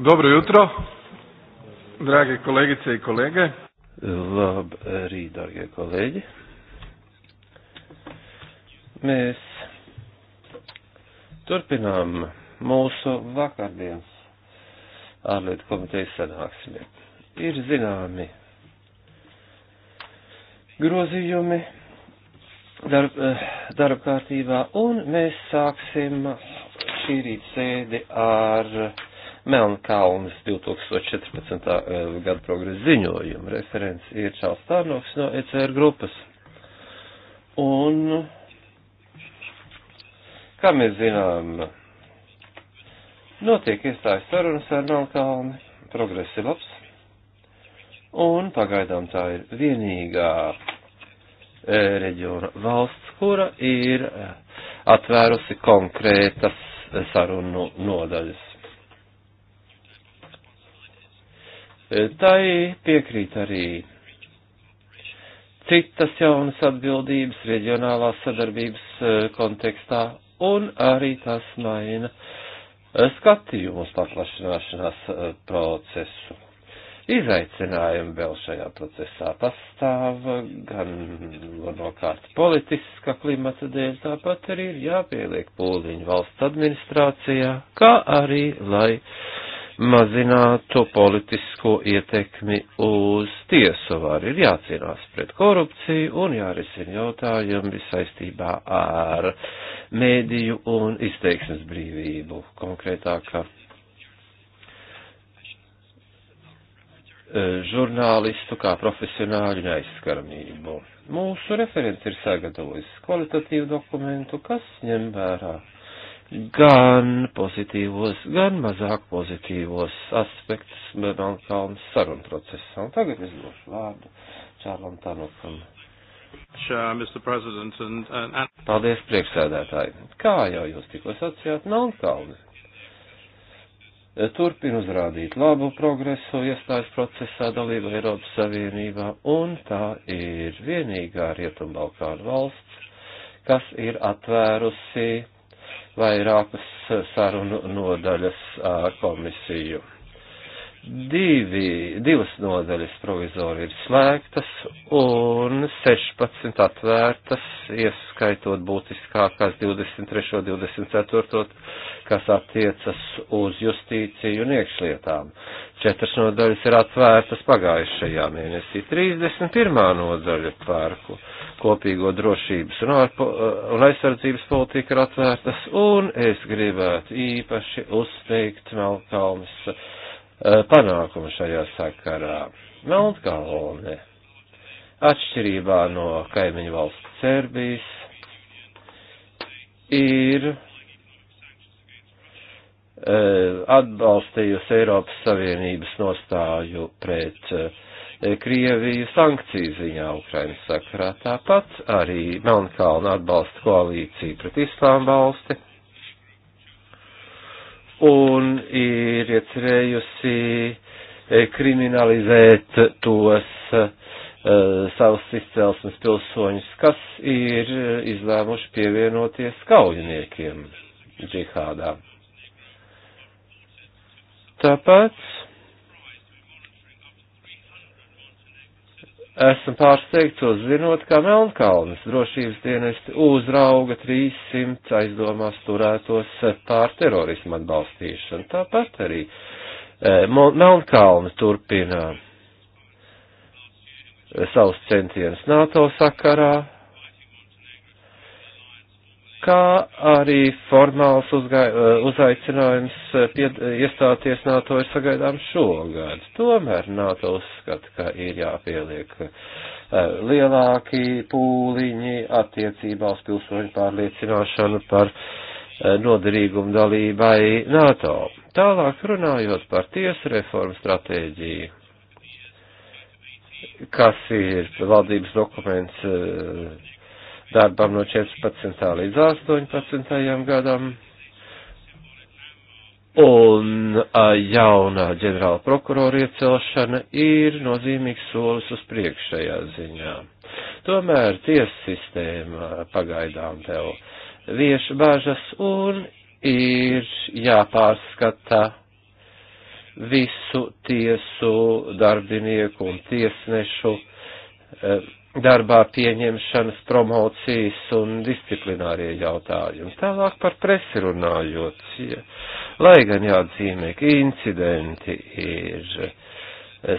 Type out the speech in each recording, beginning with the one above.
Dobro jutro, drage kolegice i kolege. Labrīt, darbie kolēģi. Mēs turpinām mūsu vakardienas ārlietu komitejas sanāksmi. Ir zināmi grozījumi darb, eh, darba kārtībā, un mēs sāksim šī rīta sēdi ar Melnkalnes 2014. Eh, gada progresa ziņojumu. Referents ir Čāls Tārnoks no ECR grupas. Un, kā mēs zinām, notiek iestājas sarunas ar Melnkalni, progress ir labs. Un pagaidām tā ir vienīgā e, reģiona valsts, kura ir eh, atvērusi konkrētas sarunu nodaļas E, tai piekrīt arī citas jaunas atbildības reģionālās sadarbības e, kontekstā, un arī tas maina e, skatījumu uz paplašināšanās procesu. Izaicinājumi vēl šajā procesā pastāv, gan galvenokārt politiska klimata dēļ, tāpat arī ir jāpieliek pūliņu valsts administrācijā, kā arī, lai uh, mazinātu politisko ietekmi uz tiesu varu. Ir jācīnās pret korupciju un jārisina jautājumi saistībā ar mēdīju un izteiksmes brīvību konkrētākā. E, žurnālistu kā profesionāļu neaizskaramību. Mūsu referents ir sagatavojis kvalitatīvu dokumentu, kas ņem vērā gan pozitīvos, gan mazāk pozitīvos aspektus Melnkalnas sarunu procesā. Un tagad es došu vārdu Čārlam Tanukam. Paldies, priekšsēdētāji. Kā jau jūs tikko sacījāt, Melnkalni turpin uzrādīt labu progresu iestājas procesā dalība Eiropas Savienībā, un tā ir vienīgā Rietumbalkānu valsts, kas ir atvērusi vairākas sarunu nodaļas ar komisiju divi, divas nodaļas provizori ir slēgtas un 16 atvērtas, ieskaitot būtiskākās 23. 24. kas attiecas uz justīciju un iekšlietām. Četras nodaļas ir atvērtas pagājušajā mēnesī. 31. nodaļa pērku kopīgo drošības un, ārpo, un aizsardzības politika ir atvērtas un es gribētu īpaši uzteikt Melkalmas Eh, panākumu šajā sakarā. Melnkalne, atšķirībā no kaimiņu valsts Serbijas, ir eh, atbalstījusi Eiropas Savienības nostāju pret eh, Krieviju sankciju ziņā Ukrainas sakarā. Tāpat arī Melnkalna atbalsta koalīciju pret Islām valsti un ir iecerējusi eh, kriminalizēt tos uh, eh, savas izcelsmes pilsoņus, kas ir eh, izlēmuši pievienoties kaujiniekiem džihādā. Tāpat esmu pārsteigts uzzinot, ka Melnkalnes drošības dienesti uzrauga 300 aizdomās turētos pār terorismu atbalstīšanu. Tāpat arī e, Melnkalne turpina savus centienus NATO sakarā, kā arī formāls uzgai, eh, uzaicinājums eh, pied, eh, iestāties NATO ir sagaidāms šogad. Tomēr NATO uzskata, ka ir jāpieliek lielāki pūliņi attiecībā uz pilsoņu pārliecināšanu par noderīgumu dalībai NATO. Tālāk runājot par tiesu reformu stratēģiju, kas ir valdības dokuments darbam no 14. līdz 18. gadam. Un jaunā ģenerāla prokurora iecelšana ir nozīmīgs solis uz priekšējā ziņā. Tomēr tiesu sistēma pagaidām vēl vieš bažas un ir jāpārskata visu tiesu darbinieku un tiesnešu e, darbā pieņemšanas, promocijas un disciplinārie jautājumi. Tālāk par presi runājot, ja. lai gan jāatzīmē, ka incidenti ir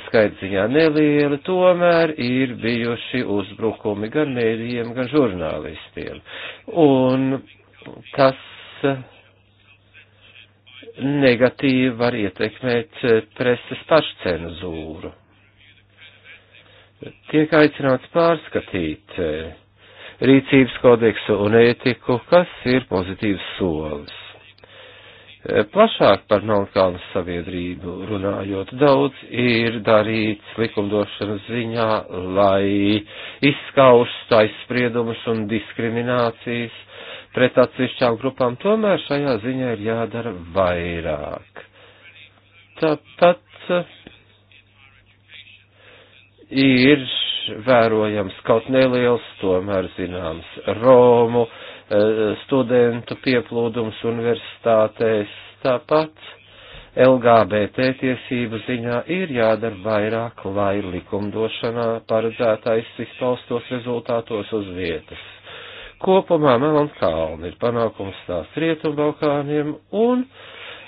skaidriņā nelieli, tomēr ir bijuši uzbrukumi gan mēdījiem, gan žurnālistiem. Un tas negatīvi var ietekmēt preses pašcenzūru tiek aicināts pārskatīt e, rīcības kodeksu un ētiku, kas ir pozitīvs solis. E, plašāk par Melnkalnu sabiedrību runājot, daudz ir darīts likumdošanas ziņā, lai izskaustu aizspriedumus un diskriminācijas pret atsevišķām grupām, tomēr šajā ziņā ir jādara vairāk. Tāpat ir vērojams kaut neliels, tomēr zināms, Romu eh, studentu pieplūdums universitātēs. Tāpat LGBT tiesību ziņā ir jādara vairāk, lai likumdošanā paredzētais izpaustos rezultātos uz vietas. Kopumā Melnkalna ir panākums stāsts Rietumbalkāniem un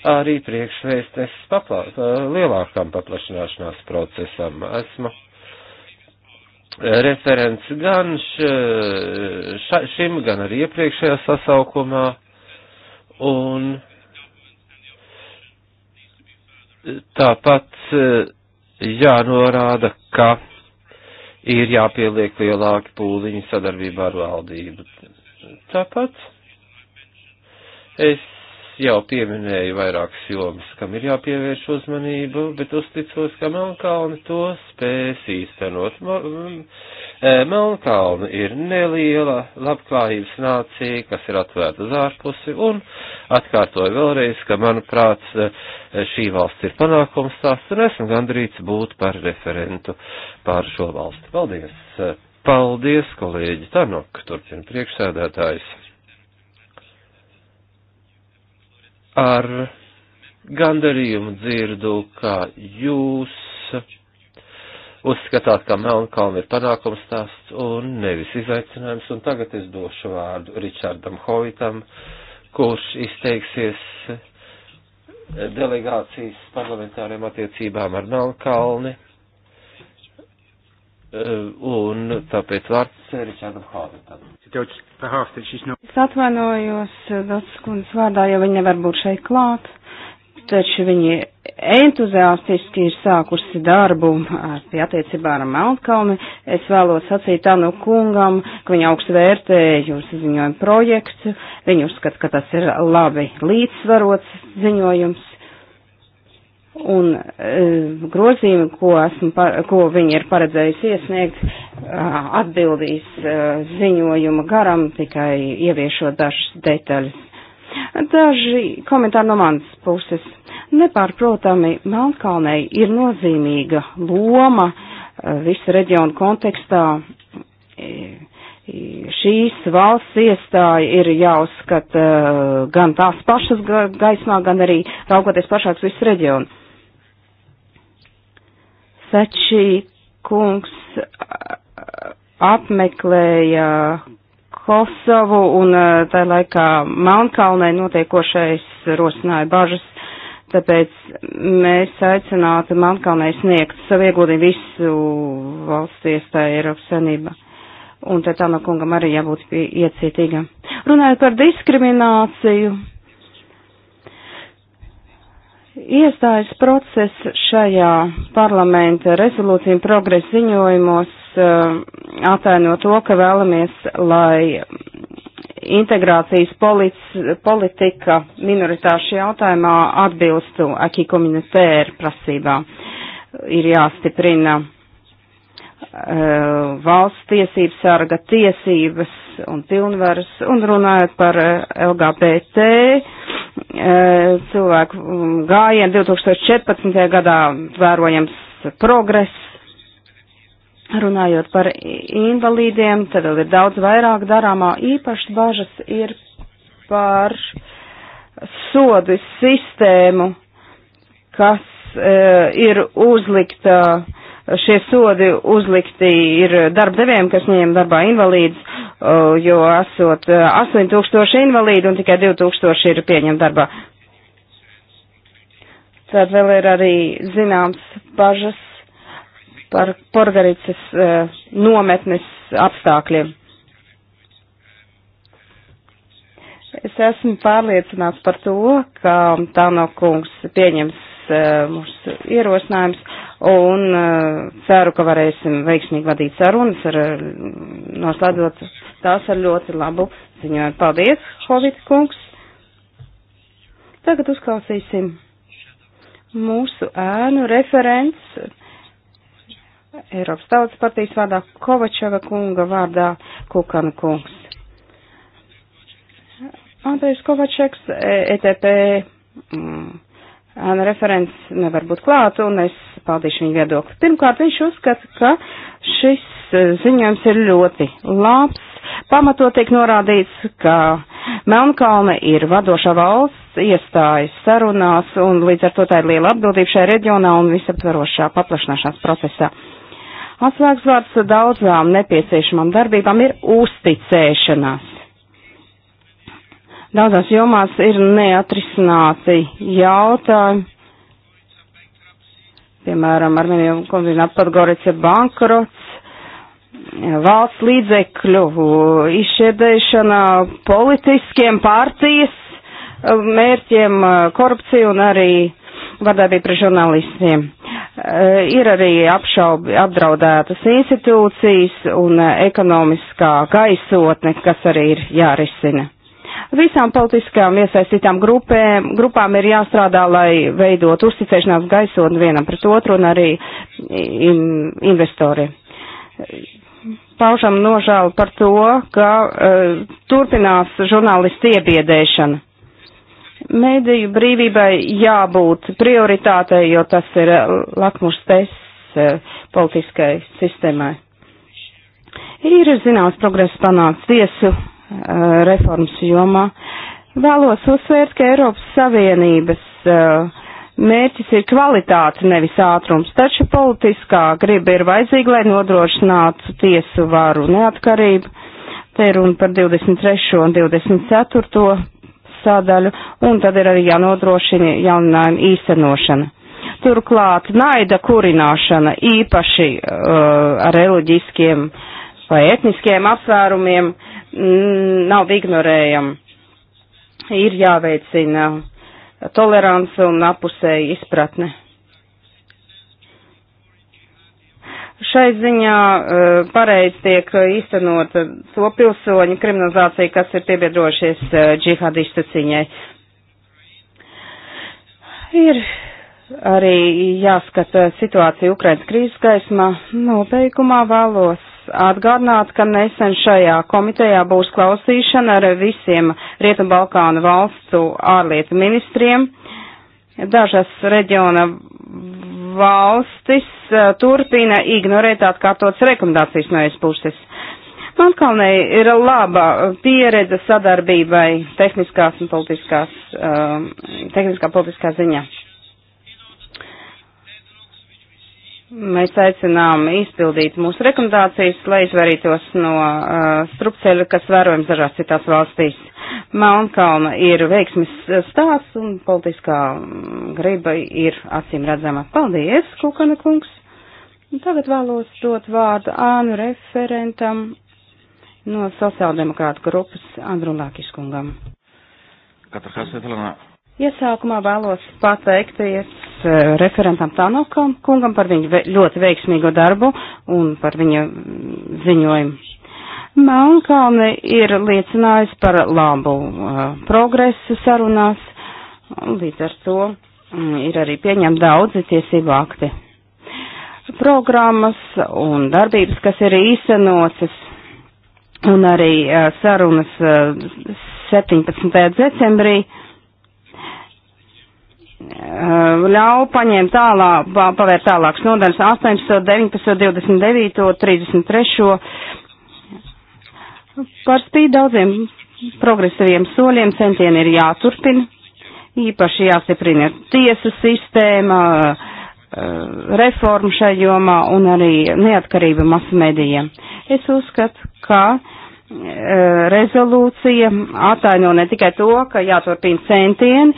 arī priekšvēstnes papla eh, lielākam paplašanāšanās procesam. Esmu referents gan š, ša, šim, gan arī iepriekšējā sasaukumā. Un tāpat e, jānorāda, ka ir jāpieliek lielāki pūliņi sadarbībā ar valdību. Tāpat es jau pieminēju vairākas jomas, kam ir jāpievērš uzmanību, bet uzticos, ka Melnkalni to spēs īstenot. E, Melnkalni ir neliela labklājības nācija, kas ir atvērta uz ārpusi, un atkārtoju vēlreiz, ka, manuprāt, e, šī valsts ir panākums tās, un esmu gandrīz būt par referentu pār šo valsti. Paldies! E, paldies, kolēģi Tanok, turpina priekšsēdētājs. ar gandarījumu dzirdu, ka jūs uzskatāt, ka Melnkalna ir panākums stāsts un nevis izaicinājums, un tagad es došu vārdu Ričardam Hovitam, kurš izteiksies delegācijas parlamentāriem attiecībām ar Melnkalni. Eh, un tāpēc vārds Ričardam Hāvitam. Es atvainojos Dots eh, kundzes vārdā, jo viņi nevar būt šeit klāt, taču viņi entuziastiski ir sākusi darbu ar, pie attiecībā ar Melnkalni. Es vēlos sacīt Anu kungam, ka viņa augstu vērtē jūsu ziņojumu projektu. Viņa uzskata, ka tas ir labi līdzsvarots ziņojums Un e, grozījumi, ko, esmu, par, ko viņi ir paredzējusi iesniegt, eh, atbildīs e, ziņojuma garam, tikai ieviešot dažas detaļas. Daži komentāri no manas puses. Nepārprotami, Melnkalnei ir nozīmīga loma e, visa reģiona kontekstā. E, šīs valsts iestāja ir jāuzskata gan tās pašas gaismā, gan arī raugoties pašāks visu reģionu. Sačī kungs apmeklēja Kosovu un tā laikā Melnkalnē notiekošais rosināja bažas, tāpēc mēs aicinātu Melnkalnē sniegt savu ieguldījumu visu valsts iestāju Eiropas Sanībā. Un te tā no kungam arī jābūt iecietīgam. Runājot par diskrimināciju Iestājas process šajā parlamenta rezolūcija progresa ziņojumos uh, eh, ataino to, ka vēlamies, lai integrācijas polic, politika minoritāšu jautājumā atbilstu aki komunitēru prasībām. Ir jāstiprina uh, valsts tiesības sarga tiesības un pilnvaras, un runājot par eh, LGBT E, cilvēku mm, gājienu 2014. gadā vērojams progress. Runājot par invalīdiem, tad vēl ir daudz vairāk darāmā. Īpaši bažas ir par sodu sistēmu, kas e, ir uzlikta e, šie sodi uzlikti ir darbdevējiem, kas ņem darbā invalīdus, jo esot 8000 e, invalīdu un tikai 2000 ir pieņem darbā. Tad vēl ir arī zināms bažas par porgarīcas e, nometnes apstākļiem. Es esmu pārliecināts par to, ka Tāno kungs pieņems uh, mūsu ierosinājums un uh, ceru, ka varēsim veiksmīgi vadīt sarunas, ar, uh, noslēdzot tās ar ļoti labu ziņojumu. Paldies, Hovid kungs! Tagad uzklausīsim mūsu ēnu referents Eiropas Tautas partijas vārdā Kovačeva kunga vārdā Kukana kungs. Andrejs Kovačeks, ETP. E mm, Ēna referents nevar būt klāt, un es paldīšu viņu viedokli. Pirmkārt, viņš uzskata, ka šis eh, ziņojums ir ļoti labs. Pamatot tiek norādīts, ka Melnkalne ir vadošā valsts, iestājas sarunās, un līdz ar to tā ir liela atbildība šajā reģionā un visaptverošā paplašināšanās procesā. Atslēgsvārds daudzām nepieciešamām darbībām ir uzticēšanās daudzās jomās ir neatrisināti jautājumi. Piemēram, Armēnija kombina Podgorica ir bankrots, valsts līdzekļu izšķiedēšana politiskiem pārties eh, mērķiem, eh, korupcija un arī vardarbība pret žurnālistiem. Eh, ir arī apšaubi apdraudētas institūcijas un ekonomiskā gaisotne, kas arī ir jārisina. Visām politiskām iesaistītām grupēm, grupām ir jāstrādā, lai veidot uzticēšanās gaisotni vienam pret otru un arī in, investori. Paužam nožēlu par to, ka uh, turpinās žurnālisti iebiedēšana. Mēdīju brīvībai jābūt prioritātei, jo tas ir eh, lakmus tests uh, politiskai sistēmai. Ir zināms progress panāks tiesu Eh, reformas jomā. Vēlos uzsvērt, ka Eiropas Savienības eh, mērķis ir kvalitāte, nevis ātrums, taču politiskā griba ir vajadzīga, lai nodrošinātu tiesu varu neatkarību. Te ir runa par 23. un 24. sadaļu, un tad ir arī jānodrošina jauninājuma īstenošana. Turklāt naida kurināšana īpaši uh, ar reliģiskiem vai etniskiem apsvērumiem uh, Mm, nav ignorējama. Ir jāveicina tolerance un apusēja izpratne. Šai ziņā eh, pareizi tiek īstenot to pilsoņu kriminalizāciju, kas ir piebiedrošies eh, džihadistu ciņai. Ir arī jāskata situācija Ukrainas krīzes gaismā. Nobeigumā vēlos atgādināt, ka nesen šajā komitejā būs klausīšana ar visiem Rietumbalkānu valstu ārlietu ministriem. Dažas reģiona valstis eh, turpina ignorēt atkārtotas rekomendācijas no es puses. Melnkalnē ir laba pieredze sadarbībai tehniskās un politiskās, um, tehniskā politiskā ziņā. Mēs aicinām izpildīt mūsu rekomendācijas, lai izvairītos no uh, strupceļa, kas vērojams dažās citās valstīs. Melnkalna ir veiksmes stāsts un politiskā griba ir acīm redzama. Paldies, Kukana kungs! Tagad vēlos dot vārdu ānu referentam no sociāldemokrāta grupas Andru Lākiškungam. Καταρχάς θα ήθελα να Iesākumā vēlos pateikties eh, referentam Tanokam kungam par viņu ļoti veiksmīgo darbu un par viņa mm, ziņojumu. Melnkalne ir liecinājusi par labu uh, progresu sarunās, līdz ar to mm, ir arī pieņemti daudzi tiesību akti. Programmas un darbības, kas ir īstenotas, un arī uh, sarunas uh, 17. decembrī, uh, Eh, ļauj paņemt tālāk, pavērt tālākas nodaļas 18, 19, 29, 33. Par spīd daudziem progresīviem soļiem centieni ir jāturpina, īpaši jāstiprina tiesu sistēma, eh, reforma šai jomā un arī neatkarība masmedijiem. Es uzskatu, ka rezolūcija ataino ne tikai to, ka jāturpina centieni,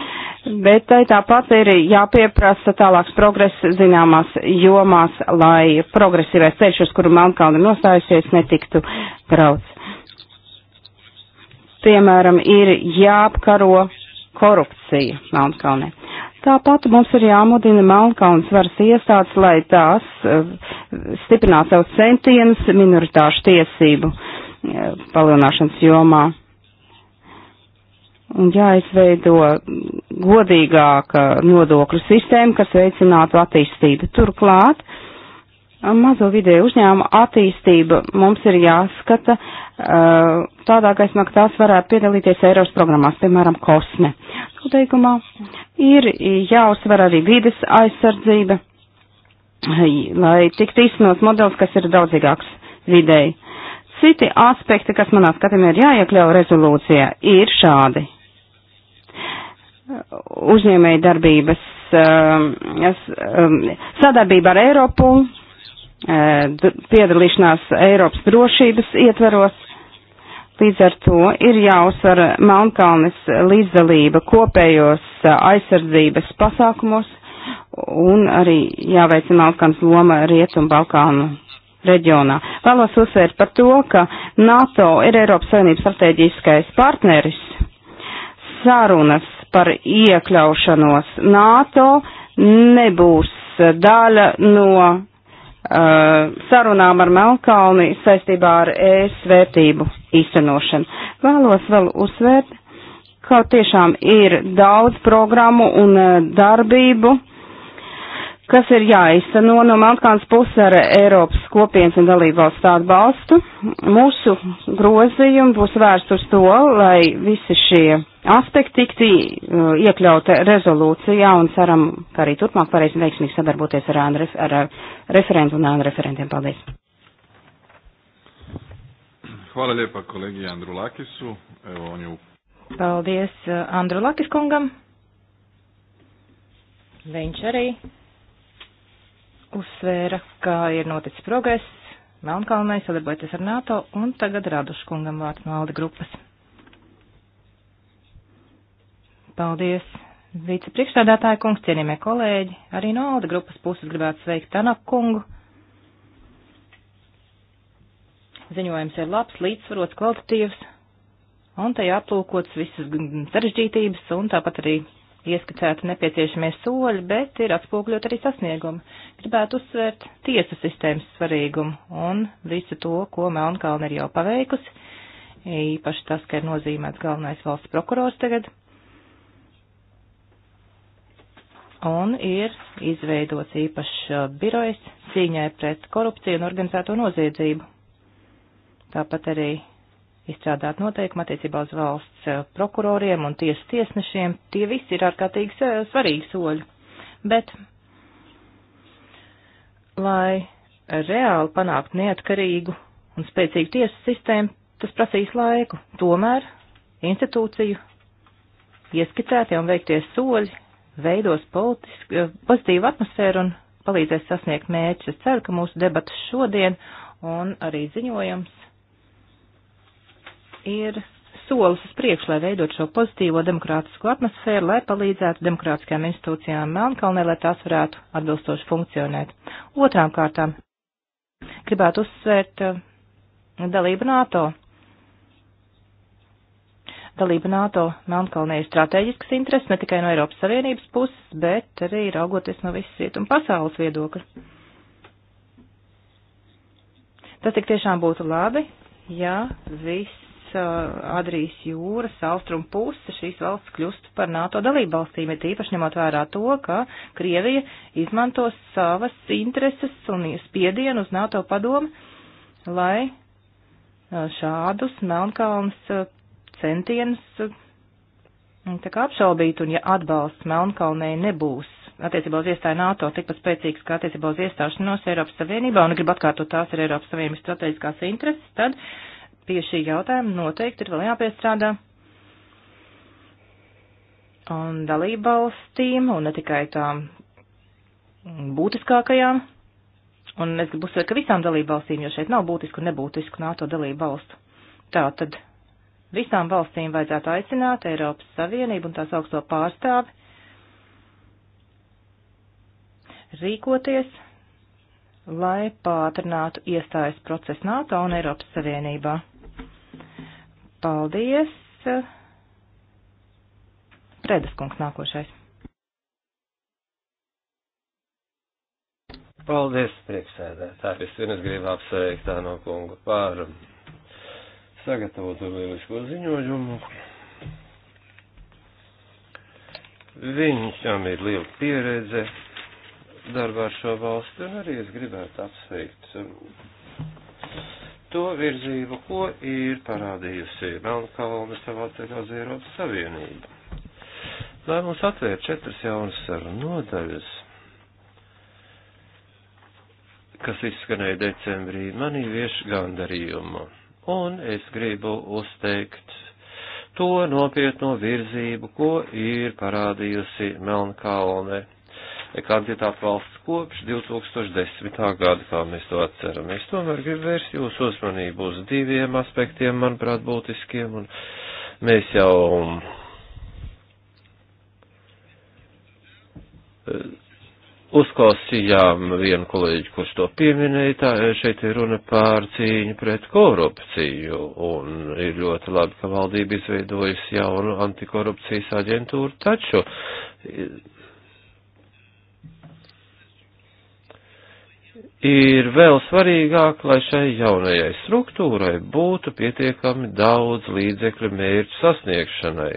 bet tai tāpat ir jāpieprasa tālāks progress zināmās jomās, lai progresīvais ceļš, uz kuru Melnkalni nostājusies, netiktu grauts. Piemēram, ir jāapkaro korupcija Melnkalnē. Tāpat mums ir jāmudina Melnkalnas varas iestādes, lai tās eh, stiprinātu savus centienus minoritāšu tiesību palielināšanas jomā. Un jāizveido godīgāka nodokļu sistēma, kas veicinātu attīstību. Turklāt, mazo vidēju uzņēmumu attīstība mums ir jāskata tādā gaismā, ka tās varētu piedalīties Eiropas programmās, piemēram, kosme. Noteigumā ir jāuzsver arī vides aizsardzība, lai tiktu īstenots modelis, kas ir daudzīgāks videi. Citi aspekti, kas manā skatījumā ir jāiekļau rezolūcijā, ir šādi. Uzņēmēja darbības um, um, sadarbība ar Eiropu, uh, piedalīšanās Eiropas drošības ietveros. Līdz ar to ir jāuzsver Melnkalnes līdzdalība kopējos uh, aizsardzības pasākumos un arī jāveicina Melnkalnes loma Rietu un Balkānu reģionā. Vēlos uzsvērt par to, ka NATO ir Eiropas Savienības strateģiskais partneris. Sārunas par iekļaušanos NATO nebūs daļa no uh, sarunām ar Melkalni saistībā ar ES vērtību īstenošanu. Vēlos vēl uzsvērt, ka tiešām ir daudz programmu un uh, darbību kas ir jāizsano no Melnkalnas puses ar Eiropas kopienas un dalībvalstu atbalstu. Mūsu grozījumi būs vērst uz to, lai visi šie aspekti tiktu uh, iekļauti rezolūcijā un ceram, ka arī turpmāk varēsim veiksmīgi sadarboties ar, ANREF, ar, ar referentu un ANREF referentiem. Paldies! Hvala lijepa kolegi Andru Lakisu. Evo, on je u... Paldies uh, Andru Lakis kungam. Viņš arī uzsvēra, ka ir noticis progress, Melnkalnē sadarbojoties ar NATO un tagad Radušu kungam vārds no Alda grupas. Paldies, vicepriekšstādātāja kungs, cienījamie kolēģi, arī no Alda grupas puses gribētu sveikt Tanak kungu. Ziņojums ir labs, līdzsvarots, kvalitatīvs, un tajā aplūkots visas sarežģītības un tāpat arī ieskicēti nepieciešamie soļi, bet ir atspūgļot arī sasniegumi. Gribētu uzsvērt tiesu sistēmas svarīgumu un visu to, ko Melnkalna ir jau paveikusi, īpaši tas, ka ir nozīmēts galvenais valsts prokurors tagad. Un ir izveidots īpašs uh, birojs cīņai pret korupciju un organizēto noziedzību. Tāpat arī izstrādāt noteikumu attiecībā uz valsts eh, prokuroriem un tiesu tiesnešiem. Tie visi ir ārkārtīgi eh, svarīgi soļi. Bet, lai reāli panākt neatkarīgu un spēcīgu tiesu sistēmu, tas prasīs laiku. Tomēr institūciju ieskicētie un veiktie soļi veidos politisku, eh, pozitīvu atmosfēru un palīdzēs sasniegt mērķus. Es ceru, ka mūsu debatas šodien un arī ziņojums ir solis uz priekšu, lai veidot šo pozitīvo demokrātisko atmosfēru, lai palīdzētu demokrātiskajām institūcijām Melnkalnē, lai tās varētu atbilstoši funkcionēt. Otrām kārtām gribētu uzsvērt uh, dalību NATO. Dalība NATO Melnkalnē ir strateģisks interesi ne tikai no Eiropas Savienības puses, bet arī raugoties no visas rietuma pasaules viedokļa. Tas tik tiešām būtu labi, ja viss Uh, Adrijas jūras austrumu puse šīs valsts kļūst par NATO dalībvalstīm, ir tīpaši ņemot vērā to, ka Krievija izmantos savas intereses un spiedienu uz NATO padomu, lai uh, šādus Melnkalnas uh, centienus tā kā apšaubītu, un ja atbalsts Melnkalnei nebūs attiecībā uz iestāju NATO tikpat spēcīgs kā attiecībā uz iestāšanos Eiropas Savienībā, un grib atkārtot tās ir Eiropas Savienības strateģiskās intereses, tad uh, pie šī jautājuma noteikti ir vēl jāpiestrādā. Un dalībvalstīm, un ne tikai tām būtiskākajām, un es gribu uzsvērt, ka visām dalībvalstīm, jo šeit nav būtisku un nebūtisku NATO dalībvalstu. Tā tad visām valstīm vajadzētu aicināt Eiropas Savienību un tās augsto pārstāvi rīkoties, lai pātrinātu iestājas procesu NATO un Eiropas Savienībā. Paldies. Predes kungs nākošais. Paldies, priekšsēdētāji. Vispirms gribu apsveikt Tāno kungu par sagatavotu lielisko ziņojumu. Viņam ir liela pieredze darbā ar šo valsti, un arī es gribētu apsveikt to virzību, ko ir parādījusi Melnkalna savā ceļā uz Eiropas Savienību. Lai mums atvēr četras jaunas sarunu nodaļas, kas izskanēja decembrī, manī vieš gandarījumu, un es gribu uzteikt to nopietno virzību, ko ir parādījusi Melnkalne kandidātu valsts kopš 2010. gada, kā mēs to atceramies. Tomēr gribu vērst jūsu uzmanību uz diviem aspektiem, manuprāt, būtiskiem, un mēs jau eh, uzklausījām vienu kolēģi, kurš to pieminēja, tā eh, šeit ir runa pār cīņu pret korupciju, un ir ļoti labi, ka valdība izveidojas jaunu antikorupcijas aģentūru, taču eh, ir vēl svarīgāk, lai šai jaunajai struktūrai būtu pietiekami daudz līdzekļu mērķu sasniegšanai.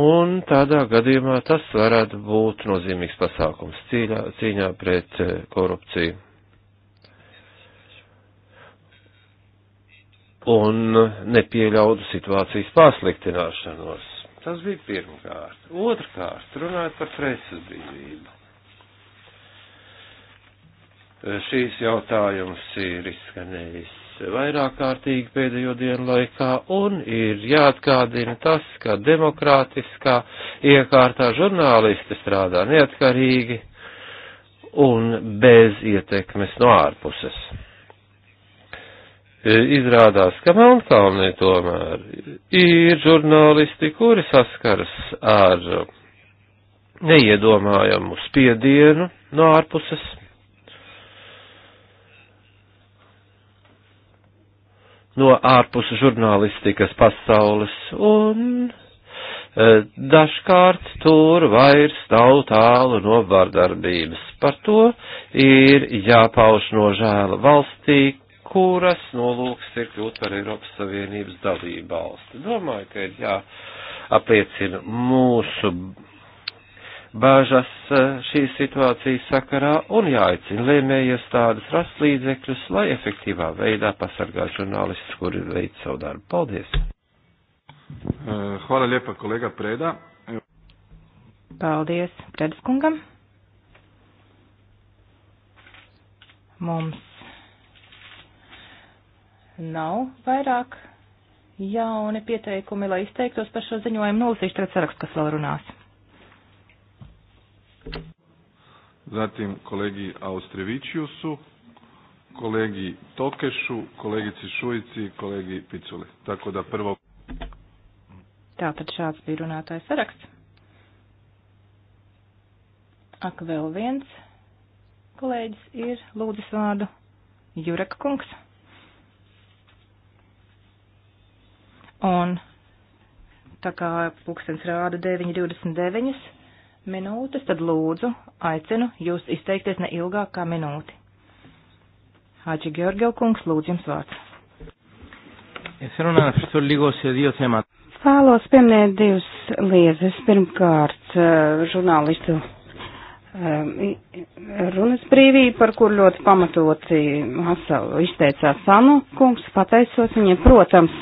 Un tādā gadījumā tas varētu būt nozīmīgs pasākums cīņā, cīņā pret eh, korupciju. Un nepieļautu situācijas pasliktināšanos. Tas bija pirmkārt. Otrkārt, runājot par preses brīvību Eh, šīs jautājums ir izskanējis vairāk kārtīgi pēdējo dienu laikā, un ir jāatgādina tas, ka demokrātiskā iekārtā žurnālisti strādā neatkarīgi un bez ietekmes no ārpuses. Eh, izrādās, ka Melnkalnē tomēr ir žurnālisti, kuri saskaras ar neiedomājamu spiedienu no ārpuses no ārpus žurnālistikas pasaules, un e, dažkārt tur vairs nav tālu no vardarbības. Par to ir jāpauž nožēla valstī, kuras nolūks ir kļūt par Eiropas Savienības dalību valsti. Domāju, ka ir jāapliecina mūsu bāžas e, šīs situācijas sakarā un jāicina lēmējies tādas rast līdzekļus, lai efektīvā veidā pasargā žurnālistus, kuri veic savu darbu. Paldies! E, hvala lijepa kolega Preda. Paldies Predas kungam. Mums nav vairāk jauni pieteikumi, lai izteiktos par šo ziņojumu. Nolasīšu tagad sarakstu, kas vēl runās. Zatim kolegi Austrevičiusu, kolegi Tokešu, kolegici Šuici i kolegi Piculi. Tako da prvo... Tātad šāds bija runātājs saraksts. Ak, vēl viens kolēģis ir lūdzis vārdu Jurek kungs. Un tā kā pulkstens rāda 9.29 minūtes, tad lūdzu aicinu jūs izteikties ne ilgāk kā minūti. Hāģi Georgiev kungs, lūdzu jums vārds. Es vēlos pieminēt divas lietas. Pirmkārt, eh, žurnālistu eh, runas brīvība, par kur ļoti pamatoti izteicās Sanu kungs, pateicos viņiem, protams,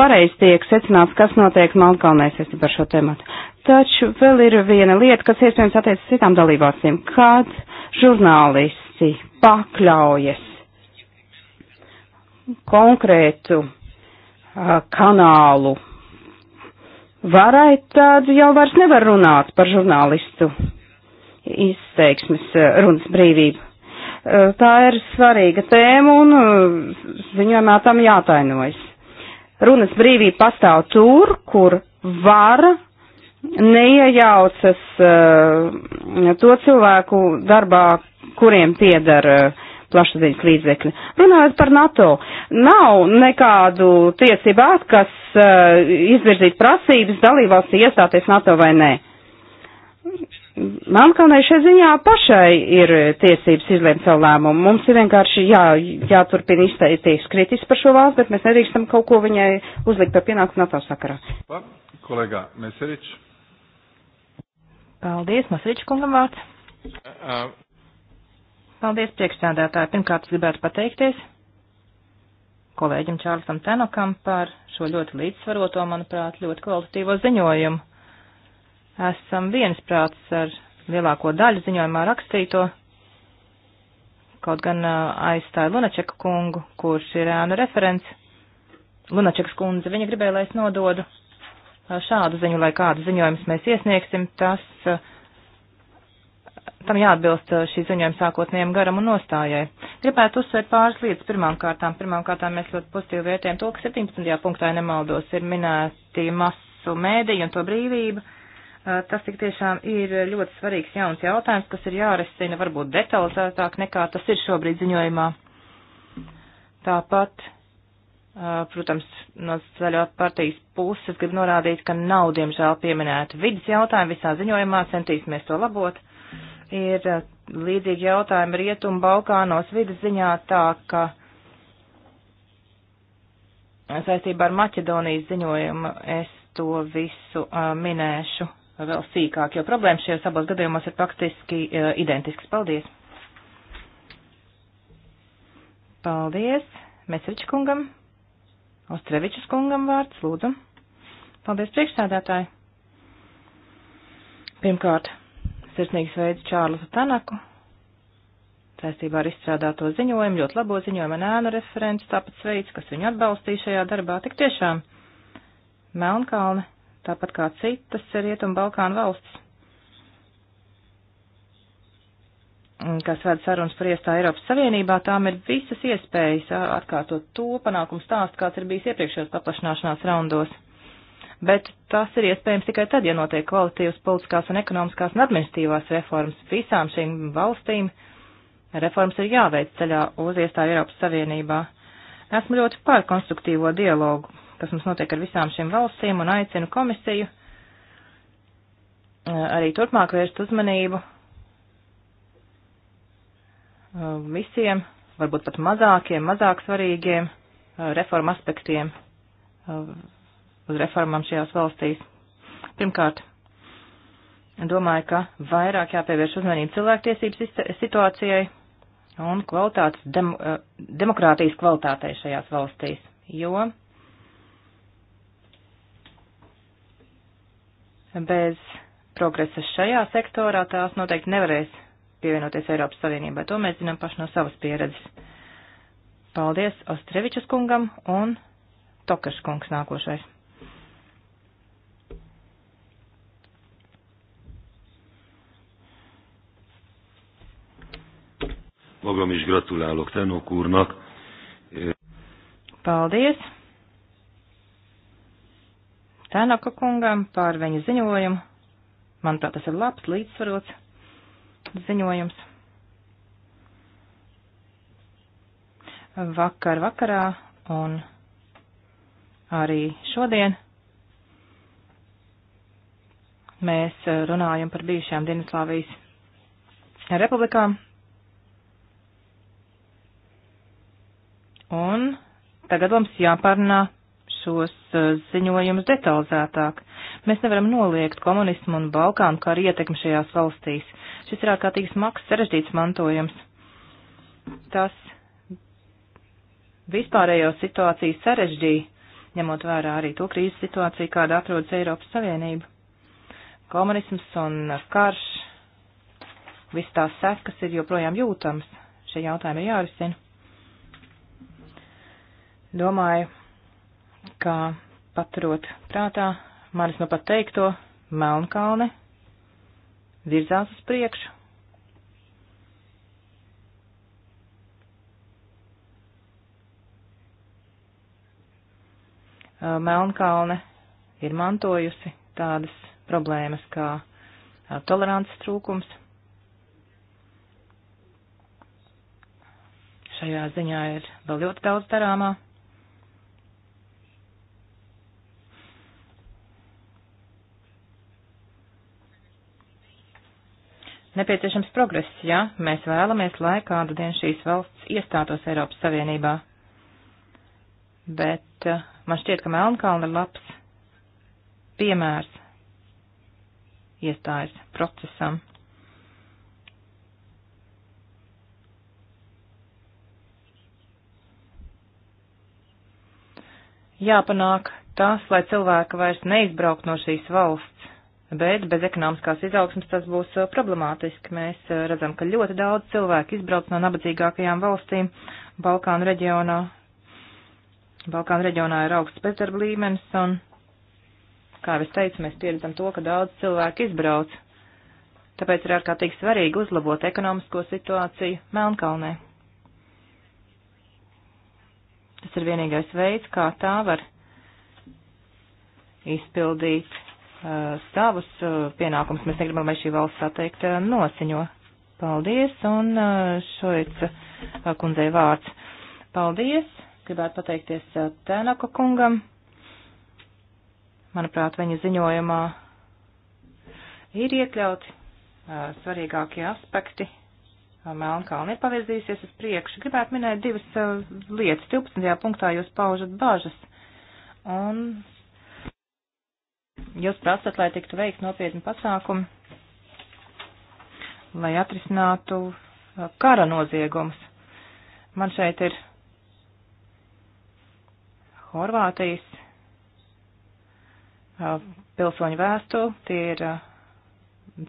pareizi tiek secināts, kas notiek Melkalnē saistībā ar šo tematu. Taču vēl ir viena lieta, kas iespējams attiecas citām dalībvalstīm. Kad žurnālisti pakļaujas konkrētu uh, kanālu varai, tad jau vairs nevar runāt par žurnālistu izteiksmes uh, runas brīvību. Uh, tā ir svarīga tēma un ziņojumā tam jātainojas. Runas brīvība pastāv tur, kur vara neiejaucas uh, to cilvēku darbā, kuriem piedara uh, eh, plašsaziņas līdzekļi. Runājot par NATO, nav nekādu tiesību akt, kas uh, eh, izvirzīt prasības dalībvalstī iestāties NATO vai nē. Melnkalnē šai ziņā pašai ir tiesības izlēmt savu lēmumu. Mums ir vienkārši jā, jāturpina izteikties kritiski par šo valsts, bet mēs nedrīkstam kaut ko viņai uzlikt par pienākumu NATO sakarā. Pa, kolēgā Meseričs. Paldies, Masriča kungam vārds. Paldies, priekšstādātāji. Pirmkārt, es gribētu pateikties kolēģim Čārlisam Tenokam par šo ļoti līdzsvaroto, manuprāt, ļoti kvalitatīvo ziņojumu. Esam viensprāts ar lielāko daļu ziņojumā rakstīto, kaut gan aizstāja Lunačeka kungu, kurš ir ēnu referents. Lunačeks kundze, viņa gribēja, lai es nododu šādu ziņu, lai kādu ziņojumus mēs iesniegsim, tas tam jāatbilst šī ziņojuma sākotnējiem garam un nostājai. Gribētu uzsvērt pāris lietas pirmām kārtām. Pirmām kārtām mēs ļoti pozitīvi vērtējam to, ka 17. punktā, ja nemaldos, ir minēti masu mēdīju un to brīvību. Tas tik tiešām ir ļoti svarīgs jauns jautājums, kas ir jārisina varbūt detalizētāk nekā tas ir šobrīd ziņojumā. Tāpat Uh, protams, no zaļo partijas puses grib norādīt, ka nav, diemžēl, pieminēta vidas jautājuma visā ziņojumā, centīsimies to labot. Ir uh, līdzīgi jautājumi Rietumu Balkānos vidas ziņā tā, ka saistībā ar Maķedonijas ziņojumu es to visu uh, minēšu vēl sīkāk, jo problēmas šajos abos gadījumos ir praktiski uh, identiskas. Paldies! Paldies Mesričkungam! Ostrevičus kungam vārds, lūdzu. Paldies priekšsādātāji. Pirmkārt, sirsnīgi sveicu Čārlzu Tanaku saistībā ar izstrādāto ziņojumu, ļoti labo ziņojumu un ēnu referents, tāpat sveicu, kas viņu atbalstīja šajā darbā. Tik tiešām Melnkalne, tāpat kā citas Rietumu Balkānu valsts, Mm, kas vada sarunas par iestāju Eiropas Savienībā, tām ir visas iespējas atkārtot to panākumu stāstu, kāds ir bijis iepriekšējos paplašanāšanās raundos. Bet tas ir iespējams tikai tad, ja notiek kvalitīvas politiskās un ekonomiskās un administratīvās reformas visām šīm valstīm. Reformas ir jāveic ceļā uz iestāju Eiropas Savienībā. Esmu ļoti par konstruktīvo dialogu, kas mums notiek ar visām šīm valstīm un aicinu komisiju arī turpmāk vērst uzmanību visiem, um, varbūt pat mazākiem, mazāk svarīgiem uh, reformu aspektiem uh, uz reformām šajās valstīs. Pirmkārt, domāju, ka vairāk jāpievērš uzmanību cilvēktiesības situācijai un kvalitātes, dem, uh, demokrātijas kvalitātei šajās valstīs, jo bez progresa šajā sektorā tās noteikti nevarēs pievienoties Eiropas Savienībai. To mēs zinām paši no savas pieredzes. Paldies Ostrevičas kungam un Tokašs kungs nākošais. Magam is gratulálok Tenok úrnak. Paldies! Tenaka kungam par viņa ziņojumu. Manuprāt, tas ir labs, līdzsvarots ziņojums. Vakar vakarā un arī šodien mēs runājam par bijušajām Dienaslāvijas republikām. Un tagad mums jāpārunā šos ziņojumus detalizētāk. Mēs nevaram noliegt komunismu un Balkānu kā arī ietekmi šajās valstīs. Šis ir ārkārtīgi smags, sarežģīts mantojums. Tas vispārējo situāciju sarežģīja, ņemot vērā arī to krīzes situāciju, kāda atrodas Eiropas Savienība. Komunisms un karš, viss tās sekas ir joprojām jūtams. Šie jautājumi ir jārisina domāju, ka paturot prātā manis nu pat teikto, Melnkalne virzās uz priekšu. Melnkalne ir mantojusi tādas problēmas kā tolerances trūkums. Šajā ziņā ir vēl ļoti daudz darāmā. nepieciešams progress, ja mēs vēlamies, lai kādu dienu šīs valsts iestātos Eiropas Savienībā. Bet eh, man šķiet, ka Melnkalna ir labs piemērs iestājas procesam. Jāpanāk tas, lai cilvēki vairs neizbraukt no šīs valsts, bet bez ekonomiskās izaugsmas tas būs uh, problemātiski. Mēs uh, redzam, ka ļoti daudz cilvēku izbrauc no nabadzīgākajām valstīm Balkānu reģionā. Balkānu reģionā ir augsts bezdarba līmenis, un, kā jau es teicu, mēs pieredzam to, ka daudz cilvēku izbrauc. Tāpēc ir ārkārtīgi svarīgi uzlabot ekonomisko situāciju Melnkalnē. Tas ir vienīgais veids, kā tā var izpildīt Eh, savus eh, pienākumus. Mēs negribam, lai šī valsts atteikt eh, nosiņo. Paldies, un šoic kundzei vārds. Paldies, gribētu pateikties Tēnaka kungam. Manuprāt, viņa ziņojumā ir iekļauti svarīgākie aspekti. Melnkalna ir pavirzījusies uz priekšu. Gribētu minēt divas lietas. 12. punktā jūs paužat bažas. Un Jūs prasat, lai tiktu veikt nopietni pasākumi, lai atrisinātu uh, kara noziegums. Man šeit ir Horvātijas uh, pilsoņu vēstuli, tie ir uh,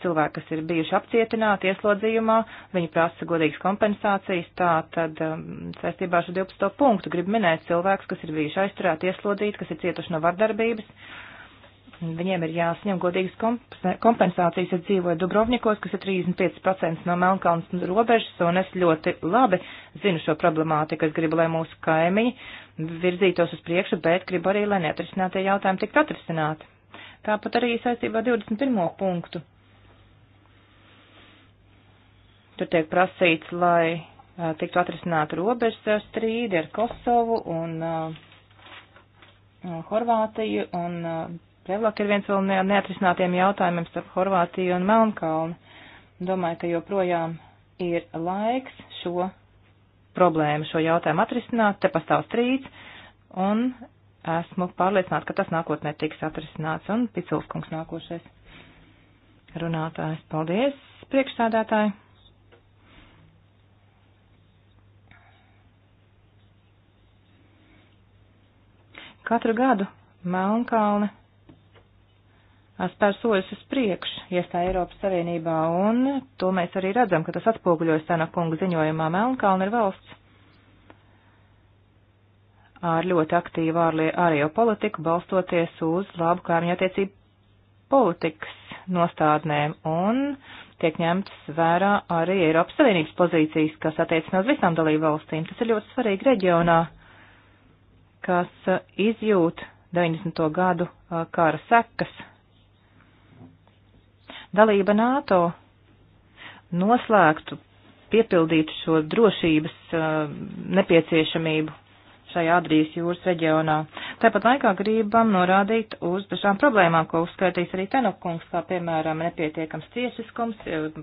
cilvēki, kas ir bijuši apcietināti ieslodzījumā, viņi prasa godīgas kompensācijas, tā tad um, saistībā ar šo 12. punktu grib minēt cilvēkus, kas ir bijuši aizturēti, ieslodzīti, kas ir cietuši no vardarbības Viņiem ir jāsņem godīgas kompensācijas, ja dzīvoju Dubrovnikos, kas ir 35% no Melnkalnas robežas, un es ļoti labi zinu šo problemātiku. Es gribu, lai mūsu kaimiņi virzītos uz priekšu, bet gribu arī, lai neatrisinātie jautājumi tiktu atrisināti. Tāpat arī saistībā ar 21. punktu. Tur tiek prasīts, lai tiktu atrisināta robežas strīdi ar Kosovu un uh, Horvātiju, un uh, Vēlāk ir viens vēl neatrisinātiem jautājumiem starp Horvātiju un Melnkalnu. Domāju, ka joprojām ir laiks šo problēmu, šo jautājumu atrisināt, te pastāv strīds, un esmu pārliecināta, ka tas nākotnē tiks atrisināts, un Piculskungs nākošais runātājs. Paldies, priekšstādātāji! Katru gadu Melnkalne spēr soļus uz priekšu, iestāja Eiropas Savienībā, un to mēs arī redzam, ka tas atspoguļojas Tana kunga ziņojumā Melnkalna ir valsts ar ļoti aktīvu ārējo politiku, balstoties uz labu kārmiņu attiecību politikas nostādnēm, un tiek ņemtas vērā arī Eiropas Savienības pozīcijas, kas attiecina uz visām dalību valstīm. Tas ir ļoti svarīgi reģionā, kas izjūt 90. gadu uh, kara sekas Dalība NATO noslēgtu, piepildītu šo drošības uh, nepieciešamību šajā Adrijas jūras reģionā. Tāpat laikā gribam norādīt uz dažām problēmām, ko uzskaitīs arī Tenokungs, kā piemēram nepietiekams tiesiskums,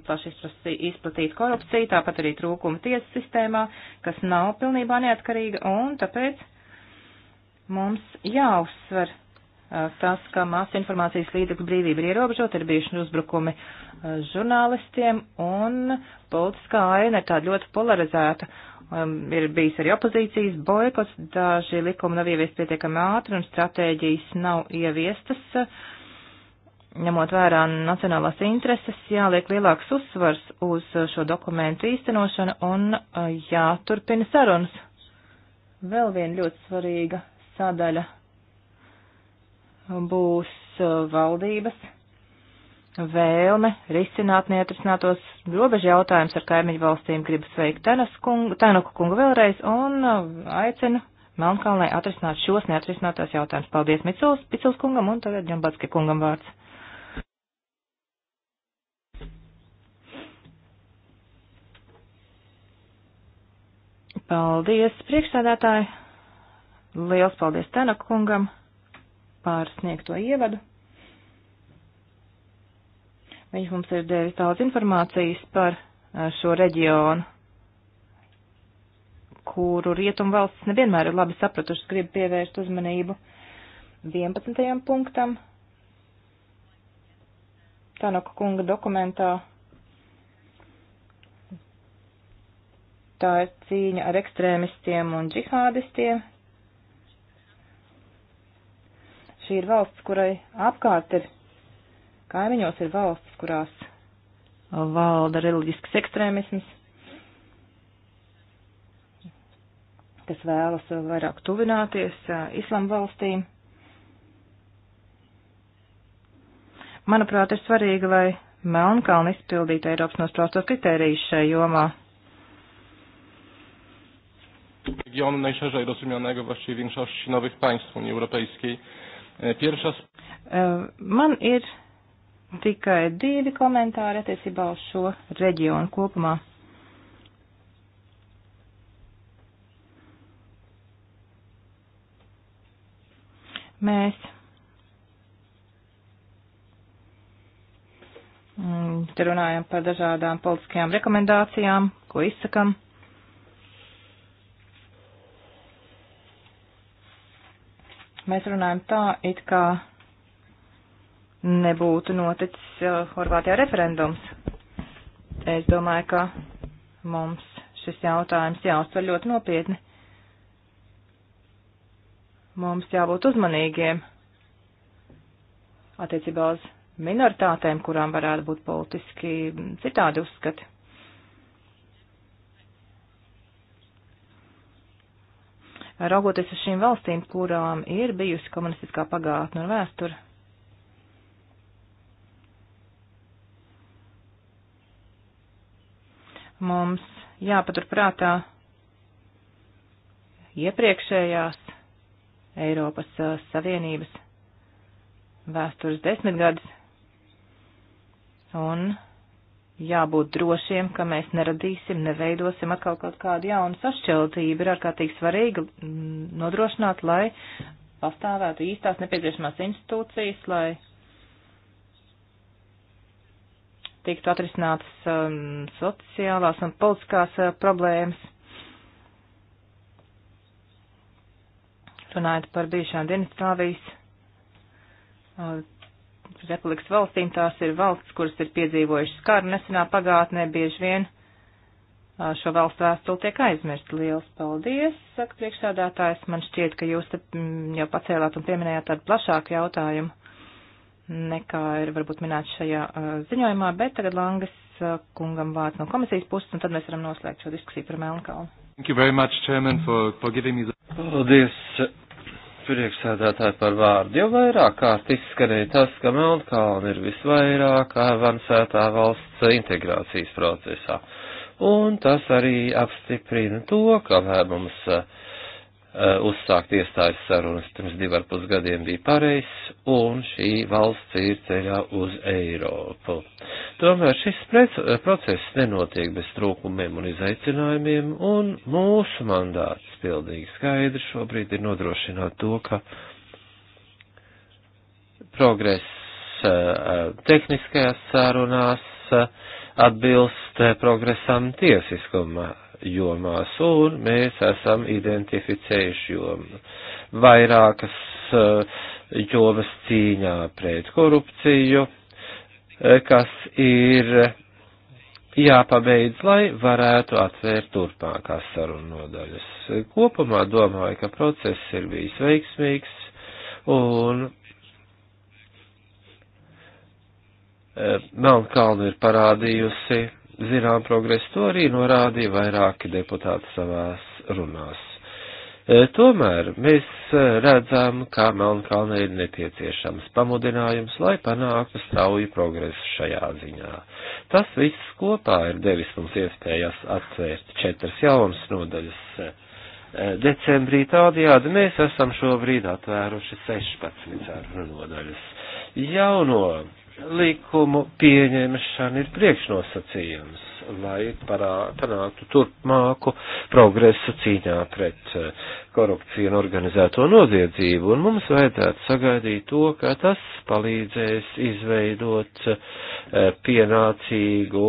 plaši eh, izplatīta korupcija, tāpat arī trūkuma tiesas sistēmā, kas nav pilnībā neatkarīga, un tāpēc mums jāuzsver tas, ka masu informācijas līdzekļu brīvība ir ierobežota, ir bijuši uzbrukumi e, žurnālistiem un politiskā aina ir tāda ļoti polarizēta. Um, ir bijis arī opozīcijas boikots, daži likumi nav ieviesti pietiekami ātri un stratēģijas nav ieviestas. Ņemot vērā nacionālās intereses, jāliek lielāks uzsvars uz šo dokumentu īstenošanu un e, jāturpina sarunas. Vēl viena ļoti svarīga sadaļa būs uh, valdības vēlme risināt neatrisinātos robežu jautājumus ar kaimiņu valstīm. Gribu sveikt Tenoku kungu vēlreiz un uh, aicinu Melnkalnē atrisināt šos neatrisinātos jautājumus. Paldies Micils, Micils kungam un tagad Džambatski kungam vārds. Paldies, priekšsēdētāji! Liels paldies Tenoku kungam! par sniegto ievadu. Viņš mums ir devis daudz informācijas par eh, šo reģionu, kuru rietumvalsts nevienmēr ir labi sapratušas, grib pievērst uzmanību 11. punktam. Tanoka kunga dokumentā tā ir cīņa ar ekstrēmistiem un džihādistiem, Šī ir valsts, kurai apkārt ir, kaimiņos ir valsts, kurās valda reliģisks ekstrēmisms, kas vēlas vairāk tuvināties islam valstīm. Manuprāt, ir svarīgi, lai Melnkalni izpildītu Eiropas nospraustos kritērijus šajā jomā. regionu najszerzej rozumianego właściwie w większości nowych państw Unii Europejskiej. Piršas. Man ir tikai divi komentāri attiecībā uz šo reģionu kopumā. Mēs mm, te runājam par dažādām politiskajām rekomendācijām, ko izsakam. Mēs runājam tā, it kā nebūtu noticis uh, Horvātijā referendums. Es domāju, ka mums šis jautājums jāuztver ļoti nopietni. Mums jābūt uzmanīgiem attiecībā uz minoritātēm, kurām varētu būt politiski citādi uzskati. raugoties uz šīm valstīm, kurām ir bijusi komunistiskā pagātne un vēsture. Mums jāpaturprātā iepriekšējās Eiropas uh, Savienības vēstures desmitgadus un jābūt drošiem, ka mēs neradīsim, neveidosim atkal kaut kādu jaunu sašķeltību. Ir ārkārtīgi svarīgi mm, nodrošināt, lai pastāvētu īstās nepieciešamās institūcijas, lai tiktu atrisinātas um, sociālās un politiskās uh, problēmas. Runājot par bijušām Dienvidslāvijas uh, republikas valstīm. Tās ir valsts, kuras ir piedzīvojušas karu nesenā pagātnē, bieži vien šo valstu vēstuli tiek aizmirst. Liels paldies, saka priekšsādātājs. Man šķiet, ka jūs mm, jau pacēlāt un pieminējāt tādu plašāku jautājumu nekā ir varbūt minēts šajā uh, ziņojumā, bet tagad Langas uh, kungam vārds no komisijas puses, un tad mēs varam noslēgt šo diskusiju par Melnkalnu. Thank you very much, Chairman, for, for giving me the... Paldies, priekšsēdētāji par vārdu. Jau vairāk kārt izskanēja tas, ka Melnkalna ir visvairāk avansētā valsts integrācijas procesā. Un tas arī apstiprina to, ka lēmums uh, Eh, uzsākt iestājas sarunas pirms divi ar pus gadiem bija pareizs, un šī valsts ir ceļā uz Eiropu. Tomēr šis eh, process nenotiek bez trūkumiem un izaicinājumiem, un mūsu mandāts pildīgi skaidrs šobrīd ir nodrošināt to, ka progress eh, tehniskajās sarunās atbilst progresam tiesiskuma jomās, un mēs esam identificējuši jom, vairākas eh, jomas cīņā pret korupciju, eh, kas ir jāpabeidz, lai varētu atvērt turpmākās sarunu nodaļas. Kopumā domāju, ka process ir bijis veiksmīgs un eh, Melnkalna ir parādījusi zinām progresu, to arī norādīja vairāki deputāti savās runās. E, tomēr mēs e, redzam, ka Melnkalnē ir nepieciešams pamudinājums, lai panāktu strauju progresu šajā ziņā. Tas viss kopā ir devis mums iespējas atvērt četras jaunas nodaļas e, decembrī tādajādi mēs esam šobrīd atvēruši 16 sarunu nodaļas. Jauno likumu pieņemšana ir priekšnosacījums, lai parā, panāktu turpmāku progresu cīņā pret eh, korupciju un organizēto noziedzību, un mums vajadzētu sagaidīt to, ka tas palīdzēs izveidot eh, pienācīgu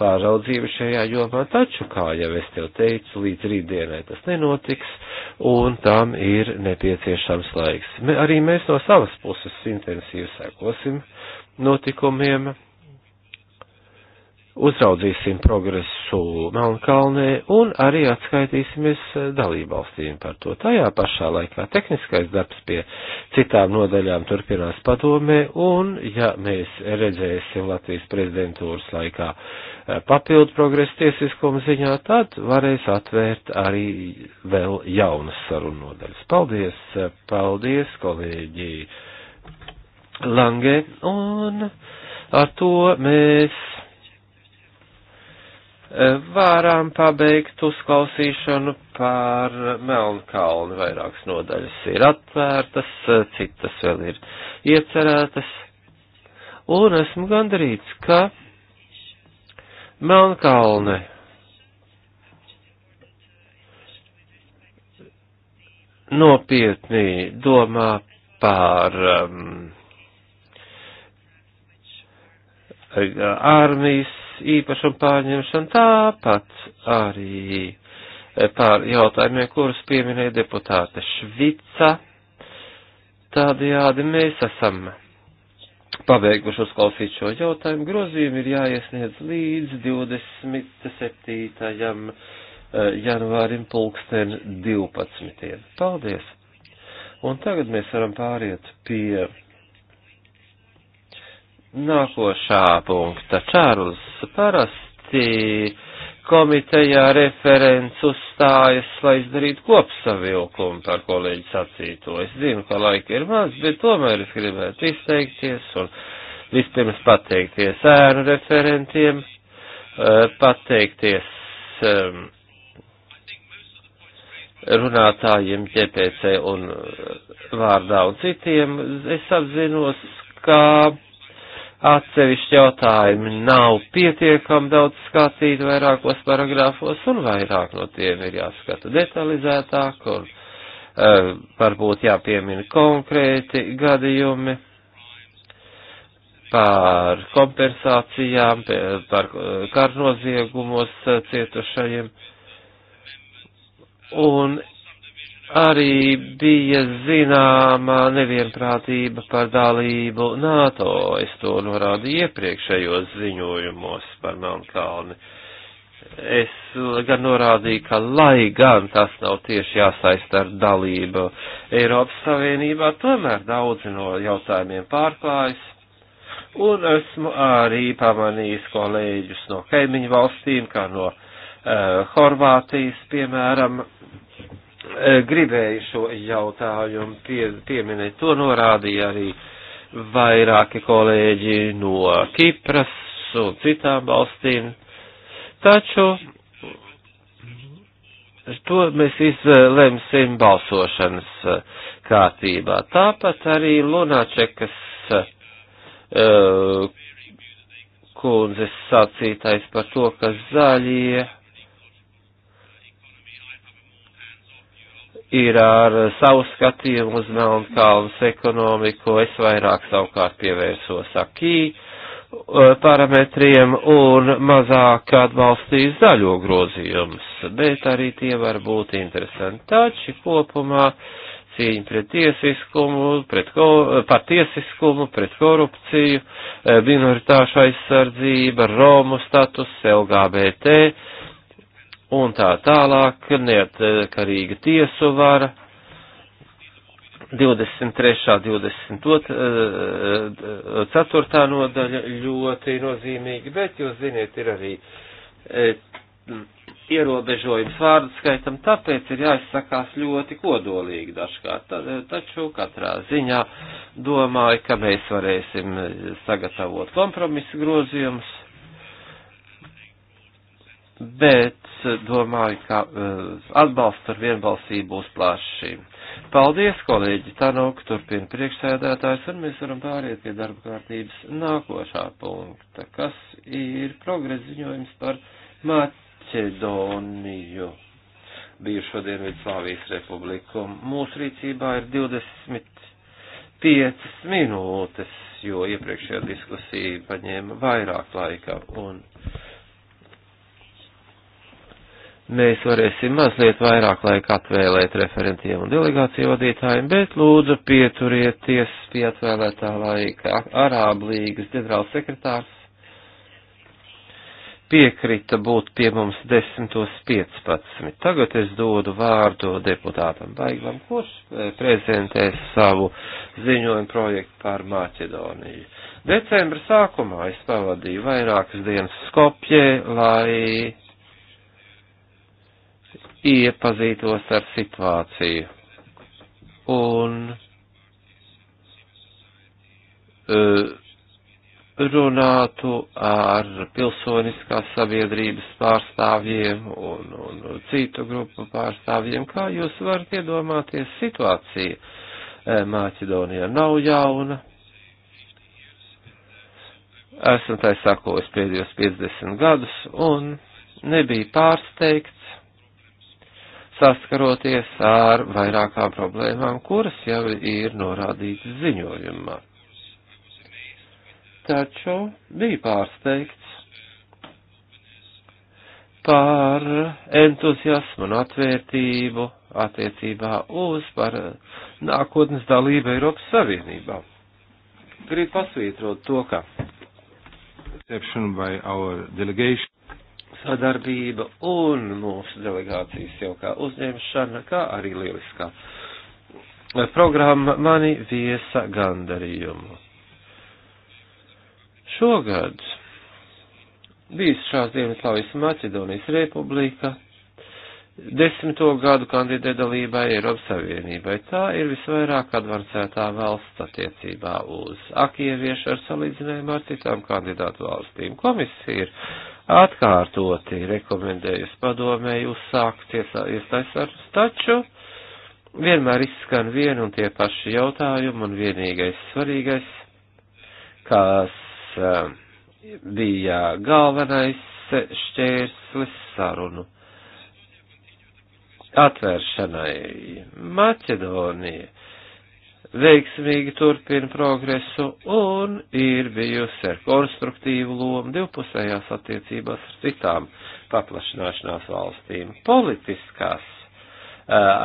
pāraudzību šajā jomā, taču, kā jau es tev teicu, līdz rītdienai tas nenotiks, un tam ir nepieciešams laiks. Arī mēs no savas puses intensīvi sekosim notikumiem. Uzraudzīsim progresu Melnkalnē un arī atskaitīsimies dalībvalstīm par to. Tajā pašā laikā tehniskais darbs pie citām nodaļām turpinās padomē un, ja mēs redzēsim Latvijas prezidentūras laikā eh, papildu progresu tiesiskuma ziņā, tad varēs atvērt arī vēl jaunas sarunu nodaļas. Paldies, eh, paldies, kolēģi! Lange, un ar to mēs eh, varam pabeigt uzklausīšanu par Melnkalnu. Vairākas nodaļas ir atvērtas, citas vēl ir iecerētas. Un esmu gandarīts, ka Melnkalne nopietni domā par um, ārmijas īpašumu pārņemšanu, tāpat arī pār jautājumiem, kurus pieminēja deputāte Švica. Tādējādi mēs esam pabeiguši uzklausīt šo jautājumu. Grozījumi ir jāiesniedz līdz 27. Eh, janvārim pulksten 12. Paldies! Un tagad mēs varam pāriet pie Nākošā punkta. Čārls parasti komitejā referents uzstājas, lai izdarītu kopsavilkumu par kolēģi sacīto. Es zinu, ka laika ir maz, bet tomēr es gribētu izteikties un vispirms pateikties ēnu referentiem, eh, pateikties ehm, runātājiem ģepēcē un eh, vārdā un citiem. Es apzinos, ka atsevišķi jautājumi nav pietiekami daudz skatīti vairākos paragrāfos, un vairāk no tiem ir jāskata detalizētāk, un uh, varbūt jāpiemina konkrēti gadījumi par kompensācijām, par eh, karnoziegumos eh, cietušajiem. Un arī bija zināma nevienprātība par dalību NATO. Es to norādīju iepriekšējos ziņojumos par Melnkalni. Es gan norādīju, ka lai gan tas nav tieši jāsaista ar dalību Eiropas Savienībā, tomēr daudzi no jautājumiem pārklājas. Un esmu arī pamanījis kolēģus no kaimiņu valstīm, kā no uh, Horvātijas, piemēram, E, gribēju šo jautājumu pie, pieminēt. To norādīja arī vairāki kolēģi no Kipras un citām valstīm. Taču to mēs izlemsim balsošanas kārtībā. Tāpat arī Lunačekas uh, kundzes sacītais par to, ka zaļie ir ar savu skatījumu uz Melnkalnas ekonomiku, es vairāk savukārt pievērsos akī eh, parametriem un mazāk atbalstīju zaļo grozījumus, bet arī tie var būt interesanti. Taču kopumā cīņa pret tiesiskumu, pret ko, par tiesiskumu, pret korupciju, eh, minoritāšu aizsardzība, Romu status, LGBT un tā tālāk, neatkarīga tiesu vara, 23. 22. 4. nodaļa ļoti nozīmīgi, bet jūs ziniet, ir arī e, ierobežojums vārdu skaitam, tāpēc ir jāizsakās ļoti kodolīgi dažkārt. Eh, taču katrā ziņā domāju, ka mēs varēsim eh, sagatavot kompromisu grozījumus bet eh, domāju, ka eh, atbalsts ar vienbalsību būs plaši. Paldies, kolēģi Tanok, turpina priekšsēdētājs, un mēs varam pāriet pie darba kārtības nākošā punkta, kas ir progresa ziņojums par Maķedoniju, bijušo Dienvidslāvijas republiku. Mūsu rīcībā ir 25 minūtes, jo iepriekšējā diskusija paņēma vairāk laika. Un mēs varēsim mazliet vairāk laika atvēlēt referentiem un delegāciju vadītājiem, bet lūdzu pieturieties pie atvēlētā laika. Arābu līgas ģenerāls sekretārs piekrita būt pie mums 10.15. Tagad es dodu vārdu deputātam Baiglam, kurš eh, prezentēs savu ziņojumu projektu par Maķedoniju. Decembra sākumā es pavadīju vairākas dienas Skopjē, lai iepazītos ar situāciju. Un e, runātu ar pilsoniskās sabiedrības pārstāvjiem un, un citu grupu pārstāvjiem, kā jūs varat iedomāties situācija. E, Māķedonija nav jauna. Esmu tai sakojis pēdējos 50 gadus un nebija pārsteigts, saskaroties ar vairākām problēmām, kuras jau ir norādītas ziņojumā. Taču bija pārsteigts par entuziasmu un atvērtību attiecībā uz par nākotnes dalību Eiropas Savienībā. Gribu pasvītrot to, ka sadarbība un mūsu delegācijas jau kā uzņemšana, kā arī lieliskā programma mani viesa gandarījumu. Šogad bijis šās dienas Latvijas Maķedonijas republika desmito gadu kandidē dalībai Eiropas Savienībai. Tā ir visvairāk advancētā valsts attiecībā uz akievišu ar salīdzinājumu ar citām kandidātu valstīm. Komisija ir atkārtoti rekomendējusi padomēju uzsākt iestājas ar taču. Vienmēr izskan vien un tie paši jautājumi un vienīgais svarīgais, kas eh, bija galvenais šķērslis sarunu atvēršanai. Maķedonija veiksmīgi turpina progresu un ir bijusi ar konstruktīvu lomu divpusējās attiecībās ar citām paplašināšanās valstīm. Politiskās uh,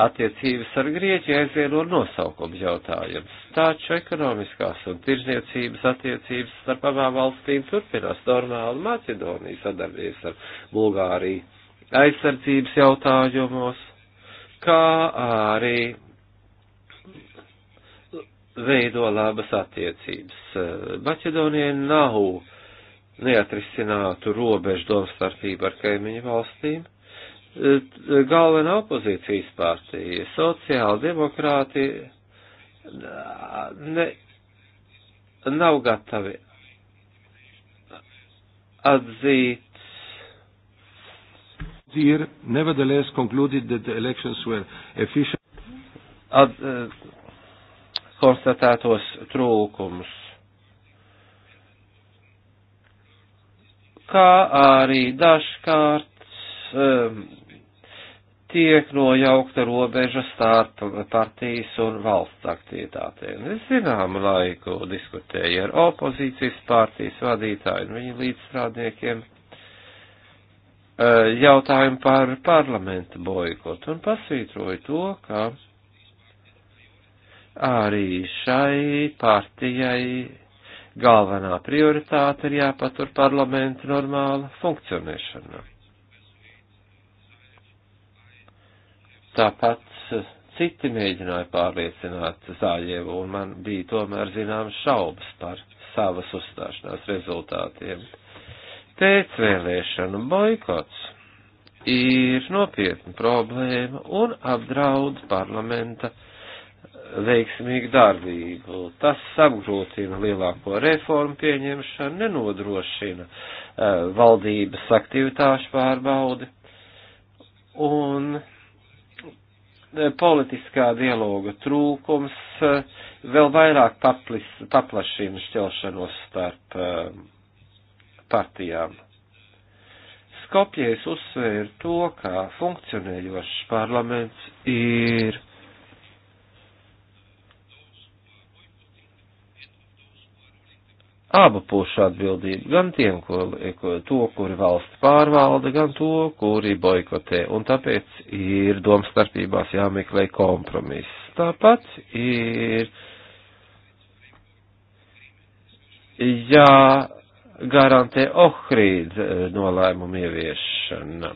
attiecības ar Grieķiju aizvieno nosaukums jautājums, taču ekonomiskās un tirzniecības attiecības starp abām valstīm turpinās normāli Maķedonijas sadarbības ar Bulgāriju aizsardzības jautājumos kā arī veido labas attiecības. Maķedonijai nav neatrisinātu robežu domstarpību ar kaimiņu valstīm. Galvenā opozīcijas partija, sociāla demokrāti, ne, nav gatavi atzīt year, nevertheless concluded that the elections were efficient. Ad, uh, konstatētos trūkumus. Kā arī dažkārt um, tiek nojaukta robeža starp partijas un valsts aktivitātēm. Es zināmu laiku diskutēju ar opozīcijas partijas vadītāju un viņu līdzstrādniekiem Eh, jautājumu par parlamentu boikotu un pasvītroju to, ka arī šai partijai galvenā prioritāte ir jāpatur parlamenta normāla funkcionēšana. Tāpat citi mēģināja pārliecināt Zāļevu, un man bija tomēr zināmas šaubas par savas uzstāšanās rezultātiem. Uh, pēc vēlēšanu boikots ir nopietna problēma un apdraud parlamenta veiksmīgu darbību. Tas apgrūtina lielāko reformu pieņemšanu, nenodrošina uh, valdības aktivitāšu pārbaudi un eh, politiskā dialoga trūkums uh, vēl vairāk paplis, paplašina šķelšanos starp uh, partijām. Skopjējs uzsvēra to, ka funkcionējošs parlaments ir abu pušu atbildība, gan tiem, ko, ko, to, kuri valsts pārvalda, gan to, kuri boikotē, un tāpēc ir domstarpībās jāmeklē kompromiss. Tāpat ir jā garantē Ohrīd eh, nolēmumu ieviešana.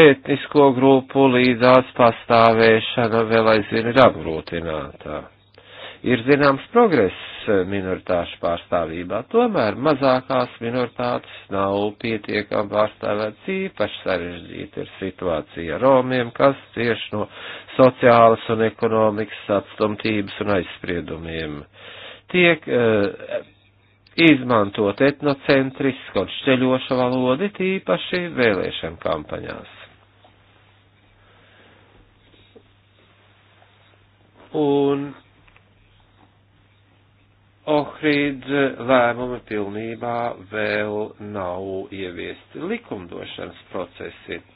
Ētnisko eh, grupu līdzās pastāvēšana vēl aizvien ir apgrūtinātā. Ir zināms progress eh, minoritāšu pārstāvībā, tomēr mazākās minoritātes nav pietiekami pārstāvētas, īpaši sarežģīta ir situācija Romiem, kas cieši no sociālas un ekonomikas atstumtības un aizspriedumiem. Uh, tiek uh, izmantot etnocentriska un šķeļoša valoda, tīpaši vēlēšana kampaņās. Un Ohrīd lēmumi pilnībā vēl nav ieviesti. Likumdošanas procesi eh,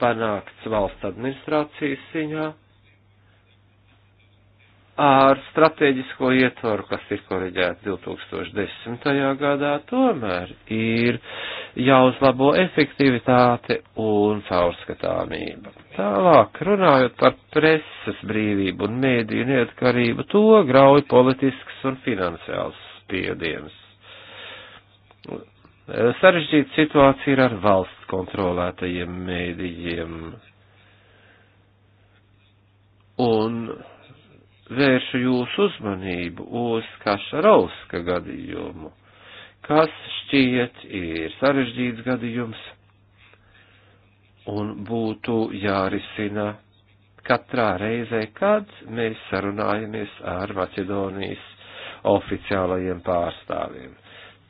panākts valsts administrācijas ziņā ar strateģisko ietvaru, kas ir koreģēts 2010. gadā, tomēr ir jāuzlabo efektivitāte un caurskatāmība. Tālāk, runājot par preses brīvību un mēdīju neatkarību, to grauj politisks un finansiāls spiediens. Sarežģīta situācija ir ar valsts kontrolētajiem mēdījiem. Un vēršu jūsu uzmanību uz Kašarauska gadījumu, kas šķiet ir sarežģīts gadījums un būtu jārisina katrā reizē, kad mēs sarunājamies ar Maķedonijas oficiālajiem pārstāvjiem.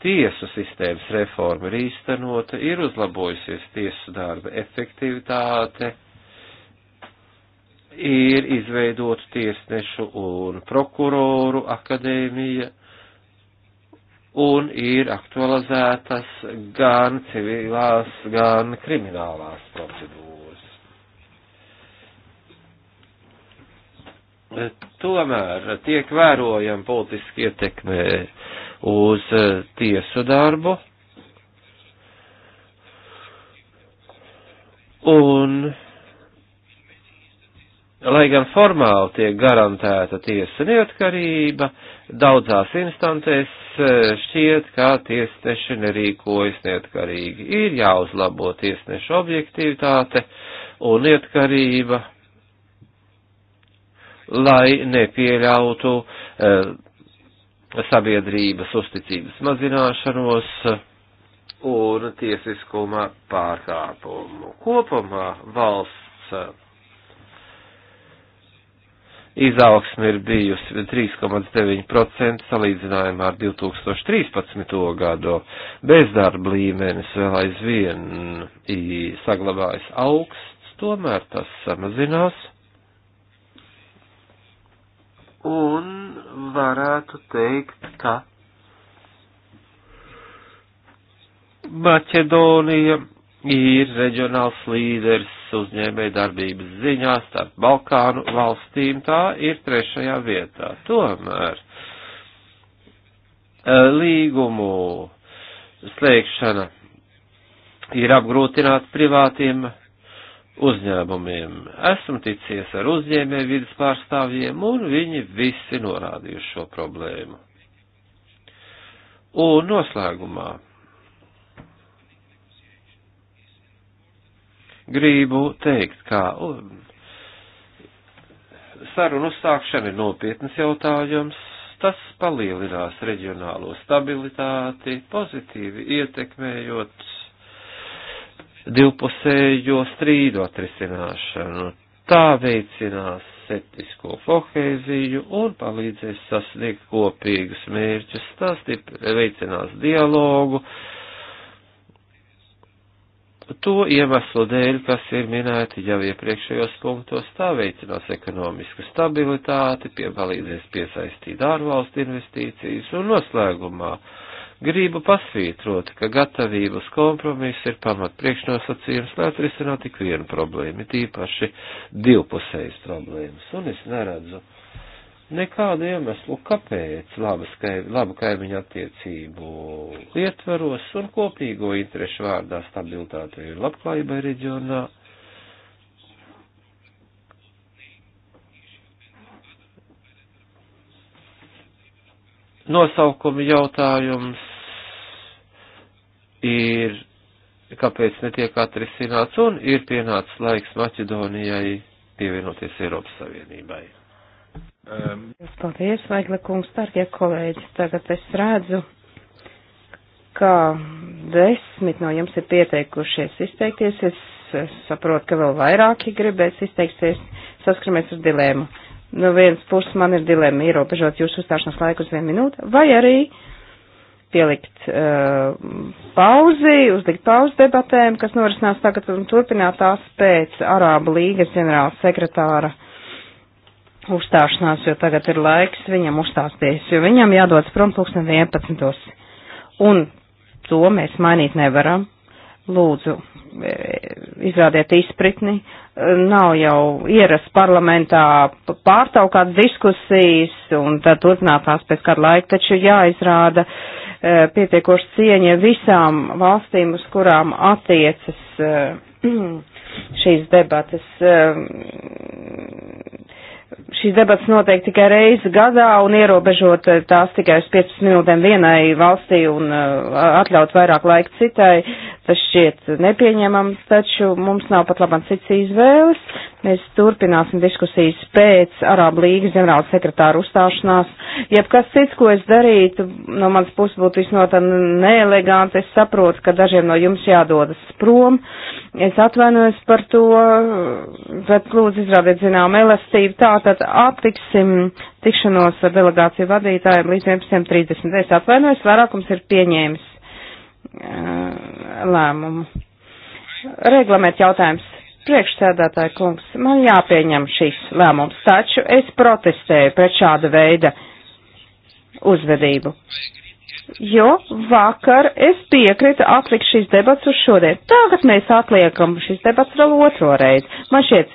Tiesu sistēmas reforma ir īstenota, ir uzlabojusies tiesu darba efektivitāte ir izveidota tiesnešu un prokuroru akadēmija, un ir aktualizētas gan civilās, gan kriminālās procedūras. Tomēr tiek vērojama politiski ietekmē uz eh, tiesu darbu, un lai gan formāli tiek garantēta tiesa neatkarība, daudzās instantēs e, šķiet, ka tiesneši nerīkojas neatkarīgi. Ir jāuzlabo tiesnešu objektivitāte un neatkarība, lai nepieļautu eh, sabiedrības uzticības mazināšanos un tiesiskuma pārkāpumu. Kopumā valsts izaugsme ir bijusi 3,9% salīdzinājumā ar 2013. gadu. Bezdarba līmenis vēl aizvien saglabājas augsts, tomēr tas samazinās. Un varētu teikt, ka Maķedonija ir reģionāls līderis uzņēmēja darbības ziņā starp Balkānu valstīm, tā ir trešajā vietā. Tomēr eh, līgumu slēgšana ir apgrūtināta privātiem uzņēmumiem. Esmu ticies ar uzņēmēju vidas pārstāvjiem, un viņi visi norādījuši šo problēmu. Un noslēgumā gribu teikt, ka sarunu uzsākšana ir nopietnas jautājums, tas palielinās reģionālo stabilitāti, pozitīvi ietekmējot divpusējo strīdu atrisināšanu. Tā veicinās septisko kohēziju un palīdzēs sasniegt kopīgus mērķus, tas veicinās dialogu, uh, to iemeslu dēļ, kas ir minēti jau iepriekšējos punktos, tā veicinās ekonomisku stabilitāti, piepalīdzēs piesaistīt ārvalstu investīcijas un noslēgumā. Gribu pasvītrot, ka gatavības kompromiss ir pamat priekšnosacījums, lai atrisinātu tik vienu problēmu, tīpaši divpusējas problēmas, un es neredzu nekādu iemeslu, kāpēc labas, labu kaimiņu attiecību ietveros un kopīgo interešu vārdā stabilitātei un labklājībai reģionā. Nosaukuma jautājums ir, kāpēc netiek atrisināts un ir pienācis laiks Maķedonijai pievienoties Eiropas Savienībai. Um. Paldies, Vaigla kungs, starpie kolēģi. Tagad es redzu, ka desmit no jums ir pieteikušies izteikties. Es, es saprotu, ka vēl vairāki gribēs izteikties, saskaramies ar dilēmu. No vienas puses man ir dilēma ierobežot jūsu uzstāšanās laiku uz vienu minūtu, vai arī pielikt uh, pauzi, uzlikt pauzi debatēm, kas norisinās tagad un turpināt tās pēc Arābu līgas ģenerāla sekretāra uzstāšanās, jo tagad ir laiks viņam uzstāsties, jo viņam jādodas prom 2011. Un to mēs mainīt nevaram. Lūdzu, e, izrādiet izpratni. E, nav jau ierasts parlamentā pārtaukt kādas diskusijas un tad turpināt tās pēc kāda laika, taču jāizrāda e, pietiekoši cieņa visām valstīm, uz kurām attiecas šīs debatas šīs debats notiek tikai reizi gadā un ierobežot tās tikai uz 15 minūtēm vienai valstī un uh, atļaut vairāk laika citai, tas šķiet nepieņemams, taču mums nav pat labam cits izvēles. Mēs turpināsim diskusijas pēc Arābu līgas ģenerāla sekretāra uzstāšanās. Jebkas cits, ko es darītu, no manas puses būtu visnotaļ neeleganti. Es saprotu, ka dažiem no jums jādodas prom. Es atvainojos par to, bet lūdzu izrādiet zinām elastību. Tātad attiksim tikšanos ar delegāciju vadītājiem līdz 11.30. Es atvainojos, vairākums ir pieņēmis uh, lēmumu. Reglamēt jautājums. Priekšsēdētāja kungs, man jāpieņem šīs lēmums, taču es protestēju pret šāda veida uzvedību. Jo vakar es piekrītu atlikt šīs debats uz šodien. Tagad mēs atliekam šīs debats vēl otro reizi. Man šķiet,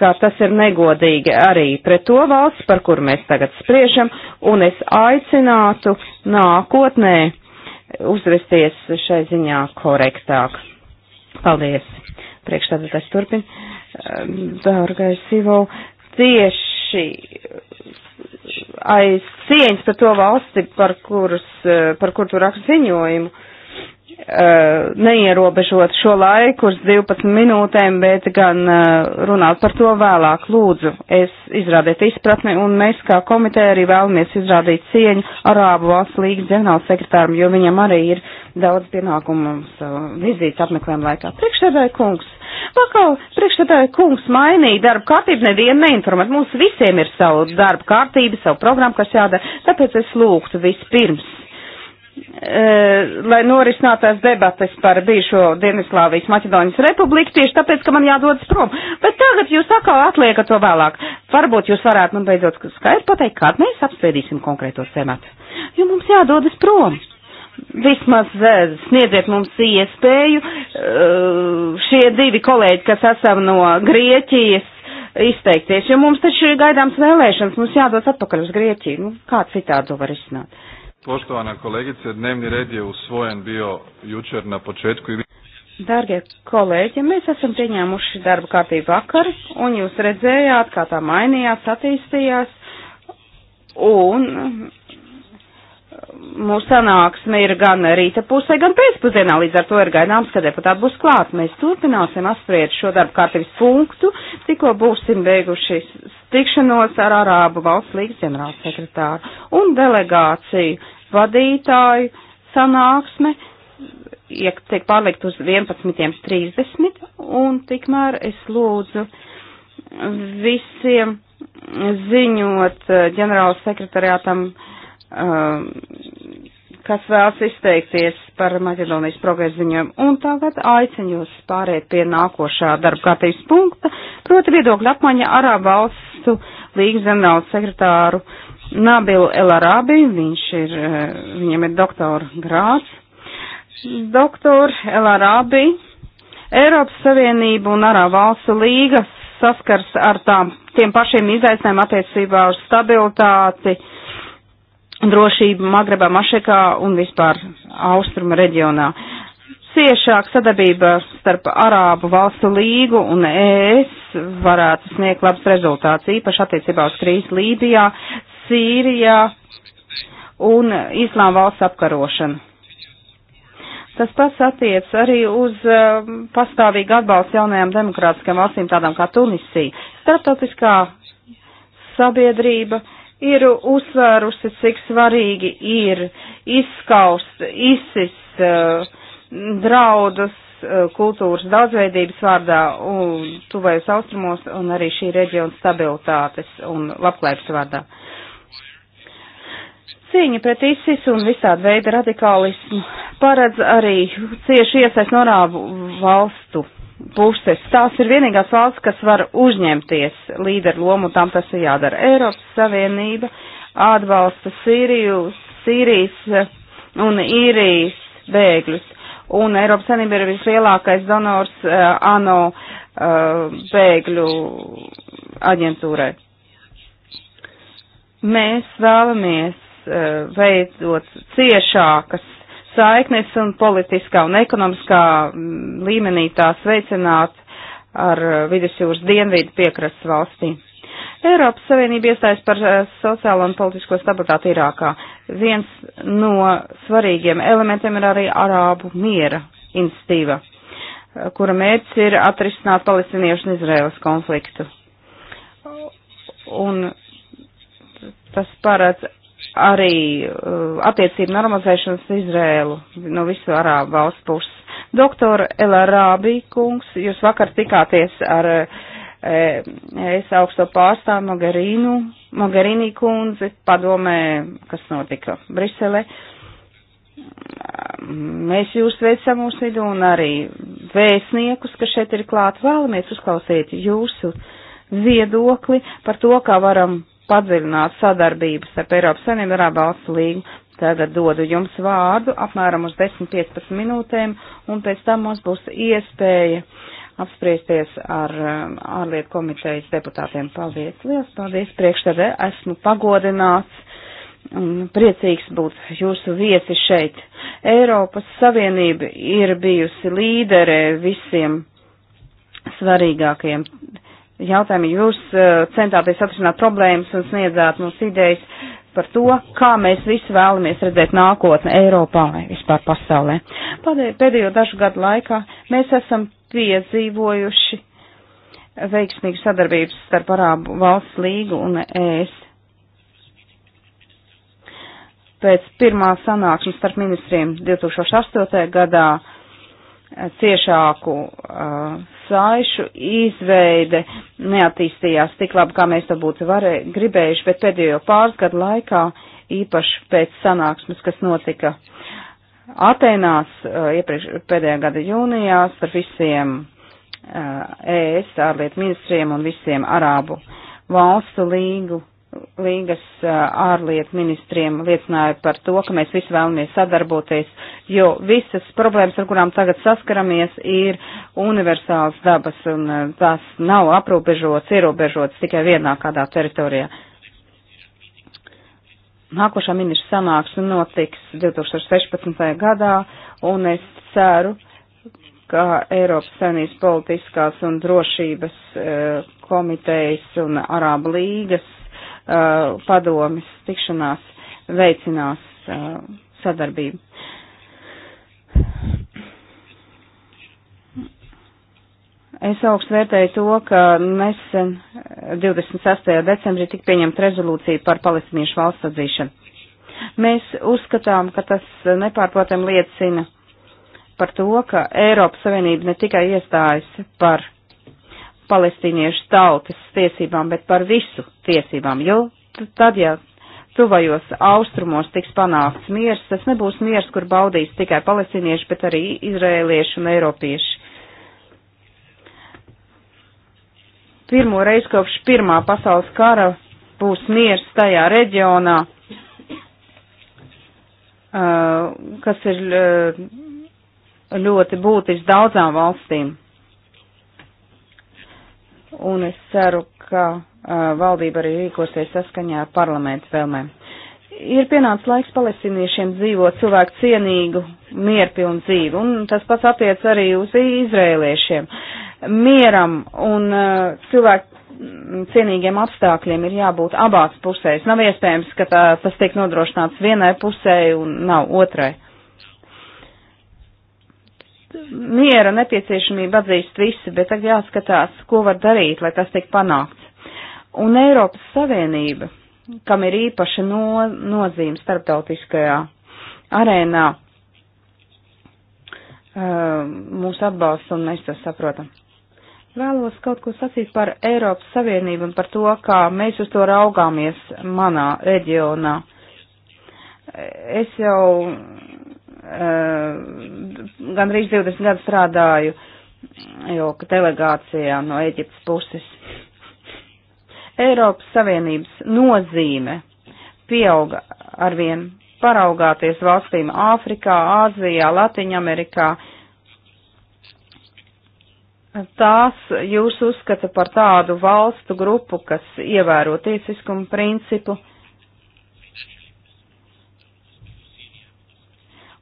ka tas ir negodīgi arī pret to valsts, par kur mēs tagad spriežam, un es aicinātu nākotnē uzvesties šai ziņā korektāk. Paldies! Priekšstādātājs turpin. Dārgais ehm, Ivo, tieši aiz cieņas par to valsti, par, kuras, eh, par kur tu rakst ziņojumu, eh, neierobežot šo laiku uz 12 minūtēm, bet gan eh, runāt par to vēlāk. Lūdzu, es izrādiet izpratni, un mēs kā komiteja arī vēlamies izrādīt cieņu Arābu valsts līgas ģenerālsekretāram, jo viņam arī ir daudz pienākumu vizītes apmeklējuma laikā. Priekšsēdētāji kungs, Vakar priekšstādāja kungs mainīja darba kārtību, nevienu neinformēt. Mums visiem ir savu darba kārtību, savu programmu, kas jādara, tāpēc es lūgtu vispirms. E, lai norisinātās debates par bijušo Dienvidslāvijas Maķedonijas republiku, tieši tāpēc, ka man jādodas prom. Bet tagad jūs atkal atliekat to vēlāk. Varbūt jūs varētu man beidzot skaidri pateikt, kad mēs apspriedīsim konkrētos temats. Jo mums jādodas prom vismaz eh, sniedziet mums iespēju eh, šie divi kolēģi, kas esam no Grieķijas, izteikties, jo mums taču ir gaidāms vēlēšanas, mums jādodas atpakaļ uz Grieķiju. Nu, kā citādi to var izsnāt? Poštovana kolegice, dnevni red je usvojen bio jučer na početku i Dargie kolēģi, mēs esam pieņēmuši darba kārtību vakar, un jūs redzējāt, kā tā mainījās, attīstījās, un mūsu sanāksme ir gan rīta pusē, gan pēcpazienā, līdz ar to ir gaidāms, ka deputāti būs klāt. Mēs turpināsim apspriest šo darbu kārtības punktu, tikko būsim beiguši tikšanos ar Arābu valsts līgas ģenerālsekretāru un delegāciju vadītāju sanāksme, ja tiek pārlikt uz 11.30, un tikmēr es lūdzu visiem ziņot eh, ģenerālsekretariātam. Uh, um, kas vēlas izteikties par Maķedonijas progresu ziņojumu. Un tagad aicinu jūs pāriet pie nākošā darba kārtības punkta, proti viedokļa apmaiņa Arābu valstu līgas zemnaudas sekretāru Nabilu Elarabi. Viņš ir, eh, viņam ir doktora grāds. Doktor Elarabi, Eiropas Savienība un Arābu valstu līgas saskars ar tām, tiem pašiem izaicinājumiem attiecībā uz stabilitāti, uh, drošību Magrebā, Mašekā un vispār Austruma reģionā. Ciešāk sadarbība starp Arābu valstu līgu un ES varētu sniegt labs rezultāts, īpaši attiecībā uz krīzi Lībijā, Sīrijā un Islām valsts apkarošanu. Tas pats attiec arī uz uh, pastāvīgu atbalstu jaunajām demokrātiskajām valstīm, tādām kā Tunisija. Startautiskā sabiedrība uh, ir uzsvērusi, cik svarīgi ir izskaust ISIS uh, draudus uh, kultūras daudzveidības vārdā un tuvējas austrumos un arī šī reģiona stabilitātes un labklājības vārdā. Cīņa pret ISIS un visāda veida radikālismu paredz arī cieši iesaist norābu valstu puses. Tās ir vienīgās valsts, kas var uzņemties līderu lomu, tam tas ir jādara. Eiropas Savienība atbalsta Sīriju, Sīrijas eh, un Īrijas bēgļus. Un Eiropas Savienība ir vislielākais donors uh, ANO uh, bēgļu aģentūrai. Mēs vēlamies uh, veidot ciešākas saiknes un politiskā un ekonomiskā mm, līmenī tās veicināt ar eh, vidusjūras dienvidu piekrasts valstīm. Eiropas Savienība iestājas par eh, sociālo un politisko stabilitāti Irākā. Viens no svarīgiem elementiem ir arī Arābu miera institīva, eh, kura mērķis ir atrisināt palestiniešu un Izraēlas konfliktu. Un tas paredz arī uh, attiecību normalizēšanas Izrēlu no visu arābu valsts puses. Doktor Elarābi kungs, jūs vakar tikāties ar uh, es augsto pārstāvu Magarīnu, Magarīnī kundzi padomē, kas notika Brisele. Mēs jūs sveicam mūsu vidū un arī vēstniekus, kas šeit ir klāt, vēlamies uzklausīt jūsu viedokli par to, kā varam padziļināt sadarbības ar Eiropas Savienību un Arābalstu līgu. Tātad dodu jums vārdu apmēram uz 10-15 minūtēm, un pēc tam mums būs iespēja apspriesties ar um, ārlietu komitejas deputātiem. Paldies, liels paldies priekšstādē, esmu pagodināts un priecīgs būt jūsu viesi šeit. Eiropas Savienība ir bijusi līdere visiem svarīgākajiem jautājumu. Jūs eh, centāties atrisināt problēmas un sniedzāt mums idejas par to, kā mēs visi vēlamies redzēt nākotni Eiropā vai vispār pasaulē. Pēdējo dažu gadu laikā mēs esam piedzīvojuši veiksmīgu sadarbības starp Arābu valsts līgu un ES. Pēc pirmā sanāksmes starp ministriem 2008. gadā ciešāku uh, saišu izveide neattīstījās tik labi, kā mēs to būtu varē, gribējuši, bet pēdējo pāris gadu laikā, īpaši pēc sanāksmes, kas notika Atenās uh, iepriekš pēdējā gada jūnijā starp visiem uh, ES ārlietu ministriem un visiem Arābu valstu līgu Līgas ārlietu ministriem liecināja par to, ka mēs visi vēlamies sadarboties, jo visas problēmas, ar kurām tagad saskaramies, ir universāls dabas un tās nav aprobežotas, ierobežotas tikai vienā kādā teritorijā. Nākošā ministra sanāksme notiks 2016. gadā, un es ceru, ka Eiropas Savienības politiskās un drošības komitejas un Arāba līgas uh, padomis tikšanās veicinās uh, sadarbību. Es augstu vērtēju to, ka nesen 26. Uh, decembrī tika pieņemta rezolūcija par palestīniešu valsts atzīšanu. Mēs uzskatām, ka tas nepārprotam liecina par to, ka Eiropas Savienība ne tikai iestājas par palestīniešu tautas tiesībām, bet par visu tiesībām, jo tad, ja tuvajos austrumos tiks panākts miers, tas nebūs miers, kur baudīs tikai palestīnieši, bet arī izrēlieši un eiropieši. Pirmo reizi kopš Pirmā pasaules kara būs miers tajā reģionā, kas ir ļoti būtisks daudzām valstīm un es ceru, ka uh, valdība arī rīkosies saskaņā ar parlamentu vēlmēm. Ir pienācis laiks palestīniešiem dzīvot cilvēku cienīgu, mierpilnu dzīvi, un tas pats attiec arī uz izrēliešiem. Mieram un uh, cilvēku cienīgiem apstākļiem ir jābūt abās pusēs. Nav iespējams, ka tā, tas tiek nodrošināts vienai pusē un nav otrai miera nepieciešamību atzīst visi, bet tagad jāskatās, ko var darīt, lai tas tiek panākts. Un Eiropas Savienība, kam ir īpaša no, nozīme starptautiskajā arēnā, mūs atbalsta un mēs to saprotam. Vēlos kaut ko sacīt par Eiropas Savienību un par to, kā mēs uz to raugāmies manā reģionā. Es jau gan arī 20 gadu strādāju joka delegācijā no Eģiptes puses. Eiropas Savienības nozīme pieauga arvien paraugāties valstīm Āfrikā, Āzijā, Latviņamerikā. Tās jūs uzskata par tādu valstu grupu, kas ievēro tiesiskumu principu. Uh,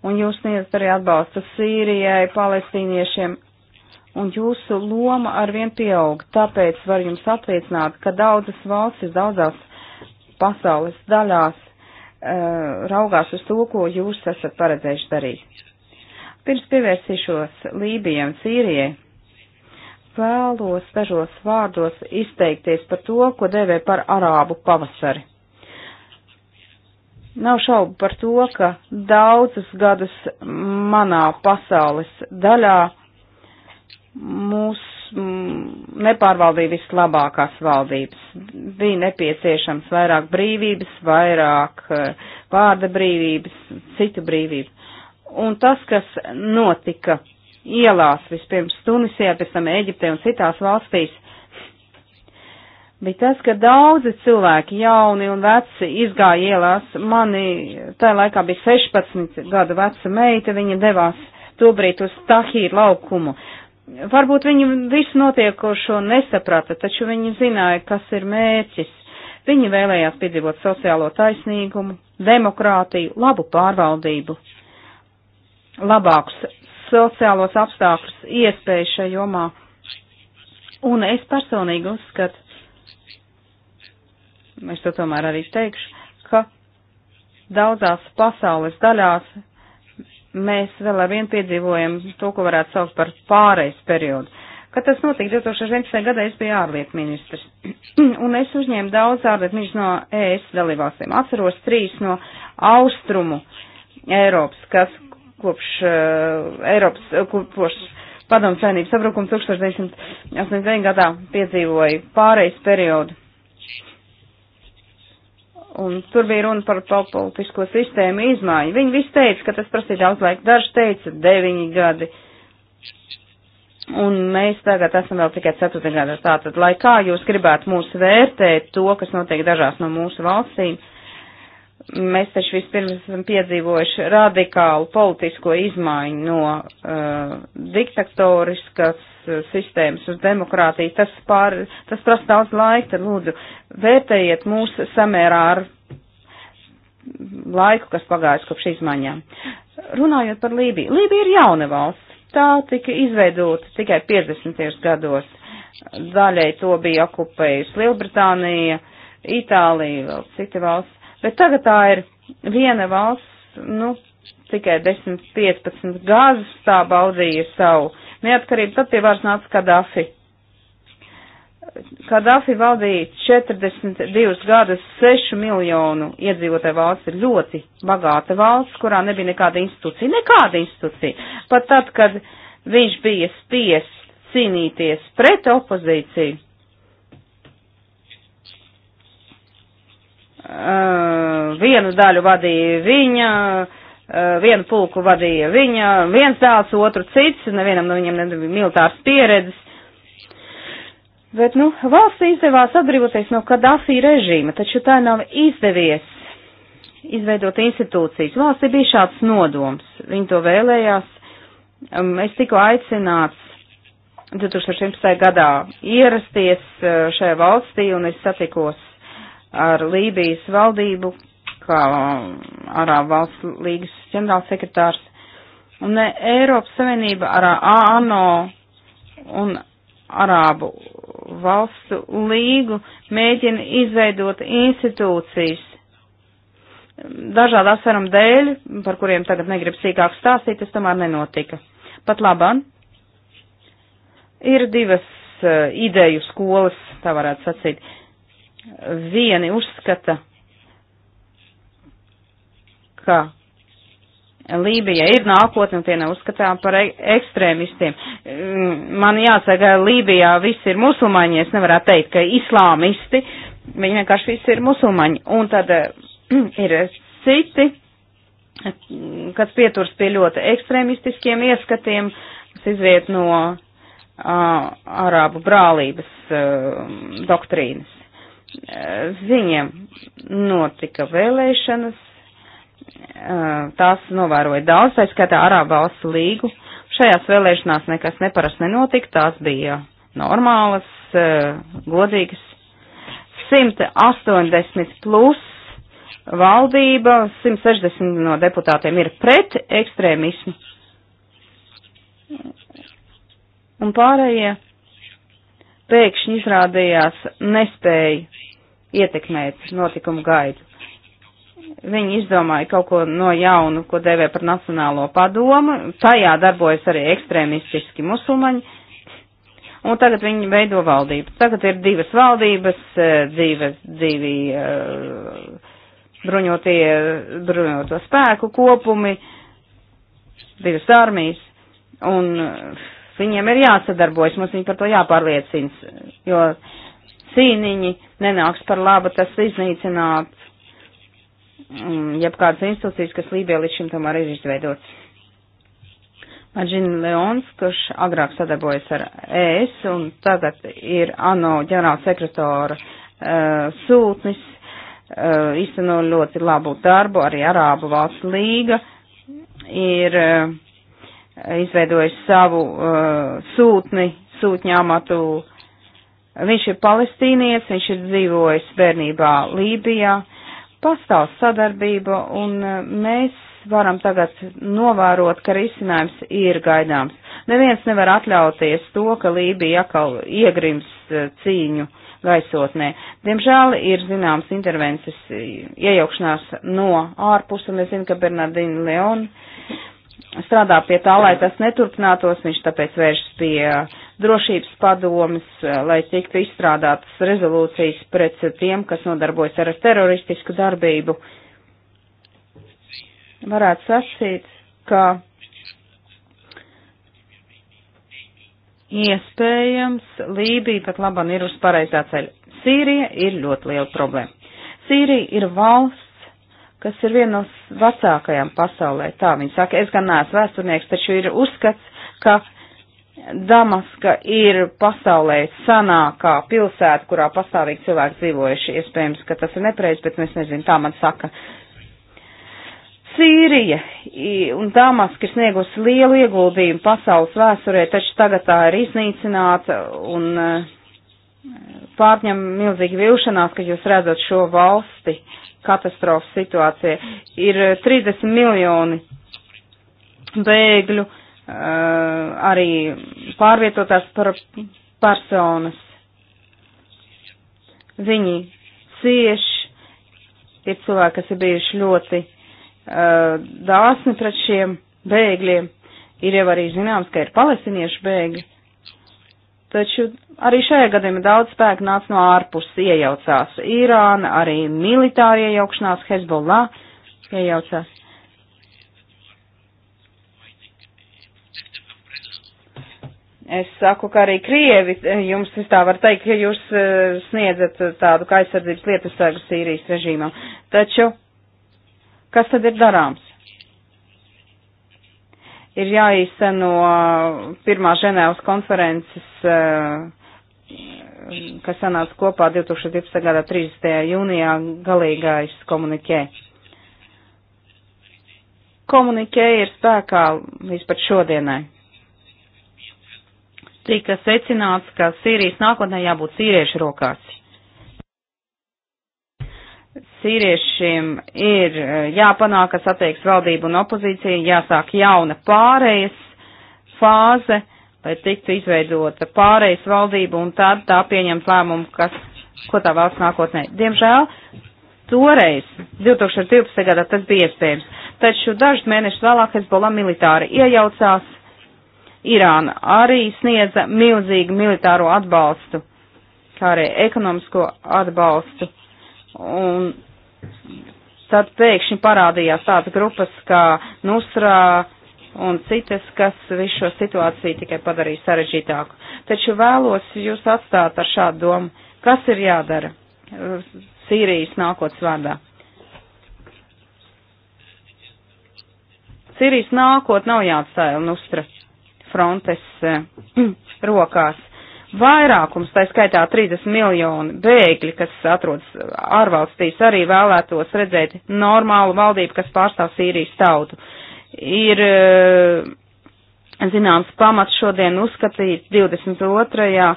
un jūs sniedzat arī atbalstu Sīrijai, palestīniešiem, un jūsu loma arvien pieaug. Tāpēc var jums apliecināt, ka daudzas valstis, daudzās pasaules daļās uh, raugās uz to, ko jūs esat paredzējuši darīt. Pirms pievērsīšos Lībijai un Sīrijai, vēlos dažos vārdos izteikties par to, ko devē par arābu pavasari. Nav šaubu par to, ka daudzus gadus manā pasaules daļā mūs nepārvaldīja vislabākās valdības. Bija nepieciešams vairāk brīvības, vairāk e, vārda brīvības, citu brīvību. Un tas, kas notika ielās vispirms Tunisijā, pēc tam Eģiptē un citās valstīs, bija tas, ka daudzi cilvēki, jauni un veci, izgāja ielās. Mani tajā laikā bija 16 gadu veca meita, viņa devās tobrīd uz Tahīru laukumu. Varbūt viņi visu notiekošo nesaprata, taču viņi zināja, kas ir mērķis. Viņi vēlējās piedzīvot sociālo taisnīgumu, demokrātiju, labu pārvaldību, labākus sociālos apstākļus, iespēju šajā jomā. Un es personīgi uzskatu, es to tomēr arī teikšu, ka daudzās pasaules daļās mēs vēl ar vienu piedzīvojam to, ko varētu saukt par pārejas periodu. Kad tas notika 2011. gadā, es biju ārlietu ministrs, un es uzņēmu daudz ārlietu ministru no ES dalībvalstīm. Atceros trīs no austrumu Eiropas, kas kopš uh, Eiropas, eh, kopš padomu saimnības sabrukuma 1989. gadā piedzīvoja pārejas periodu Un tur bija runa par politisko sistēmu izmaiņu. Viņi visi teica, ka tas prasīja daudz laika. Daži teica deviņi gadi. Un mēs tagad esam vēl tikai ceturtajā gadā. Tātad, lai kā jūs gribētu mūs vērtēt to, kas notiek dažās no mūsu valstīm, mēs taču vispirms esam piedzīvojuši radikālu politisko izmaiņu no uh, diktatoriskas Eh, sistēmas uz demokrātiju, tas, pār, tas prasa daudz laika, tad lūdzu vērtējiet mūs samērā ar laiku, kas pagājis kopš izmaiņām. Runājot par Lībiju, Lībija ir jauna valsts, tā tika izveidota tikai 50. gados, daļai to bija okupējusi Lielbritānija, Itālija, vēl cita valsts, bet tagad tā ir viena valsts, nu, tikai 10-15 gāzes tā baudīja savu neatkarību, tad pie varas nāca Kadafi. Kadafi valdīja 42 gadus 6 miljonu iedzīvotāju valsts, ir ļoti bagāta valsts, kurā nebija nekāda institūcija, nekāda institūcija. Pat tad, kad viņš bija spiests cīnīties pret opozīciju, Uh, vienu daļu vadīja viņa, Eh, vienu pulku vadīja viņa, viens dēls, otru cits, nevienam no viņiem nebija militārs pieredzes. Bet, nu, valsts izdevās atbrīvoties no Kadafī režīma, taču tā nav izdevies izveidot institūcijas. Valstī bija šāds nodoms, viņi to vēlējās. Um, es tiku aicināts 2017. gadā ierasties eh, šajā valstī un es satikos ar Lībijas valdību, kā Arābu um, valsts līgas ģenerālsekretārs. Un Eiropas Savienība ar ANO un Arābu valstu līgu mēģina izveidot institūcijas dažādu asverumu dēļ, par kuriem tagad negrib sīkāk stāstīt, tas tomēr nenotika. Pat labam ir divas uh, ideju skolas, tā varētu sacīt. Vieni uzskata, ka Lībija ir nākotne, tie nav uzskatām par e- ekstrēmistiem. Mm, man jāsaka, Lībijā visi ir musulmaņi, es nevarētu teikt, ka islāmisti, viņi vienkārši visi ir musulmaņi. Un tad eh, ir citi, kas pieturs pie ļoti ekstrēmistiskiem ieskatiem, kas izviet no uh, arābu brālības uh, doktrīnas. Viņiem notika vēlēšanas, Eh, tās novēroja daudz, tā skaitā Arābu valstu līgu. Šajās vēlēšanās nekas neparasts nenotika, tās bija normālas, eh, godīgas. 180 plus valdība, 160 no deputātiem ir pret ekstrēmismu. Un pārējie pēkšņi izrādījās nespēja ietekmēt notikumu gaidu. Viņi izdomāja kaut ko no jaunu, ko dēvē par Nacionālo padomu. Tajā darbojas arī ekstrēmistiski musulmaņi. Un tagad viņi veido valdību. Tagad ir divas valdības, e, dzīves, dzīvi e, bruņotie, bruņoto spēku kopumi, divas armijas. Un e, viņiem ir jāsadarbojas, mums viņi par to jāpārliecina, jo cīniņi nenāks par labu, tas iznīcināt Mm, jebkādas institūcijas, kas Lībijā līdz šim tomēr ir izveidotas. Maģina Leons, kurš agrāk sadarbojas ar ES un tagad ir ANO ģenerāla sekretāra uh, eh, sūtnis, uh, eh, izteno ļoti labu darbu, arī Arābu valsts līga ir uh, izveidojis savu uh, sūtni, sūtņa amatu. Viņš ir palestīnietis, viņš ir dzīvojis bērnībā Lībijā. Uh, pastāv sadarbība un e, mēs varam tagad novērot, ka risinājums ir gaidāms. Neviens nevar atļauties to, ka Lībija atkal iegrims e, cīņu gaisotnē. Diemžēl ir zināms intervences e, iejaukšanās no ārpus, un es zinu, ka Bernardina Leon strādā pie tā, lai tas neturpinātos, viņš tāpēc vēršas pie uh, drošības padomas, eh, lai tiktu izstrādātas rezolūcijas pret tiem, kas nodarbojas ar teroristisku darbību. Varētu sacīt, ka iespējams Lībija pat laban ir uz pareizā ceļa. Sīrija ir ļoti liela problēma. Sīrija ir valsts, kas ir viena no vecākajām pasaulē. Tā viņi saka, es gan neesmu vēsturnieks, taču ir uzskats, ka Damaska ir pasaulē sanākā pilsēta, kurā pastāvīgi cilvēki dzīvojuši. Iespējams, ka tas ir nepareizi, bet nu, es nezinu, tā man saka. Sīrija un Damaska ir sniegusi lielu ieguldījumu pasaules vēsturē, taču tagad tā ir iznīcināta un eh, pārņem milzīgi vilšanās, ka jūs redzat šo valsti katastrofu situācijā. Ir 30 eh, miljoni bēgļu Eh, arī pārvietotās par personas. Viņi cieši, tie cilvēki, kas ir bijuši ļoti uh, dāsni pret šiem bēgļiem, ir jau arī zināms, ka ir palestiniešu bēgļi. Taču arī šajā gadījumā daudz spēku nāca no ārpus, iejaucās Irāna, arī militāri iejaukšanās Hezbollah iejaucās. Es saku, ka arī Krievi eh, jums vis tā var teikt, ka jūs eh, sniedzat eh, tādu kā aizsardzības lietu sargu Sīrijas režīmam. Taču, kas tad ir darāms? Ir jāīsteno pirmā Ženēvas konferences, kas sanāca kopā 2012. gada 30. jūnijā galīgais komunikē. Komunikē ir spēkā līdz pat šodienai tika secināts, ka Sīrijas nākotnē jābūt sīriešu rokās. Sīriešiem ir eh, jāpanāk, kas atteiks valdību un opozīciju, jāsāk jauna pārējas fāze, lai tiktu izveidota pārējas valdība un tad tā pieņemt lēmumu, kas, ko tā valsts nākotnē. Diemžēl toreiz, 2012. gadā, tas bija iespējams, taču dažus mēnešus vēlāk Hezbollah militāri iejaucās Irāna arī sniedza milzīgu militāro atbalstu, kā arī ekonomisko atbalstu. Un tad pēkšņi parādījās tādas grupas kā Nusrā un citas, kas visu šo situāciju tikai padarīja sarežģītāku. Taču vēlos jūs atstāt ar šādu domu, kas ir jādara Sīrijas nākotnes vārdā. Sīrijas nākotnē nav jāatstāja Nusra. Frontes eh, rokās. Vairākums, tā skaitā 30 miljoni bēgļi, kas atrodas ārvalstīs, arī vēlētos redzēt normālu valdību, kas pārstāv Sīrijas tautu. Ir eh, zināms pamats šodien uzskatīt 22.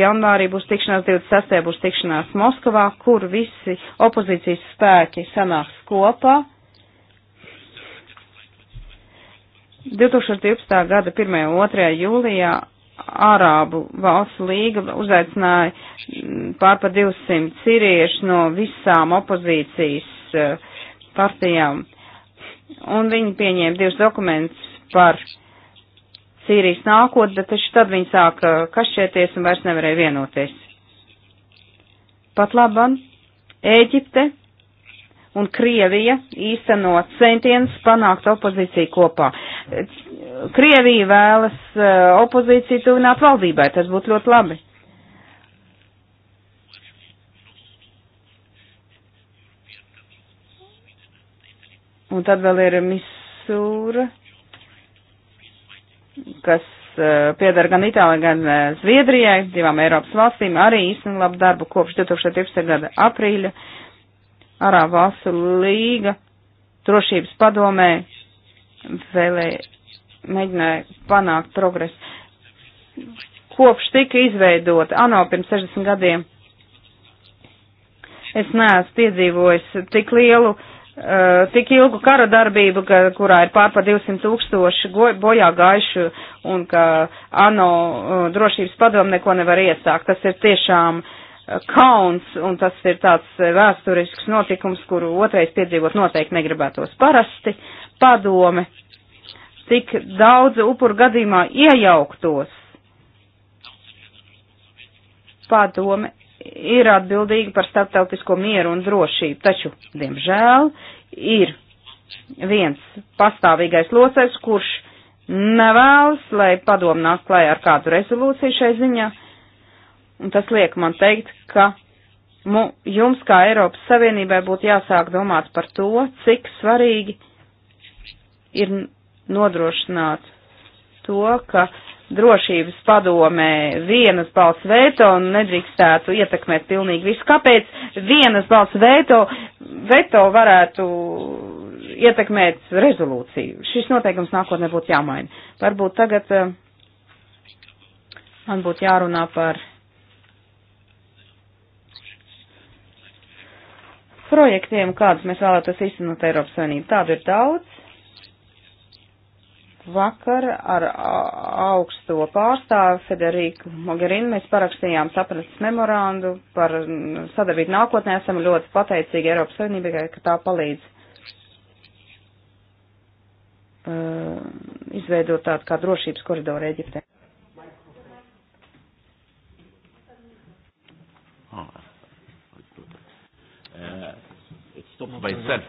janvārī būs tikšanās, 26. būs tikšanās Moskavā, kur visi opozīcijas spēki sanāks kopā 2012. gada 1. un 2. jūlijā Arābu valsts līga uzaicināja mm, pār pa 200 siriešu no visām opozīcijas eh, partijām, un viņi pieņēma divus dokumentus par Sīrijas nākotni, bet taču tad viņi sāka kašķēties un vairs nevarēja vienoties. Pat labam, Ēģipte un Krievija īsteno centienus panākt opozīciju kopā. Krievija vēlas eh, opozīciju tuvināt valdībai, tas būtu ļoti labi. Un tad vēl ir Misūra, kas uh, piedara gan Itālijai, gan uh, Zviedrijai, divām Eiropas valstīm, arī īstenībā labu darbu kopš 2012. gada aprīļa. Uh, Arābu valstu līga drošības padomē vēlēja, mēģināja panākt progresu. Kopš tika izveidota ANO pirms 60 gadiem, es neesmu piedzīvojis tik lielu, uh, tik ilgu kara darbību, ka, kurā ir pārpa 200 tūkstoši bojā gaišu un ka ANO uh, drošības padomu neko nevar iesākt. Tas ir tiešām uh, Uh, kauns, un tas ir tāds uh, vēsturisks notikums, kuru otrais piedzīvot noteikti negribētos parasti. Padome, cik daudz upuru gadījumā iejauktos. Padome ir atbildīga par starptautisko mieru un drošību, taču, diemžēl, ir viens pastāvīgais locais, kurš nevēlas, lai padomu nāk klājā ar kādu rezolūciju šai ziņā Un tas liek man teikt, ka mu, jums kā Eiropas Savienībai būtu jāsāk domāt par to, cik svarīgi ir nodrošināt to, ka drošības padomē vienas balss veto un nedrīkstētu ietekmēt pilnīgi visu. Kāpēc vienas balss veto, veto varētu ietekmēt rezolūciju? Šis noteikums nākotnē būtu jāmaina. Varbūt tagad eh, man būtu jārunā par projektiem, kādus mēs vēlētos izsanot Eiropas Savienību. Tādu ir daudz. Vakar ar augsto pārstāvu Federiku Mogherinu mēs parakstījām saprasts memorandu par sadarbību nākotnē. Esam ļoti pateicīgi Eiropas Savienībai, ka tā palīdz uh, izveidot tādu kā drošības koridoru Eģiptē. Uh, it stops by itself.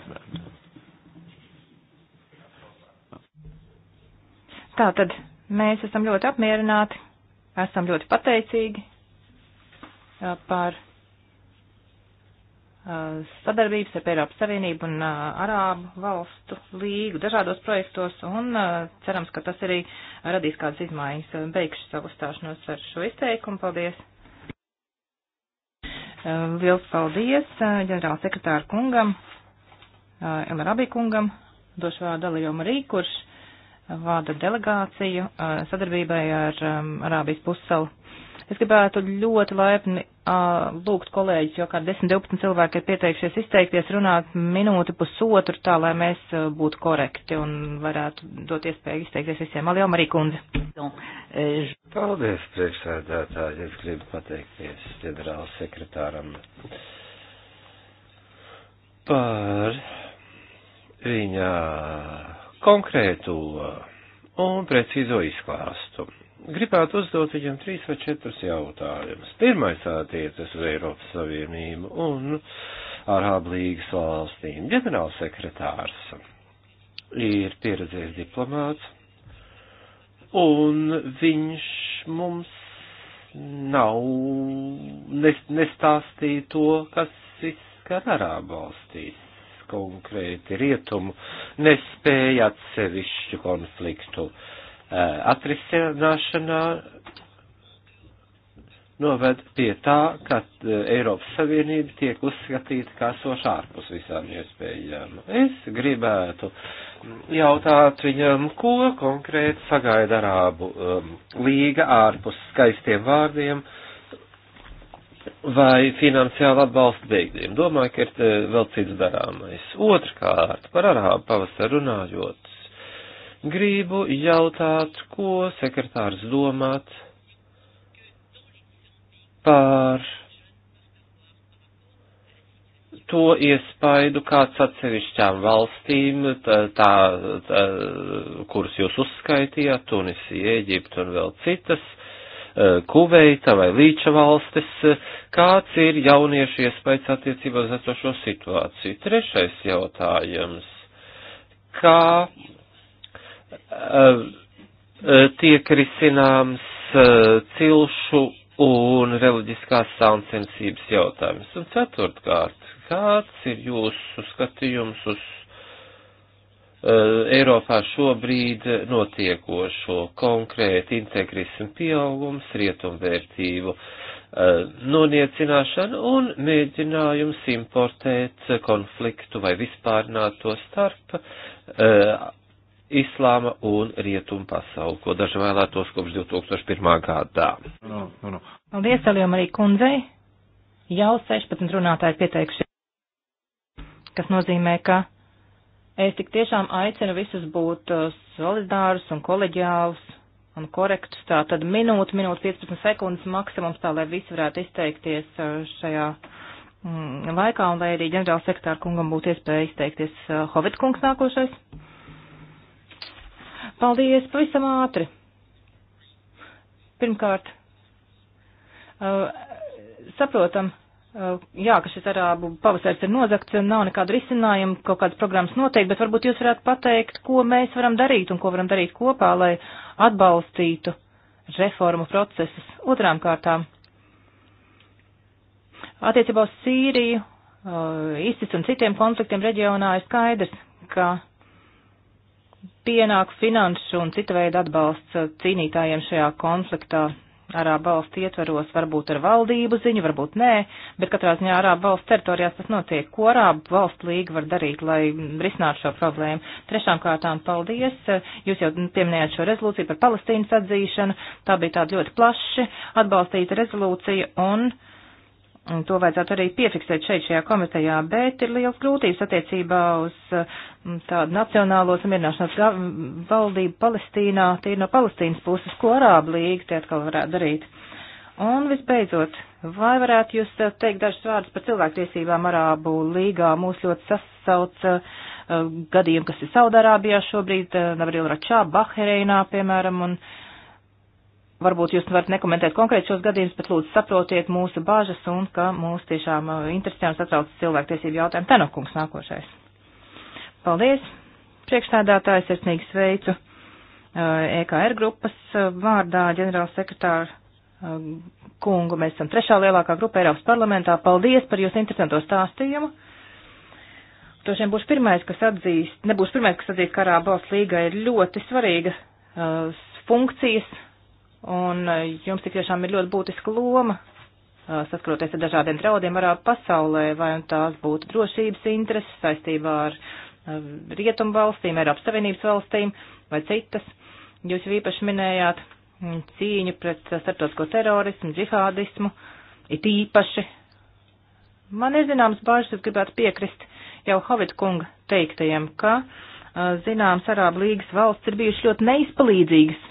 Tātad mēs esam ļoti apmierināti, esam ļoti pateicīgi uh, par uh, sadarbības ar Eiropas Savienību un uh, Arābu valstu līgu dažādos projektos un cerams, ka tas arī radīs kādas izmaiņas. Beigšu savu stāšanos ar šo izteikumu. Paldies! Eh, liels paldies eh, ģenerāla sekretāra kungam, eh, Elarabī kungam, došu vārdu Alijo Marī, kurš vada delegāciju uh, sadarbībai ar um, Arābijas pussalu. Es gribētu ļoti laipni uh, lūgt kolēģis, jo kā 10-12 cilvēki ir pieteikšies izteikties, runāt minūti pusotru, tā lai mēs uh, būtu korekti un varētu dot iespēju izteikties visiem. Aljom arī kundze. Paldies, priekšsēdētāji. Es gribu pateikties ģenerāla sekretāram par viņa konkrētu un precīzo izklāstu. Gribētu uzdot viņam trīs vai četrus jautājumus. Pirmais attiecas uz Eiropas Savienību un Arābu līgas valstīm. Ģenerālsekretārs ir pieredzējis diplomāts, un viņš mums nav nestāstīja to, kas izskar Arābu valstīs konkrēti rietumu nespēja atsevišķu konfliktu eh, atrisināšanā noved pie tā, ka eh, Eiropas Savienība tiek uzskatīta kā soša ārpus visām iespējām. Es gribētu mm, jautāt viņam, ko konkrēti sagaida Arābu um, līga ārpus skaistiem vārdiem, uh, vai finansiāli atbalstu bēgļiem. Domāju, ka ir eh, vēl cits darāmais. Otrkārt, par arābu pavasaru runājot, gribu jautāt, ko sekretārs domāt par to iespaidu kāds atsevišķām valstīm, tā, tā, tā, kuras jūs uzskaitījāt, Tunisija, Eģipta un vēl citas, Eh, Kuveita vai Līča valstis, eh, kāds ir jauniešu iespējas attiecībā uz esošo situāciju. Trešais jautājums. Kā eh, tiek risināms cilšu un reliģiskās sauncensības jautājums? Un ceturtkārt, kāds ir jūsu skatījums uz Eh, Eiropā šobrīd notiekošo konkrēti integrismu pieaugums, rietumvērtību eh, noniecināšana un mēģinājums importēt konfliktu vai vispārnāto starp eh, islāma un rietumu pasauli, ko daži vēlētos kopš 2001. gadā. No, no. Paldies, Alijam, arī kundzei. Jau 16 runātāji pieteikuši, kas nozīmē, ka Es tik tiešām aicinu visus būt uh, solidārus un koleģiālus un korektus. Tā tad minūte, minūte 15 sekundes maksimums, tā lai visi varētu izteikties uh, šajā mm, laikā un lai arī ģenerāla sektāra kungam būtu iespēja izteikties. Uh, Hovid kungs nākošais. Paldies, pavisam ātri. Pirmkārt, saprotam, Eh, jā, ka šis arābu pavasaris ir nozakts un nav nekāda risinājuma, kaut kādas programmas noteikti, bet varbūt jūs varētu pateikt, ko mēs varam darīt un ko varam darīt kopā, lai atbalstītu reformu procesus otrām kārtām. Attiecībā uz Sīriju, eh, ISIS un citiem konfliktiem reģionā ir skaidrs, ka pienāk finanšu un cita veida atbalsts eh, cīnītājiem šajā konfliktā Arāba valsts ietveros, varbūt ar valdību ziņu, varbūt nē, bet katrā ziņā Arāba valsts teritorijās tas notiek. Ko Arāba valsts līga var darīt, lai risinātu šo problēmu? Trešām kārtām paldies. Jūs jau pieminējāt šo rezolūciju par Palestīnas atzīšanu. Tā bija tāda ļoti plaši atbalstīta rezolūcija un. Uh, Un to vajadzētu arī piefiksēt šeit šajā komitejā, bet ir liels grūtības attiecībā uz mm, tādu nacionālo samierināšanās valdību Palestīnā, tīri no Palestīnas puses, ko Arābu līga te atkal varētu darīt. Un visbeidzot, vai varētu jūs eh, teikt dažus vārdus par cilvēktiesībām Arābu līgā? Mūs ļoti sasauc uh, gadījumi, kas ir Saudārābijā šobrīd, eh, Nabrīl Račā, Bahreinā, piemēram, un uh, Varbūt jūs varat nekomentēt konkrēti šos gadījumus, bet lūdzu saprotiet mūsu bāžas un ka mūs tiešām uh, interesē un satrauc cilvēktiesību jautājumu. Tenokungs nākošais. Paldies! Priekšstādātājs es nīgi sveicu uh, EKR grupas uh, vārdā ģenerāla sekretāra kungu. Mēs esam trešā lielākā grupa Eiropas parlamentā. Paldies par jūsu interesanto stāstījumu. Droši vien būs pirmais, kas atzīst, nebūs pirmais, kas atzīst, ka Arābos līga ir ļoti svarīga uh, funkcijas Un eh, jums tik tiešām ir ļoti būtiska loma eh, saskaroties ar dažādiem draudiem arābu pasaulē, vai nu tās būtu drošības intereses saistībā ar eh, rietumu valstīm, Eiropas Savienības valstīm vai citas. Jūs jau īpaši minējāt mm, cīņu pret starptautisko terorismu, džihādismu, it īpaši. Man ir zināms bāžas, es gribētu piekrist jau Havid kunga teiktajiem, ka uh, zināms, Arābu līgas valsts ir bijušas ļoti neizpalīdzīgas.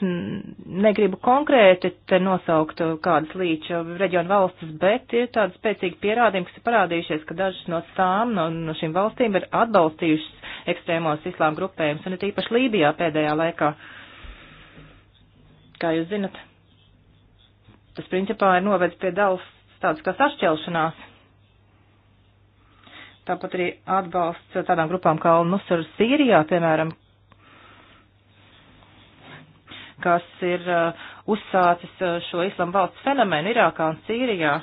Negribu konkrēti te nosaukt kādas līča reģionu valstis, bet ir tādi spēcīgi pierādījumi, kas ir parādījušies, ka dažas no tām, no, no šīm valstīm ir atbalstījušas ekstrēmos islām grupējumus, un ir īpaši Lībijā pēdējā laikā. Kā jūs zinat, tas principā ir novedis pie daudz tādas kā sašķelšanās Tāpat arī atbalsts tādām grupām kā Al-Nusra Sīrijā, piemēram, kas ir uh, uzsācis uh, šo islamu valsts fenomenu Irākā un Sīrijā.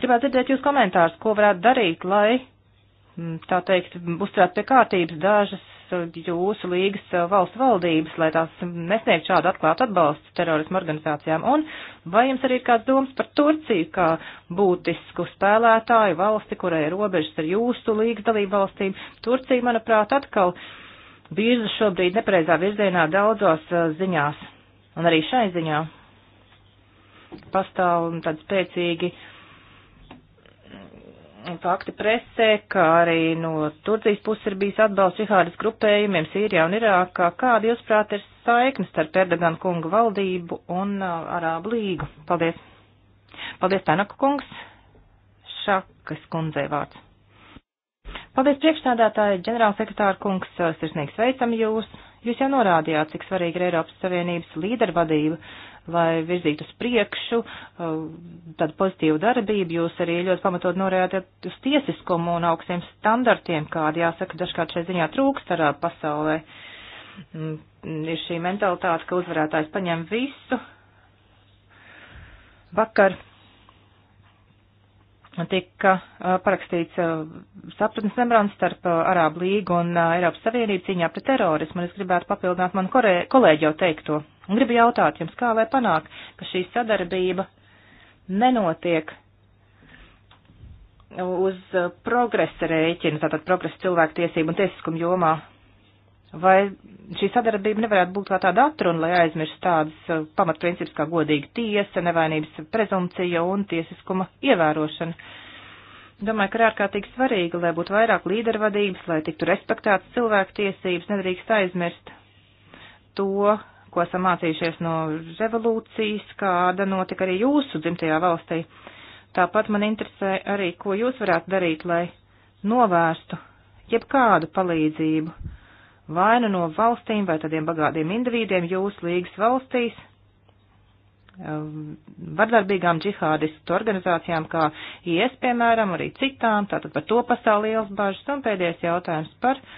Gribētu dzirdēt jūs komentārus, ko varētu darīt, lai, mm, tā teikt, uzturētu pie kārtības dažas jūsu līgas eh, valstu valdības, lai tās nesniegtu šādu atklātu atbalstu terorismu organizācijām? Un vai jums arī ir kāds domas par Turciju kā būtisku spēlētāju valsti, kurai ir robežas ar jūsu līgas dalību valstīm? Turcija, manuprāt, atkal virza šobrīd nepareizā virzienā daudzos eh, ziņās un arī šai ziņā pastāv tādi spēcīgi uh, fakti presē, kā arī no Turcijas puses ir bijis atbalsts džihādas grupējumiem Sīrijā un Irākā. Kāda, jūsuprāt, ir saiknes starp Erdogan kunga valdību un uh, Arābu līgu? Paldies. Paldies, Tanaka kungs. Šakas kundzei vārds. Paldies, priekšstādātāji, ģenerālsekretāra kungs, sirsnīgi sveicam jūs. Jūs jau norādījāt, cik svarīga ir Eiropas Savienības līdervadība. Uh, lai virzītu uz priekšu uh, tādu pozitīvu darbību. Jūs arī ļoti pamatot norējāt uz tiesiskumu un augstiem standartiem, kādi jāsaka dažkārt šai ziņā trūkst arā uh, pasaulē. Mm, ir šī mentalitāte, ka uzvarētājs paņem visu. Vakar tika uh, parakstīts sapratnes memorāns starp Arābu līgu un Eiropas Savienību cīņā pret terorismu, un es gribētu papildināt manu kolēģi jau teikto. Un gribu jautāt jums, kā lai panāk, ka šī sadarbība nenotiek uz uh, progresa rēķina, tātad progresa cilvēktiesību un tiesiskumu jomā. Vai šī sadarbība nevarētu būt kā tāda atruna, lai aizmirst tādas uh, pamatprincips kā godīga tiesa, nevainības prezumcija un tiesiskuma ievērošana? Domāju, ka ir ārkārtīgi svarīgi, lai būtu vairāk līdervadības, lai tiktu respektētas cilvēktiesības, nedrīkst aizmirst to, ko esam mācījušies no revolūcijas, kāda notika arī jūsu dzimtajā valstī. Tāpat man interesē arī, ko jūs varētu darīt, lai novērstu jebkādu palīdzību vai nu no valstīm vai tādiem bagātiem individiem jūsu līgas valstīs, um, vardarbīgām džihādistu organizācijām kā IS, piemēram, arī citām, tātad par to pastāv liels bažas. Un pēdējais jautājums par uh,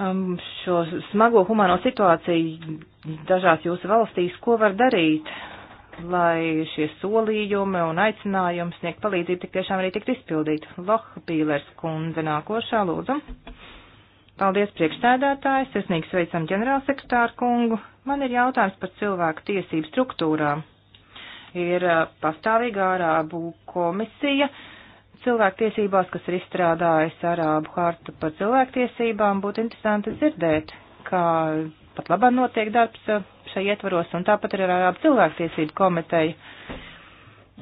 Um, šo smago humano situāciju dažās jūsu valstīs, ko var darīt, lai šie solījumi un aicinājumi sniegt palīdzību tik tiešām arī tikt izpildīti. Loha Pīlers kundze nākošā lūdzu. Paldies priekšsēdētājs, sirsnīgi sveicam ģenerālsekretāru kungu. Man ir jautājums par cilvēku tiesību struktūrām. Ir uh, pastāvīga ārābu komisija, uh, cilvēktiesībās, kas ir izstrādājis Arābu hartu par cilvēktiesībām, būtu interesanti dzirdēt, kā pat labāk notiek darbs uh, šai ietvaros, un tāpat ir Arābu cilvēktiesību komiteja,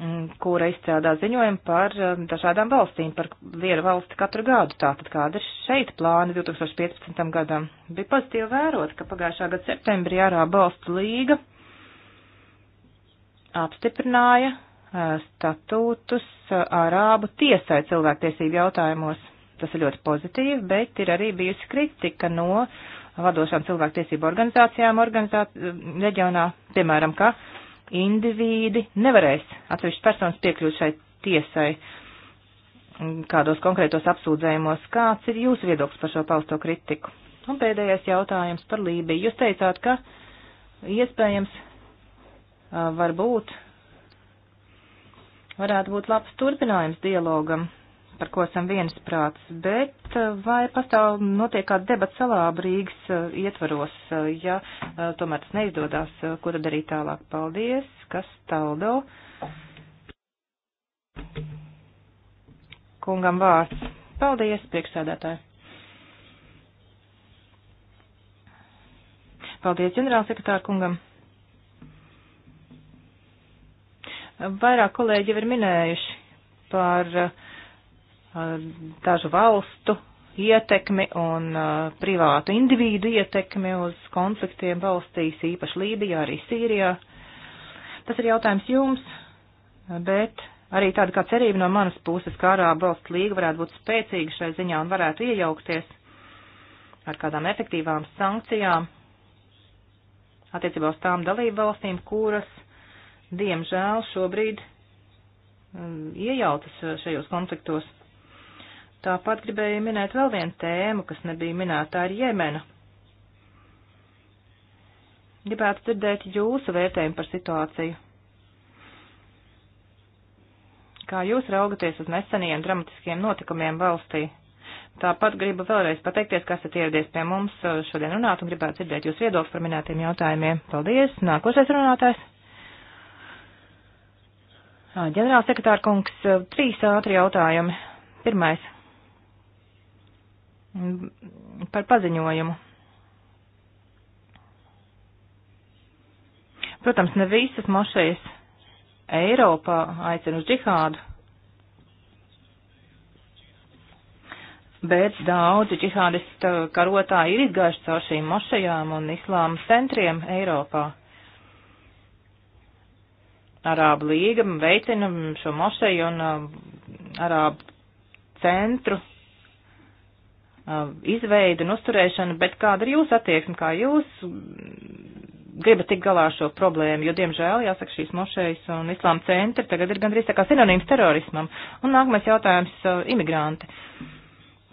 mm, kura izstrādā ziņojumu par uh, dažādām valstīm, par vienu valsti katru gadu. Tātad kāda ir šeit plāna 2015. gadam? Bija pozitīvi vērot, ka pagājušā gada septembrī Arābu valstu līga apstiprināja statūtus Arābu tiesai cilvēktiesību jautājumos. Tas ir ļoti pozitīvi, bet ir arī bijusi kritika no vadošām cilvēktiesību organizācijām organizāt, reģionā, piemēram, ka indivīdi nevarēs atsevišķas personas piekļūt šai tiesai kādos konkrētos apsūdzējumos. Kāds ir jūsu viedoklis par šo pausto kritiku? Un pēdējais jautājums par Lībiju. Jūs teicāt, ka iespējams varbūt varētu būt labs turpinājums dialogam, par ko esam viensprāts, bet eh, vai pastāv notiek kāda debata salā Rīgas eh, ietvaros, eh, ja tomēr tas neizdodas, ko tad darīt tālāk? Paldies, kas taldo? Kungam vārds. Paldies, priekšsēdētāji. Paldies ģenerālsekretāra kungam. Vairāk kolēģi jau ir minējuši par eh, dažu valstu ietekmi un eh, privātu individu ietekmi uz konfliktiem valstīs, īpaši Lībijā, arī Sīrijā. Tas ir jautājums jums, bet arī tāda kā cerība no manas puses, ka Arābu valsts līga varētu būt spēcīga šai ziņā un varētu iejaukties ar kādām efektīvām sankcijām attiecībā uz tām dalību valstīm, kuras diemžēl šobrīd um, iejautas uh, šajos konfliktos. Tāpat gribēju minēt vēl vienu tēmu, kas nebija minēta ar Jemenu. Gribētu dzirdēt jūsu vērtējumu par situāciju. Kā jūs raugaties uz neseniem dramatiskiem notikumiem valstī? Tāpat gribu vēlreiz pateikties, kas ir ieradies pie mums uh, šodien runāt un gribētu dzirdēt jūs viedokli par minētiem jautājumiem. Paldies! Nākošais runātājs! Ģenerāls sekretāra kungs, trīs ātri jautājumi. Pirmais. Mm, par paziņojumu. Protams, ne visas mošejas Eiropā aicina uz džihādu, bet daudzi džihādistu karotāji ir izgājuši caur šīm mošajām un islāma centriem Eiropā. Arābu līga veicina šo mošeju un uh, Arābu centru uh, izveidi un uzturēšanu, bet kāda ir jūsu attieksme, kā jūs gribat tikt galā ar šo problēmu, jo, diemžēl, jāsaka, šīs mošejas un islāma centri tagad ir gandrīz tā kā sinonīms terorismam. Un nākamais jautājums uh, - imigranti.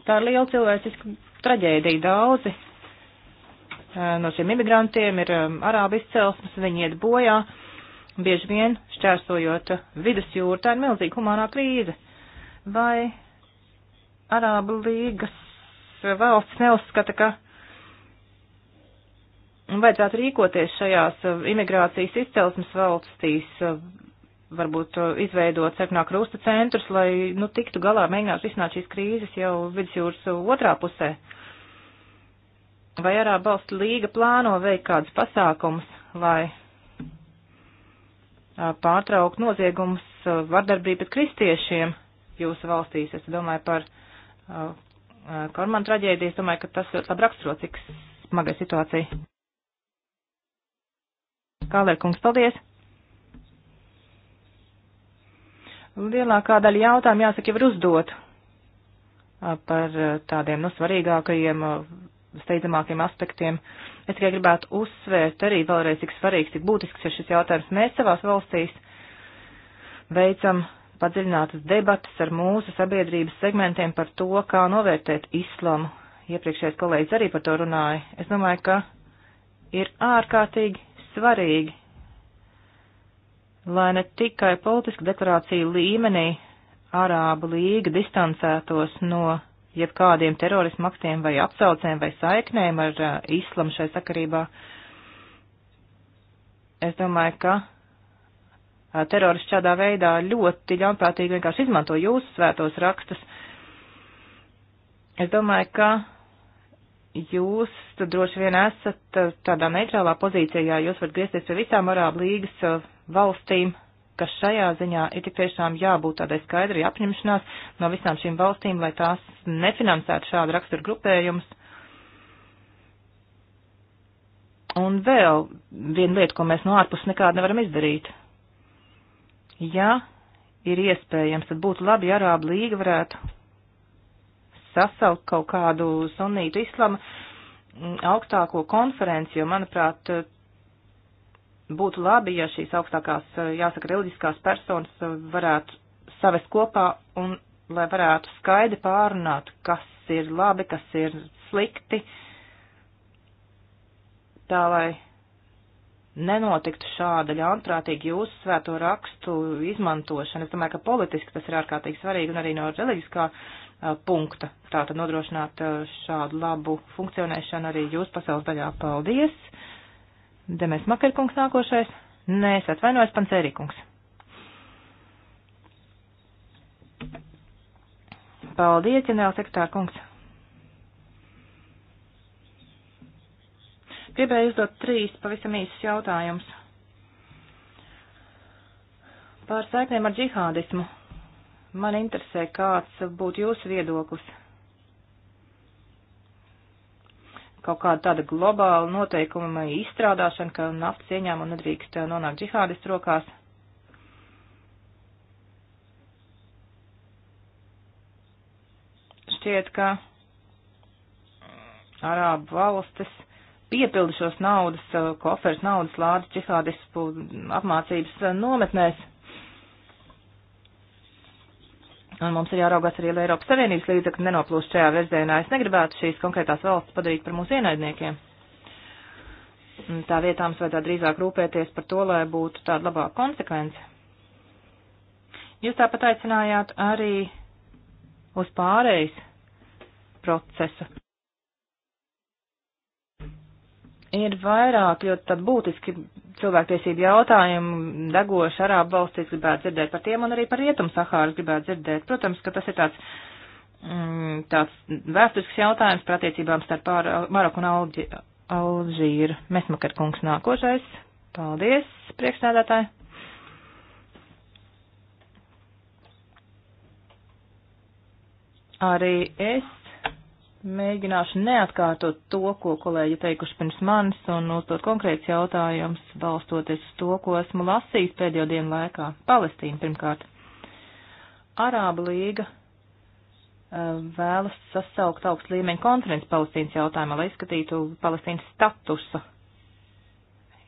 Tā ir liela cilvēciska traģēdija. Daudzi uh, no šiem imigrantiem ir um, arābu izcelsmes, viņi iet bojā. Uh, Bieži vien šķērsojot vidus jūru, tā ir milzīga humanā krīze. Vai Arābu līgas valsts neuzskata, ka vajadzētu rīkoties šajās imigrācijas izcelsmes valstīs, varbūt izveidot sarkanā krusta centrus, lai nu, tiktu galā mēģināt risināt šīs krīzes jau vidusjūras otrā pusē? Vai Arābu valstu līga plāno veikt kādus pasākumus, lai pārtraukt noziegumus vardarbību pret kristiešiem jūsu valstīs. Es domāju par uh, Kormanu traģēdiju, es domāju, ka tas ļoti labi raksturo, cik smaga situācija. Kālēr kungs, paldies! Lielākā daļa jautājumu, jāsaka, jau ir uzdot par tādiem, nu, svarīgākajiem, steidzamākiem aspektiem. Uh, Es tikai gribētu uzsvērt arī vēlreiz, cik svarīgs, cik būtisks ir šis jautājums. Mēs savās valstīs veicam padziļinātas debatas ar mūsu sabiedrības segmentiem par to, kā novērtēt islamu. Iepriekšējais kolēģis arī par to runāja. Es domāju, ka ir ārkārtīgi svarīgi, lai ne tikai politiska deklarācija līmenī Arābu līga distancētos no jebkādiem terorismu aktiem vai atsaucēm vai saiknēm ar uh, islamu šai sakarībā. Es domāju, ka uh, teroristi šādā veidā ļoti ļaunprātīgi vienkārši izmanto jūsu svētos rakstus. Es domāju, ka jūs droši vien esat uh, tādā neitrālā pozīcijā, jūs varat griezties pie visām Arābu līgas uh, valstīm, ka šajā ziņā ir tik tiešām jābūt tādai skaidrai apņemšanās no visām šīm valstīm, lai tās nefinansētu šādu raksturu grupējumus. Un vēl viena lieta, ko mēs no ārpus nekādu nevaram izdarīt. Ja ir iespējams, tad būtu labi, ja Arābu līga varētu sasaukt kaut kādu sunītu islama augstāko konferenci, jo, manuprāt, būtu labi, ja šīs augstākās, eh, jāsaka, reliģiskās personas eh, varētu savest kopā un lai varētu skaidri pārunāt, kas ir labi, kas ir slikti, tā lai nenotiktu šāda ļaunprātīga jūsu svēto rakstu izmantošana. Es domāju, ka politiski tas ir ārkārtīgi svarīgi un arī no reliģiskā eh, punkta. Tātad nodrošināt šādu labu funkcionēšanu arī jūsu pasaules daļā. Paldies! Demēs Makarkungs nākošais. Nē, es atvainojos, Pancērikungs. Paldies, ģenerāla sekretāra kungs. Gribēju uzdot trīs pavisam īsus jautājumus. Pār saiknēm ar džihādismu. Man interesē, kāds būtu jūsu viedoklis kaut kāda tāda globāla noteikuma izstrādāšana, ka naftas ieņēmuma nedrīkst eh, nonākt džihādistu rokās. Šķiet, ka Arābu valstis piepildušos naudas, eh, koferis naudas lādes džihādistu apmācības eh, nometnēs. Un mums ir jāraugās arī, lai Eiropas Savienības līdzekļi nenoplūst šajā virzienā. Es negribētu šīs konkrētās valsts padarīt par mūsu ienaidniekiem. Tā vietā mums vajadzētu drīzāk rūpēties par to, lai būtu tāda labāka konsekvence. Jūs tāpat aicinājāt arī uz pārejas procesu ir vairāk ļoti tad būtiski cilvēktiesību jautājumu degoši Arābu valstīs gribētu dzirdēt par tiem un arī par Rietumu Sahāras gribētu dzirdēt. Protams, ka tas ir tāds, mm, tāds vēsturisks jautājums par attiecībām starp Maroku un Alģi, Alžīru. Mesmakar kungs nākošais. Paldies, priekšnādātāji. Arī es Mēģināšu neatkārtot to, ko kolēģi teikuši pirms manis un uzdot konkrēts jautājums, balstoties uz to, ko esmu lasījis pēdējo dienu laikā. Palestīna pirmkārt. Arāba līga eh, vēlas sasaukt augstu līmeņu konferenci Palestīnas jautājumā, lai izskatītu Palestīnas statusa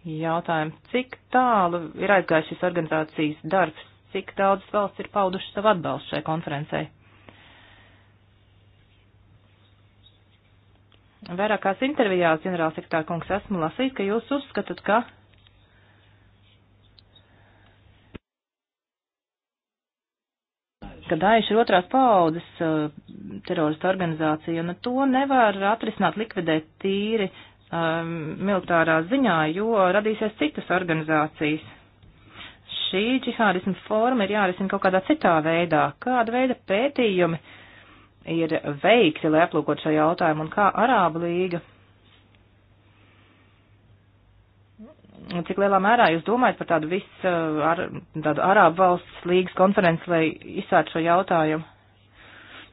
jautājumu. Cik tālu ir aizgājis šis organizācijas darbs, cik daudzas valsts ir paudušas savu atbalstu šai konferencei? Vairākās intervijās, ģenerālsekretāra kungs, esmu lasījis, ka jūs uzskatat, ka ka Daesh ir otrās paaudzes uh, terorista organizācija, un to nevar atrisināt, likvidēt tīri um, militārā ziņā, jo radīsies citas organizācijas. Šī džihādisma forma ir jārisina kaut kādā citā veidā. Kāda veida pētījumi uh, ir veikti, lai aplūkot šo jautājumu, un kā Arāba līga? Cik lielā mērā jūs domājat par tādu visu uh, ar, tādu Arābu valsts līgas konferenci, lai izsvērt šo jautājumu?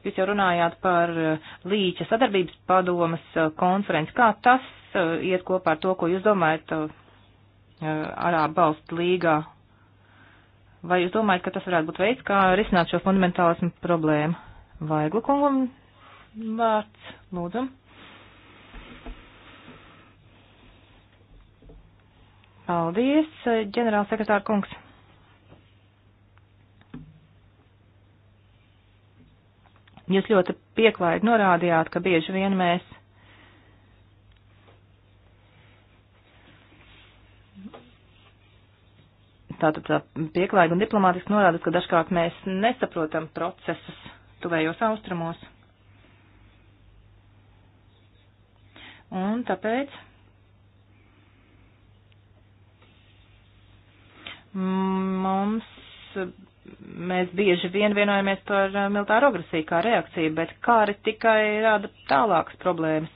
Jūs jau runājāt par uh, līča sadarbības padomas uh, konferenci. Kā tas iet kopā ar to, ko jūs domājat Arābu valstu līgā? Vai jūs domājat, ka tas varētu būt veids, kā risināt šo fundamentālismu problēmu? Vaigla kungam vārds, lūdzu. Paldies, ģenerālsekretāra kungs. Jūs ļoti pieklājīgi norādījāt, ka bieži vien mēs tātad tā pieklājīgi un diplomātiski norādot, ka dažkārt mēs nesaprotam procesus tuvējos austrumos. Un tāpēc mums, mēs bieži vien vienojamies par eh, militāru agresiju kā reakciju, bet kāri tikai rada tālākas problēmas.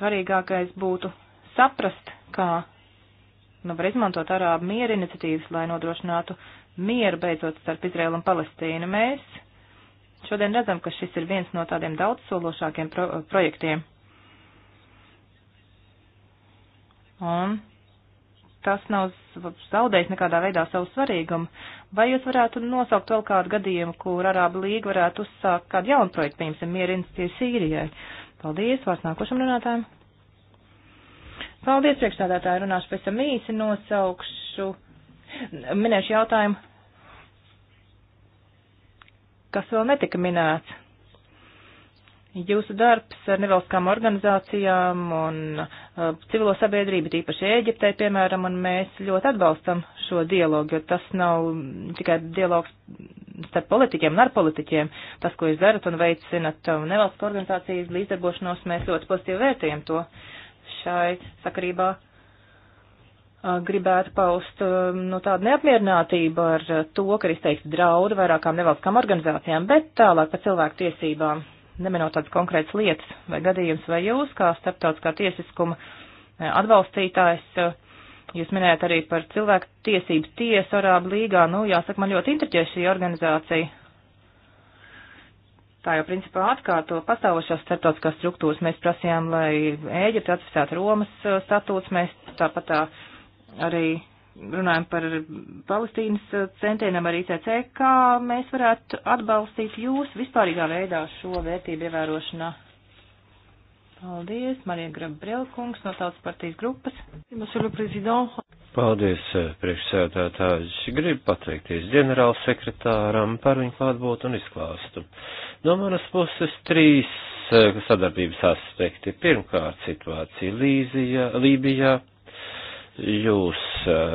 Svarīgākais būtu saprast, kā nu, var izmantot arābu miera iniciatīvas, lai nodrošinātu mieru beidzot starp Izraēlu un Palestīnu. Mēs šodien redzam, ka šis ir viens no tādiem daudzsološākiem pro projektiem. Un tas nav zaudējis nekādā veidā savu svarīgumu. Vai jūs varētu nosaukt vēl kādu gadījumu, kur Arāba līga varētu uzsākt kādu jaunu projektu, piemēram, mieru institūciju Sīrijai? Paldies, vārds nākošam runātājam. Paldies, priekšstādātāji, runāšu pēc tam īsi nosaukšu Minēšu jautājumu, kas vēl netika minēts. Jūsu darbs ar nevalstiskām organizācijām un uh, civilo sabiedrību, tīpaši Ēģiptē, piemēram, un mēs ļoti atbalstam šo dialogu, jo tas nav tikai dialogs starp politiķiem un ar politiķiem. Tas, ko jūs darat un veicinat uh, nevalstiskā organizācijas līdzdarbošanos, mēs ļoti pozitīvi vērtējam to šai sakarībā. Uh, Uh, gribētu paust um, nu, tādu neapmierinātību ar uh, to, ka ir izteikti draudi vairākām nevalstiskām organizācijām, bet tālāk par cilvēku tiesībām, neminot tādas konkrētas lietas vai gadījums, vai jūs kā starptautiskā tiesiskuma uh, atbalstītājs, jūs minējat arī par cilvēku tiesību tiesu Arābu līgā, nu, jāsaka, man ļoti interesē šī organizācija. Tā jau principā atkārto pastāvošās starptautiskās struktūras. Mēs prasījām, lai Ēģipte atcerētu Romas statūts, mēs tāpat tā. Patā, arī runājam par Palestīnas centienam ar ICC, kā mēs varētu atbalstīt jūs vispārīgā veidā šo vērtību ievērošanā. Paldies, Marija Grabrielkungs no Tautas partijas grupas. Paldies, eh, priekšsēdētājs. Gribu pateikties ģenerāla sekretāram par viņu klātbūtu un izklāstu. No manas puses trīs eh, sadarbības aspekti. Pirmkārt, situācija Līzija, Lībijā Jūs eh,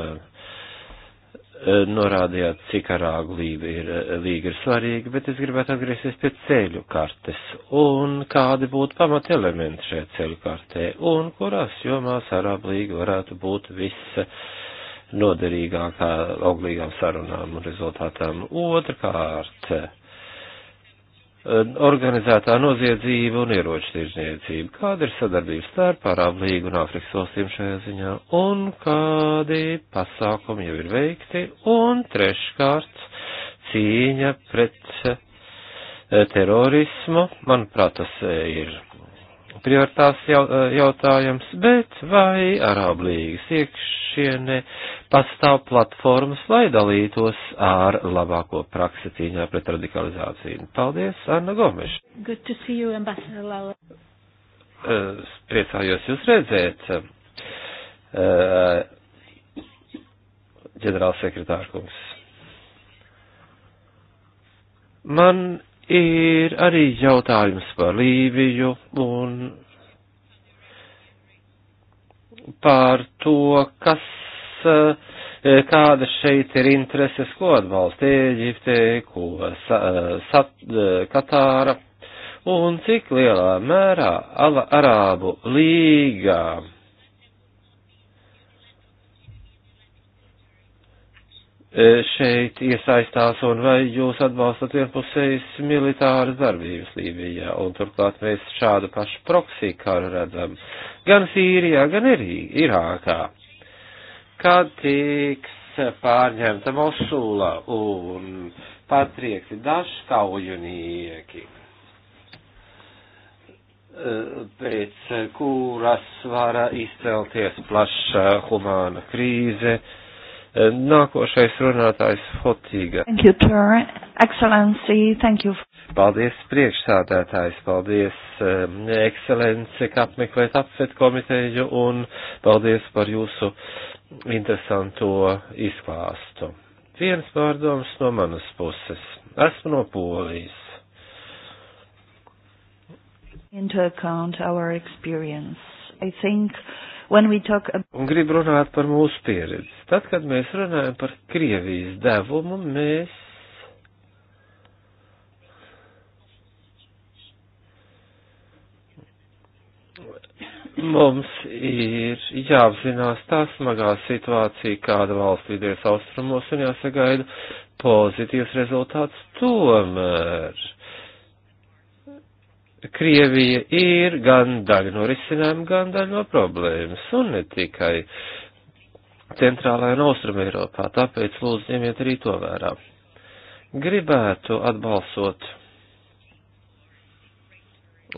norādījāt, cik arāgu līga ir, līga ir svarīga, bet es gribētu atgriezties pie ceļu kartes un kādi būtu pamata elementi šajā ceļu kartē un kurās jomās arābu līga varētu būt visa noderīgākā, auglīgām sarunām un rezultātām. Otrkārt, Eh, organizētā noziedzība un ieroču tirzniecība. Kāda ir sadarbība starp Arābu līgu un Āfrikas valstīm šajā ziņā? Un kādi pasākumi jau ir veikti? Un treškārt, cīņa pret eh, terorismu. Manuprāt, tas eh, ir prioritārs eh, jautājums, bet vai Arābu līgas iekšienē pastāv platformas, lai dalītos ar labāko praksi cīņā pret radikalizāciju. Paldies, Anna Gomeša. Good to see you, Ambassador Lala. Eh, priecājos jūs redzēt, eh, ģenerālsekretārkungs. Man Ir arī jautājums par Lībiju un par to, kas, eh, kāda šeit ir intereses, ko atbalsta Ēģipte, ko sa, eh, sat, eh, Katāra un cik lielā mērā Arābu līgām E, šeit iesaistās un vai jūs atbalstat vienpusējas militāras darbības Lībijā. Un turklāt mēs šādu pašu proksiju karu redzam gan Sīrijā, gan arī Irākā. Kad tiks pārņemta Mosula un patriekti dažkaujunieki, e, pēc kuras var izcelties plaša humāna krīze, Nākošais runātājs Fotīga. Thank you, Chair. Excellency, thank you. Paldies, priekšsādētājs, paldies, um, ekscelenci, ka apmeklēt apsvet komiteju un paldies par jūsu interesanto izklāstu. Viens pārdoms no manas puses. Esmu no Polijas. Into account our experience. I think About... Un gribu runāt par mūsu pieredzi. Tad, kad mēs runājam par Krievijas devumu, mēs Mums ir jāapzinās tā smagā situācija, kāda valsts vidies austrumos, un jāsagaida pozitīvs rezultāts tomēr Krievija ir gan daļa no risinājuma, gan daļa no problēmas, un ne tikai centrālajā un austruma Eiropā, tāpēc lūdzu ņemiet arī to vērā. Gribētu atbalstot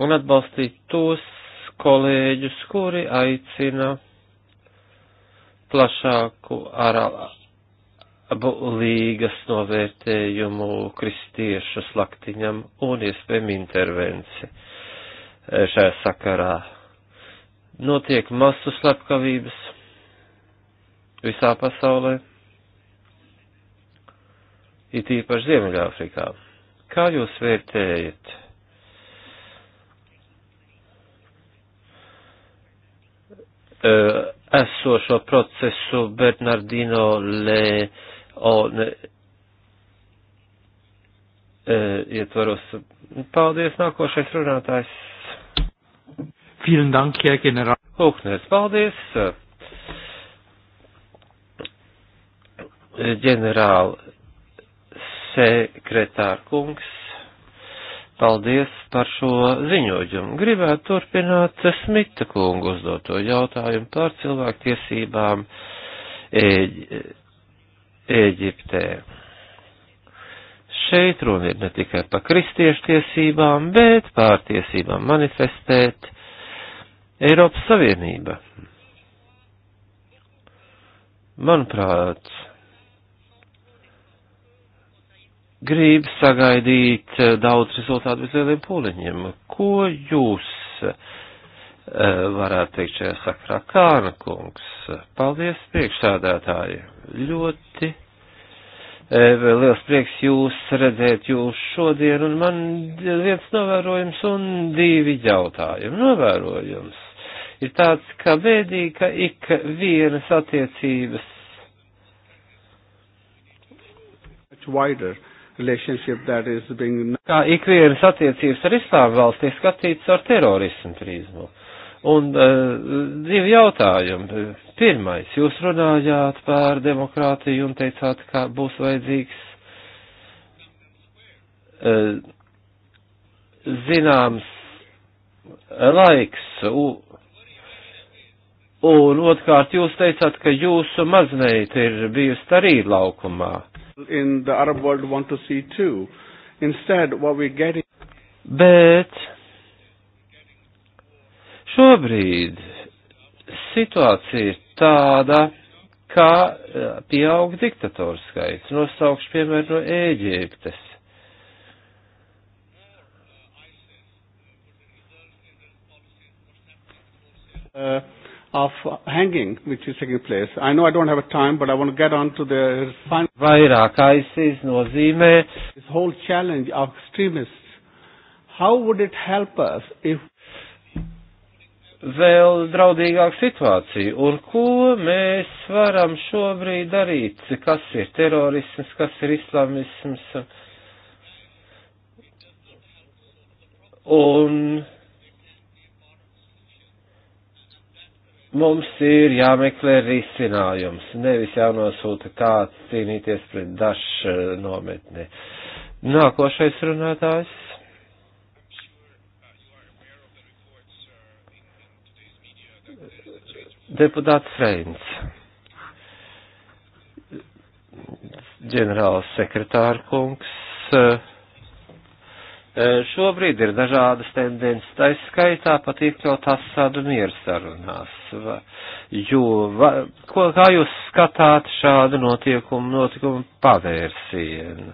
un atbalstīt tos kolēģus, kuri aicina plašāku arābu abolīgas novērtējumu kristiešu slaktiņam un iespējami intervenci e, šajā sakarā. Notiek masu slepkavības visā pasaulē, it īpaši Ziemeļāfrikā. Kā jūs vērtējat? E, esošo procesu Bernardino Lē un e, ietvaros. Paldies, nākošais runātājs. Vielen Dank, Herr General. Hūknēs, paldies. Ģenerāl sekretār kungs, paldies par šo ziņojumu. Gribētu turpināt Smita kungu uzdoto jautājumu par cilvēktiesībām e, Ēģiptē. Šeit runa ir ne tikai par kristiešu tiesībām, bet par tiesībām manifestēt Eiropas Savienība. Manuprāt, grib sagaidīt daudz rezultātu bez lieliem pūliņiem. Ko jūs eh, varētu teikt šajā sakrā? Kāna kungs, paldies priekšsādātāji! ļoti e, liels prieks jūs redzēt jūs šodien, un man viens novērojums un divi jautājumi. Novērojums ir tāds, ka bēdīgi, ka ik vienas attiecības. Being... Kā ik vienas attiecības ar islāmu valstī skatīts ar terorismu prizmu. Un uh, divi jautājumi. Pirmais, jūs runājāt par demokrātiju un teicāt, ka būs vajadzīgs uh, zināms laiks. U, un otrkārt, jūs teicāt, ka jūsu mazmeita ir bijusi arī laukumā. In the Arab world want to see too. Instead, what we're getting. Bet Šobrīd situācija ir tāda, kā eh, pieaug diktatoru skaits. Nosaukšu piemēru no Ēģiptes. Uh, of hanging which is taking place. I know I don't have a time, but I want to get on to the final. Vairāk ISIS nozīmē. This whole challenge of extremists. How would it help us if vēl draudīgāku situāciju. Un ko mēs varam šobrīd darīt? Kas ir terorisms, kas ir islamisms? Un mums ir jāmeklē risinājums, nevis jānosūta kāds cīnīties pret dažu nometni. Nākošais runātājs. Deputāts Reins, ģenerāls sekretāra kungs, eh, eh, šobrīd ir dažādas tendences, tā skaitā pat iekļaut Asādu mieru sarunās. Jo, va, ko, kā jūs skatāt šādu notiekumu, notikumu pavērsienu?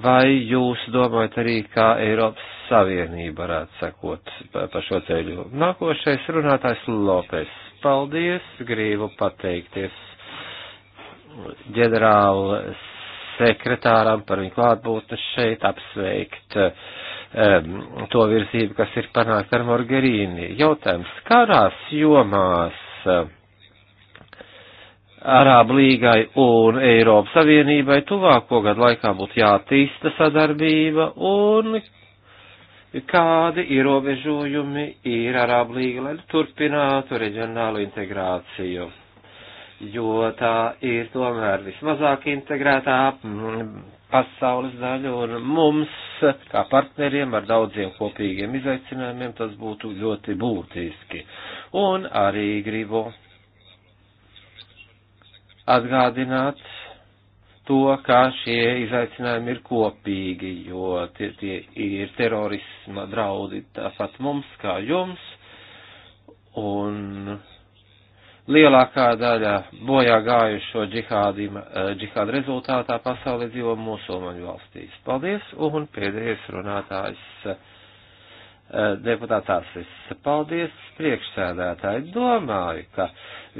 Vai jūs domājat arī, kā Eiropas Savienība varētu sekot pa, pa šo ceļu? Nākošais runātājs Lopes paldies. Gribu pateikties ģenerāla sekretāram par viņu klātbūtni šeit, apsveikt um, to virzību, kas ir panākt ar Morgerīni. Jautājums, kādās jomās um, Arābu līgai un Eiropas Savienībai tuvāko gadu laikā būtu jātīsta sadarbība un kādi ierobežojumi ir Arābu līga, lai turpinātu reģionālu integrāciju, jo tā ir tomēr vismazāk integrētā mm, pasaules daļa, un mums, kā partneriem ar daudziem kopīgiem izaicinājumiem, tas būtu ļoti būtiski. Un arī gribu atgādināt to, ka šie izaicinājumi ir kopīgi, jo tie, tie ir terorisma draudi tāpat mums kā jums, un lielākā daļa bojā gājušo džihādu eh, rezultātā pasaulē dzīvo musulmaņu valstīs. Paldies, un pēdējais runātājs. Eh, deputātāsis. Paldies, priekšsēdētāji. Domāju, ka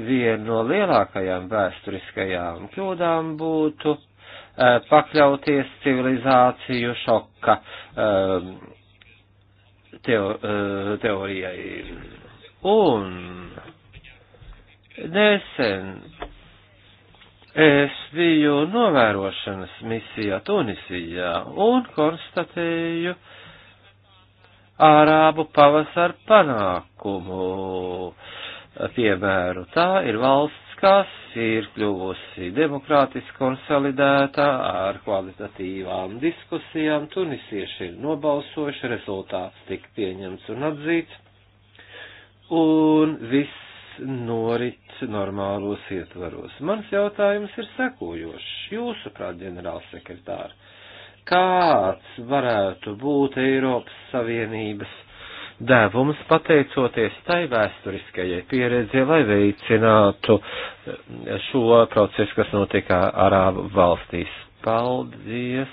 viena no lielākajām vēsturiskajām kļūdām būtu eh, pakļauties civilizāciju šoka eh, teo, teorijai. Un nesen es biju novērošanas misijā Tunisijā un konstatēju, uh, ārābu pavasaru panākumu piemēru. Tā ir valsts, kas ir kļuvusi demokrātiski konsolidēta ar kvalitatīvām diskusijām. Tunisieši ir nobalsojuši, rezultāts tika pieņemts un atzīts. Un viss norit normālos ietvaros. Mans jautājums ir sekojošs. Jūsuprāt, ģenerālsekretārs, kāds varētu būt Eiropas Savienības devums pateicoties tai vēsturiskajai pieredzē, lai veicinātu eh, šo procesu, kas notika Arābu valstīs. Paldies!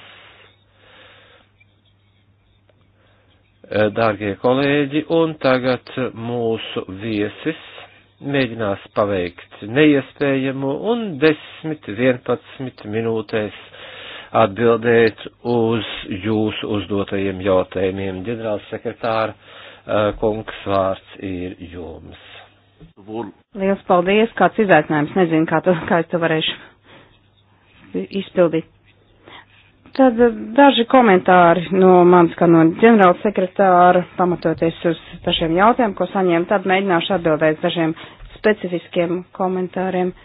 Eh, dārgie kolēģi, un tagad mūsu viesis mēģinās paveikt neiespējamo un 10-11 minūtēs atbildēt uz jūsu uzdotajiem jautājumiem. Ģenerāls sekretāra eh, kungs vārds ir jums. Liels paldies, kāds izaicinājums, nezinu, kā, to, kā es to varēšu izpildīt. Tad eh, daži komentāri no manis, kā no ģenerāla sekretāra, pamatoties uz dažiem jautājumiem, ko saņēmu, tad mēģināšu atbildēt dažiem specifiskiem komentāriem. Uh,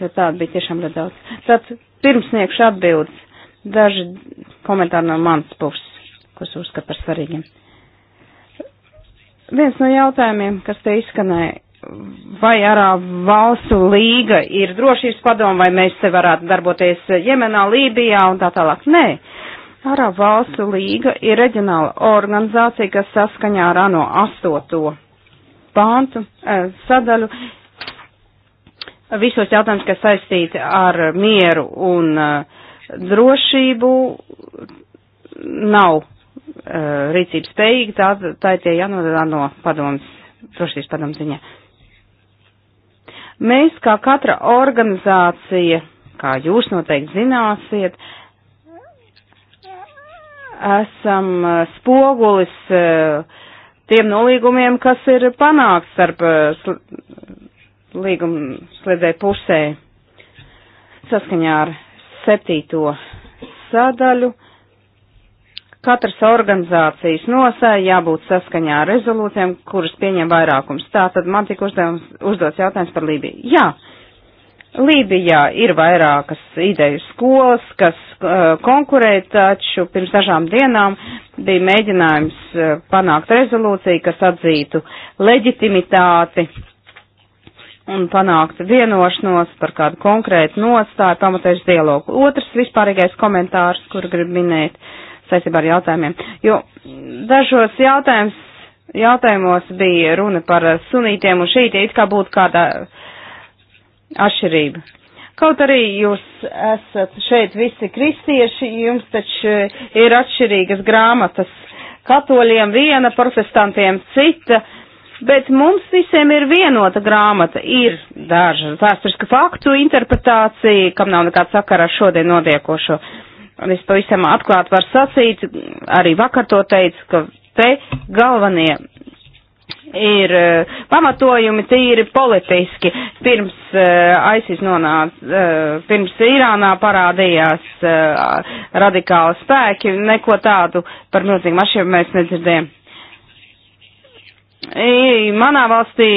jo tādu bija tiešām ļoti daudz. Tad pirms sniegšu atbildes daži komentāri no manas puses, kurus uzskatu par svarīgiem. Viens no jautājumiem, kas te izskanēja, vai arā valstu līga ir drošības padoma, vai mēs te varētu darboties Jemenā, Lībijā un tā tālāk. Nē. Arā valstu līga ir reģionāla organizācija, kas saskaņā ar ANO astoto pāntu eh, sadaļu visos jautājumus, kas saistīti ar mieru un eh, drošību, nav eh, rīcības spējīgi, tā, tā ir tie jānodā no padomas, drošības padomas ziņā. Mēs, kā katra organizācija, kā jūs noteikti zināsiet, esam eh, spogulis tiem nolīgumiem, kas ir panākts starp līguma slēdzēja pusē saskaņā ar septīto sadaļu. Katras organizācijas nosēja jābūt saskaņā ar rezolūcijām, kuras pieņem vairākums. Tā tad man tika uzdevums, uzdots jautājums par Lībiju. Jā, Lībijā ir vairākas ideju skolas, kas uh, konkurē, taču pirms dažām dienām bija mēģinājums uh, panākt rezolūciju, kas atzītu leģitimitāti uh, un panākt vienošanos par kādu konkrētu nostāju, pamatēšu dialogu. Otrs vispārīgais komentārs, kur grib minēt saistībā ar jautājumiem, jo dažos jautājums, jautājumos bija runa par sunītiem un šītie, it kā būtu kāda atšķirība. Kaut arī jūs esat šeit visi kristieši, jums taču ir atšķirīgas grāmatas. Katoļiem viena, protestantiem cita. Uh, bet mums visiem ir vienota grāmata. Ir daži vēsturiski faktu interpretācija, kam nav nekāds sakara ar šodien notiekošo. Un es pavisam atklāti varu sacīt, arī vakar to teicu, ka te galvenie ir uh, pamatojumi tīri politiski. Pirms uh, ISIS nonāca, uh, pirms Irānā parādījās radikāli spēki, neko tādu par milzīgu mašīnu mēs nedzirdējām. Manā valstī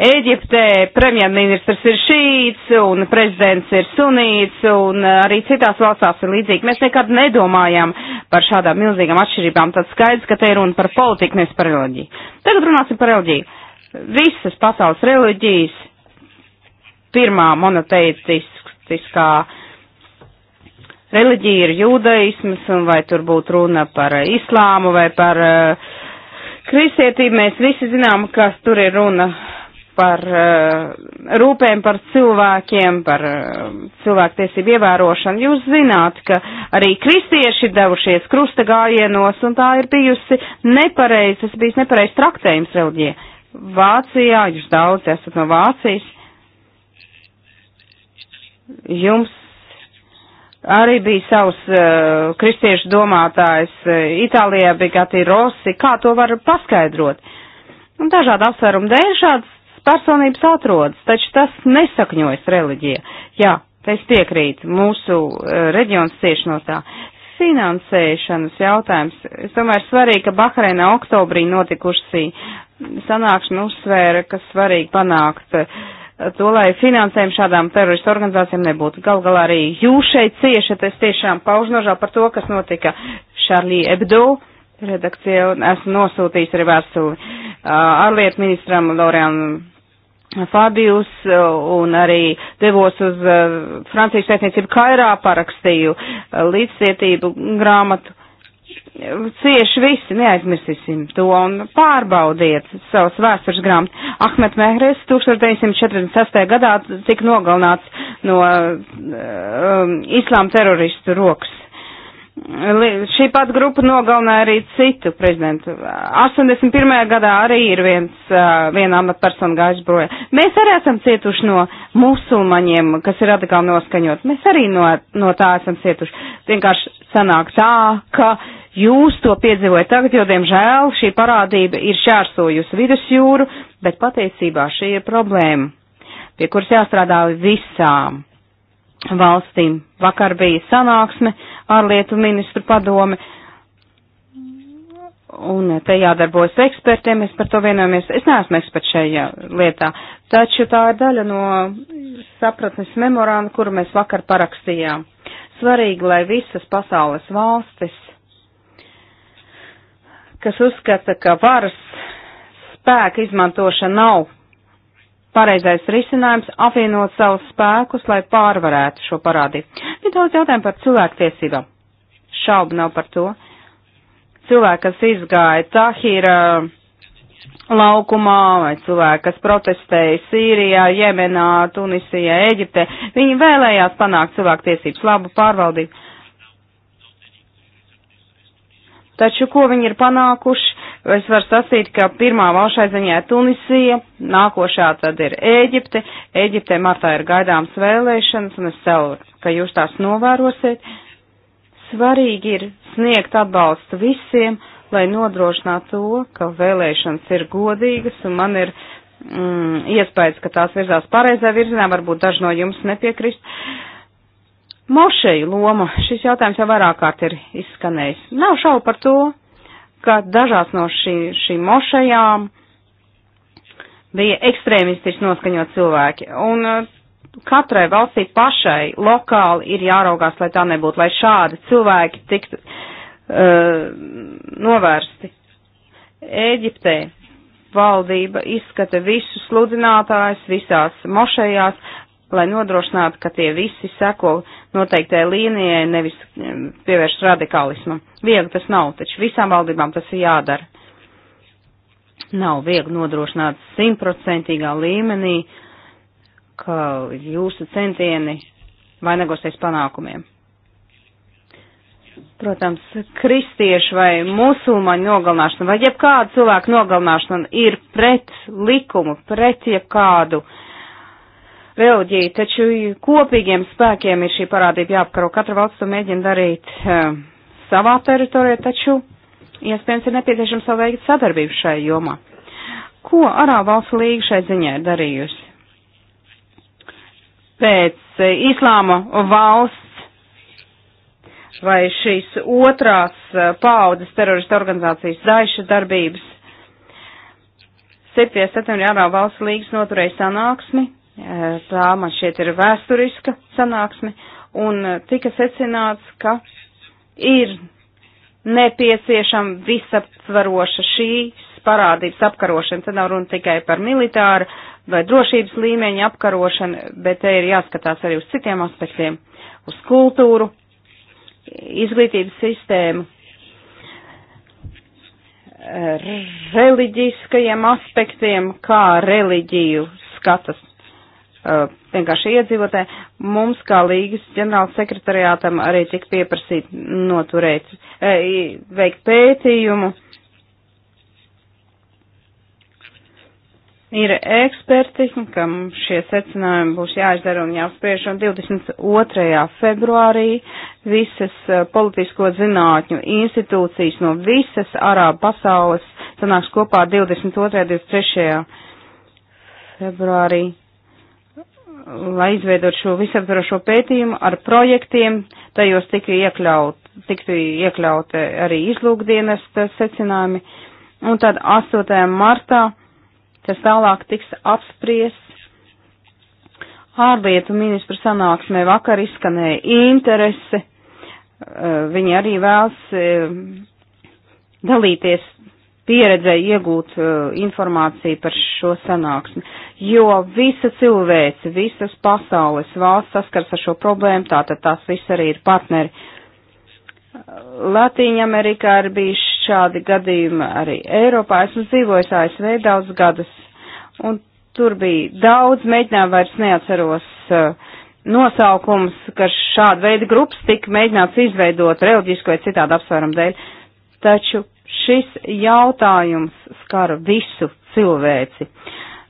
Ēģiptē premjerministrs ir šīts un prezidents ir sunīts un arī citās valstās ir līdzīgi. Mēs nekad nedomājam par šādām milzīgām atšķirībām. Tad skaidrs, ka te ir runa par politiku, nevis par reliģiju. Tagad runāsim par reliģiju. Visas pasaules reliģijas pirmā monoteitiskā reliģija ir jūdaismas un vai tur būtu runa par islāmu vai par uh, Kristietība mēs visi zinām, kas tur ir runa par uh, rūpēm par cilvēkiem, par uh, cilvēktiesību ievērošanu. Jūs zināt, ka arī kristieši devušies krusta gājienos, un tā ir bijusi nepareizs, tas bijis nepareizs traktējums reliģijai. Vācijā, jūs daudz esat no Vācijas, jums Arī bija savs uh, kristiešu domātājs uh, Itālijā, bija Gati Rossi. Kā to var paskaidrot? Un nu, dažādi apsvērumi dēļ šādas personības atrodas, taču tas nesakņojas reliģija. Jā, te es piekrītu, mūsu uh, reģions cieši no tā finansēšanas jautājums. Es domāju, svarīgi, ka Bahreinā oktobrī notikusi sanākšana uzsvēra, ka svarīgi panākt to, lai finansējumu šādām teroristu organizācijām nebūtu. Gal galā arī jūs šeit ciešat, es tiešām pauž nožēlu par to, kas notika Šarlī Ebdo redakcija, un esmu nosūtījis arī vēstuli ārlietu ministram Lorēnam Fabijus un arī devos uz Francijas pētniecību Kairā, parakstīju līdzcietību grāmatu cieši visi, neaizmirsīsim to un pārbaudiet savus vēstures grāmatas. Ahmet Mehres 1946. gadā tika nogalnāts no um, islām teroristu rokas. Šī pat grupa nogalināja arī citu prezidentu. 81. gadā arī ir viens, uh, viena amatpersona gājis broja. Mēs arī esam cietuši no musulmaņiem, kas ir radikāli noskaņot. Mēs arī no, no tā esam cietuši. Vienkārši sanāk tā, ka uh, Jūs to piedzīvojat tagad, jo, diemžēl, šī parādība ir šķērsojusi vidusjūru, bet patiesībā šī ir problēma, pie kuras jāstrādā visām valstīm. Vakar bija sanāksme ārlietu ministru padome, un te jādarbojas ekspertiem, mēs par to vienojamies. Es neesmu eksperts šajā lietā, taču tā ir daļa no sapratnes memorāna, kuru mēs vakar parakstījām. Svarīgi, lai visas pasaules valstis kas uzskata, ka varas spēka izmantošana nav pareizais risinājums apvienot savus spēkus, lai pārvarētu šo parādību. Ir daudz jautājumu par cilvēktiesībām. Šaubu nav par to. Cilvēki, kas izgāja Tahīra laukumā, vai cilvēki, kas protestēja Sīrijā, Jemenā, Tunisijā, Eģipte, viņi vēlējās panākt cilvēktiesības labu pārvaldību. Taču, ko viņi ir panākuši, es varu sacīt, ka pirmā valsts aiziņā ir Tunisija, nākošā tad ir Ēģipte. Ēģiptē martā ir gaidāms vēlēšanas, un es ceru, ka jūs tās novērosiet. Svarīgi ir sniegt atbalstu visiem, lai nodrošinātu to, ka vēlēšanas ir godīgas, un man ir mm, iespējas, ka tās virzās pareizā virzienā, varbūt daži no jums nepiekrist. Uh, Mošeju loma, šis jautājums jau vairāk kārt ir izskanējis. Nav šaubu par to, ka dažās no šī, šīm mošejām bija ekstrēmistiski noskaņot cilvēki. Un uh, katrai valstī pašai lokāli ir jāraugās, lai tā nebūtu, lai šādi cilvēki tiktu uh, novērsti. Ēģiptē valdība izskata visus sludinātājus visās mošejās, lai nodrošinātu, ka tie visi seko noteiktai līnijai, nevis pievērš radikālismam. Viegli tas nav, taču visām valdībām tas ir jādara. Nav viegli nodrošināt simtprocentīgā līmenī, ka jūsu centieni vainagosies panākumiem. Protams, kristiešu vai musulmaņu nogalināšana vai jebkāda cilvēka nogalināšana ir pret likumu, pret jebkādu uh, Beļģiju, taču kopīgiem spēkiem ir šī parādība jāapkaro. Katra valsts to mēģina darīt uh, savā teritorijā, taču iespējams ir nepieciešams vēl veikt sadarbību šai jomā. Ko Arā valsts līga šai ziņā ir darījusi? Pēc uh, Islāma valsts vai šīs otrās uh, eh, paaudzes terorista organizācijas daiša darbības 7. septembrī Arā valsts līgas noturēja sanāksmi Tā man šeit ir vēsturiska sanāksme, un tika secināts, ka ir nepieciešama visaptvaroša šīs parādības apkarošana. Te nav runa tikai par militāru vai drošības līmeņa apkarošanu, bet te ir jāskatās arī uz citiem aspektiem - uz kultūru, izglītības sistēmu, reliģiskajiem aspektiem, kā reliģiju skatas Uh, vienkārši iedzīvotē. Mums, kā līgas ģenerāla sekretariātam, arī tika pieprasīt noturēt, eh, veikt pētījumu. Ir eksperti, kam šie secinājumi būs jāizdara un jāspiež, un 22. februārī visas eh, politisko zinātņu institūcijas no visas arābu pasaules sanāks kopā 22. un 23. februārī lai izveidot šo visaptvarošo pētījumu ar projektiem, tajos tika iekļaut, tiktu iekļaut arī izlūkdienas secinājumi, un tad 8. martā tas tālāk tiks apspriests. Ārlietu ministru sanāksmē vakar izskanēja interese, viņi arī vēlas dalīties pieredzē iegūt uh, informāciju par šo sanāksmi. Jo visa cilvēce, visas pasaules valsts saskars ar šo problēmu, tātad tās viss arī ir partneri. Latīņa Amerikā ir bijuši šādi gadījumi arī Eiropā. Esmu dzīvojis ASV daudz gadus, un tur bija daudz mēģinājumu, vairs neatceros uh, nosaukums, ka šāda veida grupas tika mēģināts izveidot reliģisko vai citādu apsvērumu dēļ. Taču Šis jautājums skar visu cilvēci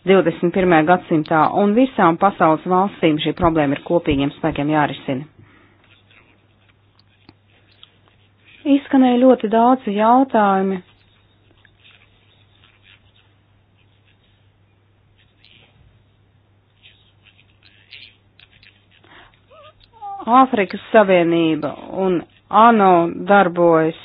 21. gadsimtā, un visām pasaules valstīm šī problēma ir kopīgiem spēkiem jārisina. Izskanēja ļoti daudz jautājumi. Āfrikas Savienība un ANO darbojas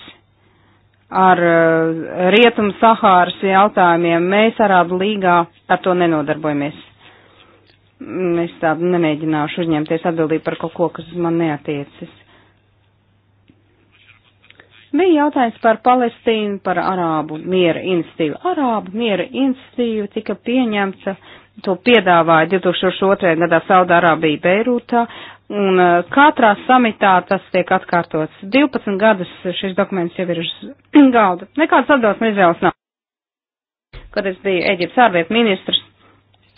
ar eh, Rietumu Sahāras jautājumiem. Mēs Arābu līgā ar to nenodarbojamies. Es tādu nemēģināšu uzņemties atbildību par kaut ko, kas man neatiecas. Bija jautājums par Palestīnu, par Arābu miera institīvu. Arābu miera institīva tika pieņemta, to piedāvāja 2002. gadā Saudārābija Beirūtā. Un eh, katrā samitā tas tiek atkārtots. 12 gadus šis dokuments jau ir uz galda. Nekāds atbildes no Izraels nav. Kad es biju Eģiptes ārlietu ministrs,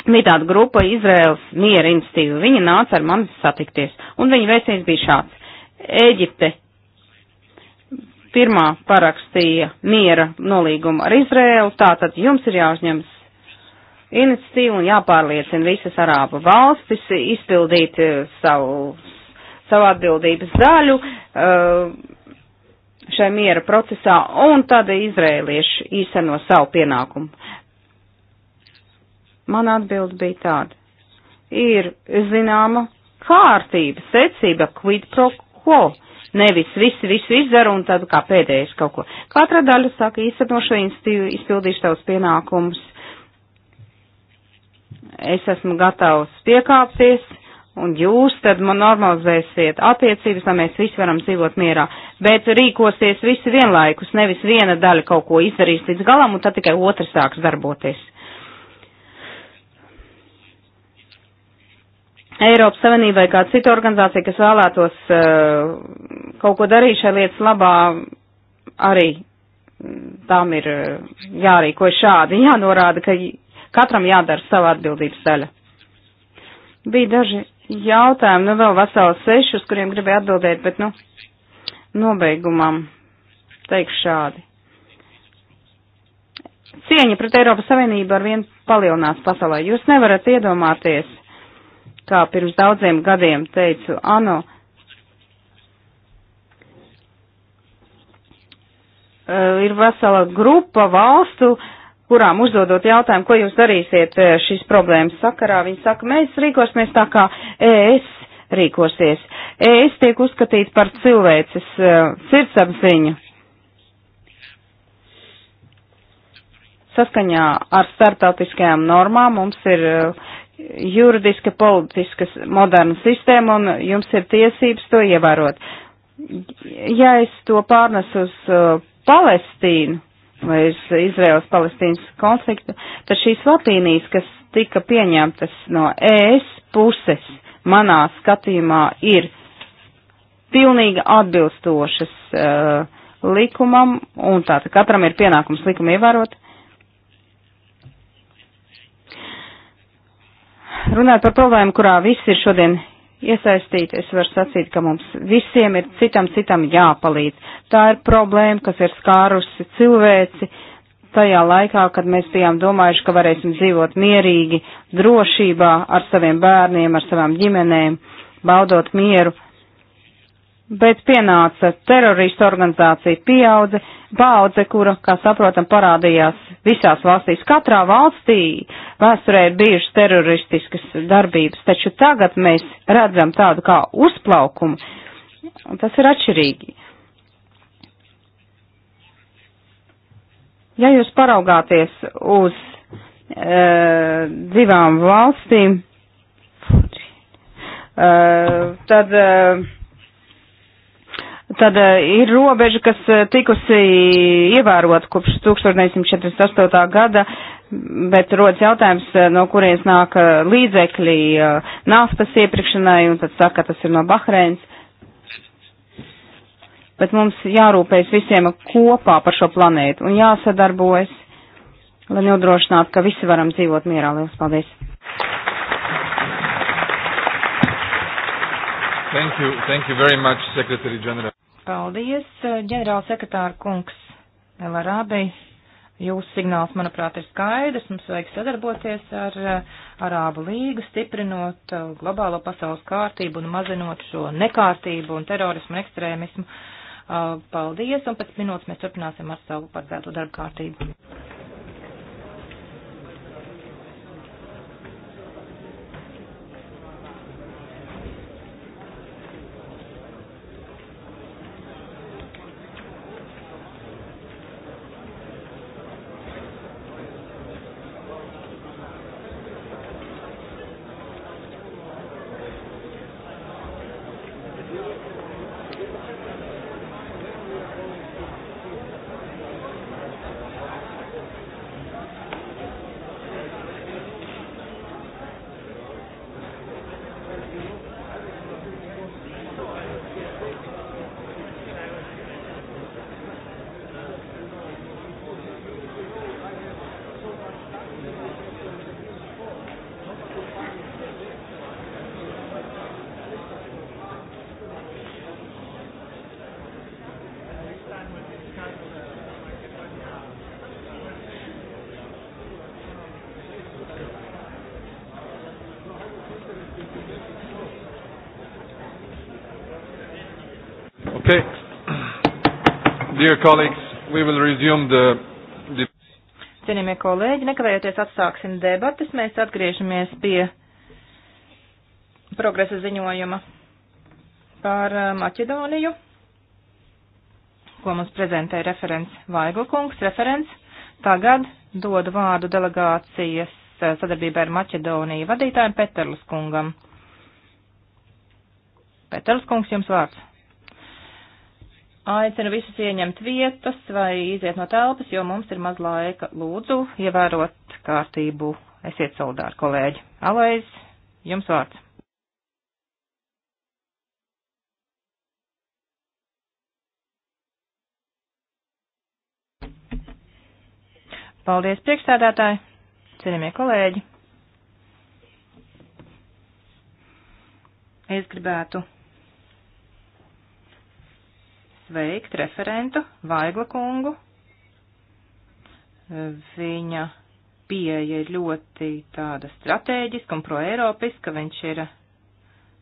bija tāda grupa Izraels miera institīva. Viņa nāca ar mani satikties. Un viņa vēstījums bija šāds. Eģipte pirmā parakstīja miera nolīgumu ar Izraelu, tātad jums ir jāuzņemas iniciatīvu un jāpārliecina visas Arābu valstis izpildīt eh, savu, savu atbildības daļu eh, šai miera procesā, un tad izrēlieši īseno savu pienākumu. Mana atbilde bija tāda. Ir zināma kārtība, secība, quid pro quo. Nevis visi visu izdara un tad kā pēdējais kaut ko. Katra daļa saka, īstenot šo institīvu, izpildīšu tavus pienākumus, es esmu gatavs piekāpties, un jūs tad man normalizēsiet attiecības, lai mēs visi varam dzīvot mierā. Bet rīkosies visi vienlaikus, nevis viena daļa kaut ko izdarīs līdz galam, un tad tikai otrs sāks darboties. Eiropas Savienībai kā cita organizācija, kas vēlētos uh, kaut ko darīt šai lietas labā, arī mm, tām ir uh, jārīko šādi, jānorāda, ka katram jādara sava atbildības daļa. Bija daži jautājumi, nu vēl veseli seši, uz kuriem gribēju atbildēt, bet, nu, nobeigumam teikšu šādi. Cieņa pret Eiropas Savienību ar vien palielinās pasaulē. Jūs nevarat iedomāties, kā pirms daudziem gadiem teicu, ano, ir vesela grupa valstu, kurām uzdodot jautājumu, ko jūs darīsiet e, šīs problēmas sakarā, viņi saka, mēs rīkosimies tā kā ES rīkosies. ES tiek uzskatīts par cilvēces e, sirdsapziņu. Saskaņā ar startautiskajām normām mums ir e, juridiska, politiska, moderna sistēma un jums ir tiesības to ievērot. Ja es to pārnesu uz Palestīnu, vai uz Izraels-Palestīnas konfliktu, tad šīs latīnijas, kas tika pieņemtas no ES puses, manā skatījumā ir pilnīgi atbilstošas uh, likumam, un tātad katram ir pienākums likumu ievērot. Runājot par problēmu, kurā visi ir šodien iesaistīties, var sacīt, ka mums visiem ir citam citam jāpalīdz. Tā ir problēma, kas ir skārusi cilvēci tajā laikā, kad mēs bijām domājuši, ka varēsim dzīvot mierīgi, drošībā ar saviem bērniem, ar savām ģimenēm, baudot mieru bet pienāca teroristu organizācija pieaudze, paudze, kura, kā saprotam, parādījās visās valstīs. Katrā valstī vēsturē ir bijušas teroristiskas darbības, taču tagad mēs redzam tādu kā uzplaukumu, un tas ir atšķirīgi. Ja jūs paraugāties uz e, divām valstīm, e, tad. E, tad eh, ir robeža, kas eh, tikusi ievērot kopš 1948. gada, bet rodas jautājums, eh, no kurienes nāk līdzekļi naftas iepirkšanai, un tad saka, tas ir no Bahreins. Bet mums jārūpējas visiem kopā par šo planētu un jāsadarbojas, lai nodrošinātu, ka visi varam dzīvot mierā. Lielas paldies! Thank you. Thank you very much, Secretary General. Paldies, eh, ģenerālsekretāra kungs Elarābei. Jūsu signāls, manuprāt, ir skaidrs. Mums vajag sadarboties ar eh, Arābu līgu, stiprinot eh, globālo pasaules kārtību un mazinot šo nekārtību un terorismu un ekstrēmismu. Paldies, un pēc minūtes mēs turpināsim ar savu paredzēto darbu kārtību. Dear colleagues, we will resume the. the... Cienījamie kolēģi, nekavējoties atsāksim debatas, mēs atgriežamies pie progresa ziņojuma par uh, Maķedoniju, ko mums prezentē referents Vaiglkungs. Referents tagad dod vārdu delegācijas uh, sadarbībai ar Maķedoniju vadītājiem Peterlis kungam. Peterlis kungs, jums vārds. Aicinu visus ieņemt vietas vai iziet no telpas, jo mums ir maz laika. Lūdzu, ievērot kārtību. Esiet soldāri, kolēģi. Alais, jums vārds. Paldies, priekšstādātāji, cienījamie kolēģi. Es gribētu sveikt referentu Vaigla kungu. Viņa pieeja ir ļoti tāda strateģiska un proeiropiska. Viņš ir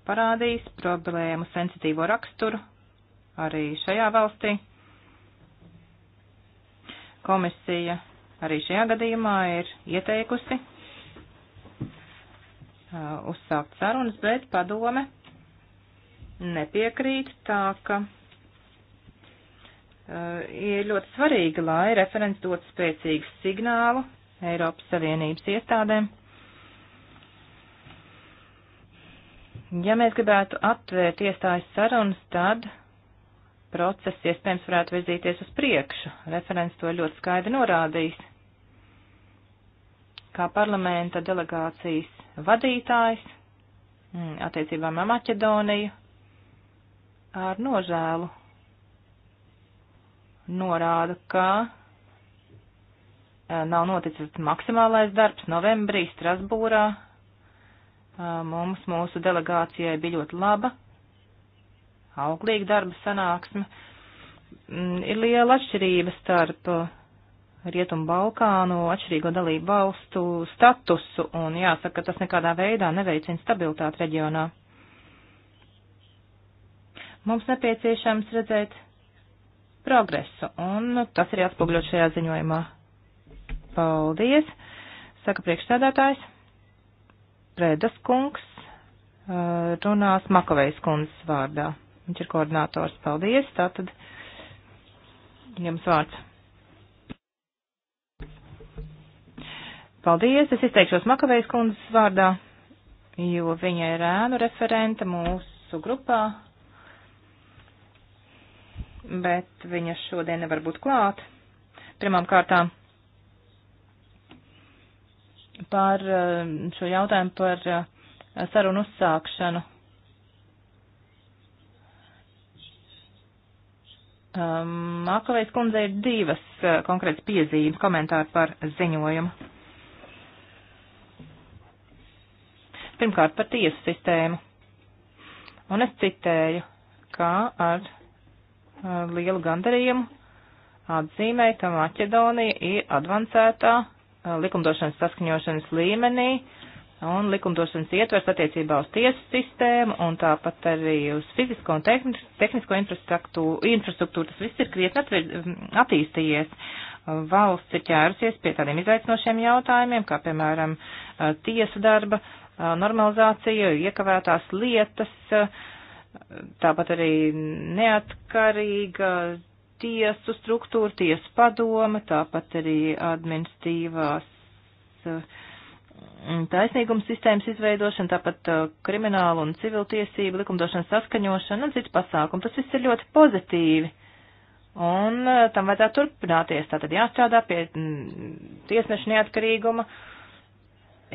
parādījis problēmu sensitīvo raksturu arī šajā valstī. Komisija arī šajā gadījumā ir ieteikusi uh, uzsākt sarunas, bet padome nepiekrīt tā, ka Eh, ir ļoti svarīgi, lai referents dotu spēcīgu signālu Eiropas Savienības iestādēm. Ja mēs gribētu atvērt iestājas sarunas, tad process iespējams varētu virzīties uz priekšu. Referents to ļoti skaidri norādījis. Kā parlamenta delegācijas vadītājs mm, attiecībām ar Maķedoniju ar nožēlu norāda, ka eh, nav noticis maksimālais darbs novembrī Strasbūrā. Eh, mums mūsu delegācijai bija ļoti laba, auglīga darba sanāksme. Mm, ir liela atšķirība starp eh, Rietumu Balkānu atšķirīgo dalību valstu statusu, un jāsaka, tas nekādā veidā neveicina stabilitāti reģionā. Mums nepieciešams redzēt progresu, un tas ir atspoguļot šajā ziņojumā. Paldies, saka priekšstādātājs. Prēdas kungs runās Makavejas kundzes vārdā. Viņš ir koordinators. Paldies, tātad jums vārds. Paldies, es izteikšos Makavejas kundzes vārdā, jo viņa ir ēnu referenta mūsu grupā bet viņa šodien nevar būt klāt. Pirmām kārtām par eh, šo jautājumu par eh, sarunu uzsākšanu. Mākavējs ehm, kundze ir divas eh, konkrētas piezīmes komentāri par ziņojumu. Pirmkārt par tiesu sistēmu. Un es citēju, kā ar Uh, lielu gandarījumu atzīmēja, ka Maķedonija ir advancētā uh, likumdošanas saskaņošanas līmenī un likumdošanas ietvers attiecībā uz tiesu sistēmu un tāpat arī uz fizisko un tehnisko infrastruktūru. infrastruktūru tas viss ir krietni attīstījies. Uh, valsts ir ķērusies pie tādiem izaicinošiem jautājumiem, kā piemēram tiesu darba normalizācija, iekavētās lietas, Tāpat arī neatkarīga tiesu struktūra, tiesu padoma, tāpat arī administrīvās mm, taisnīguma sistēmas izveidošana, tāpat uh, krimināla un civiltiesība likumdošanas saskaņošana un cits pasākumi. Tas viss ir ļoti pozitīvi. Un uh, tam vajadzētu turpināties. Tātad jāstrādā pie mm, tiesneša neatkarīguma. Uh,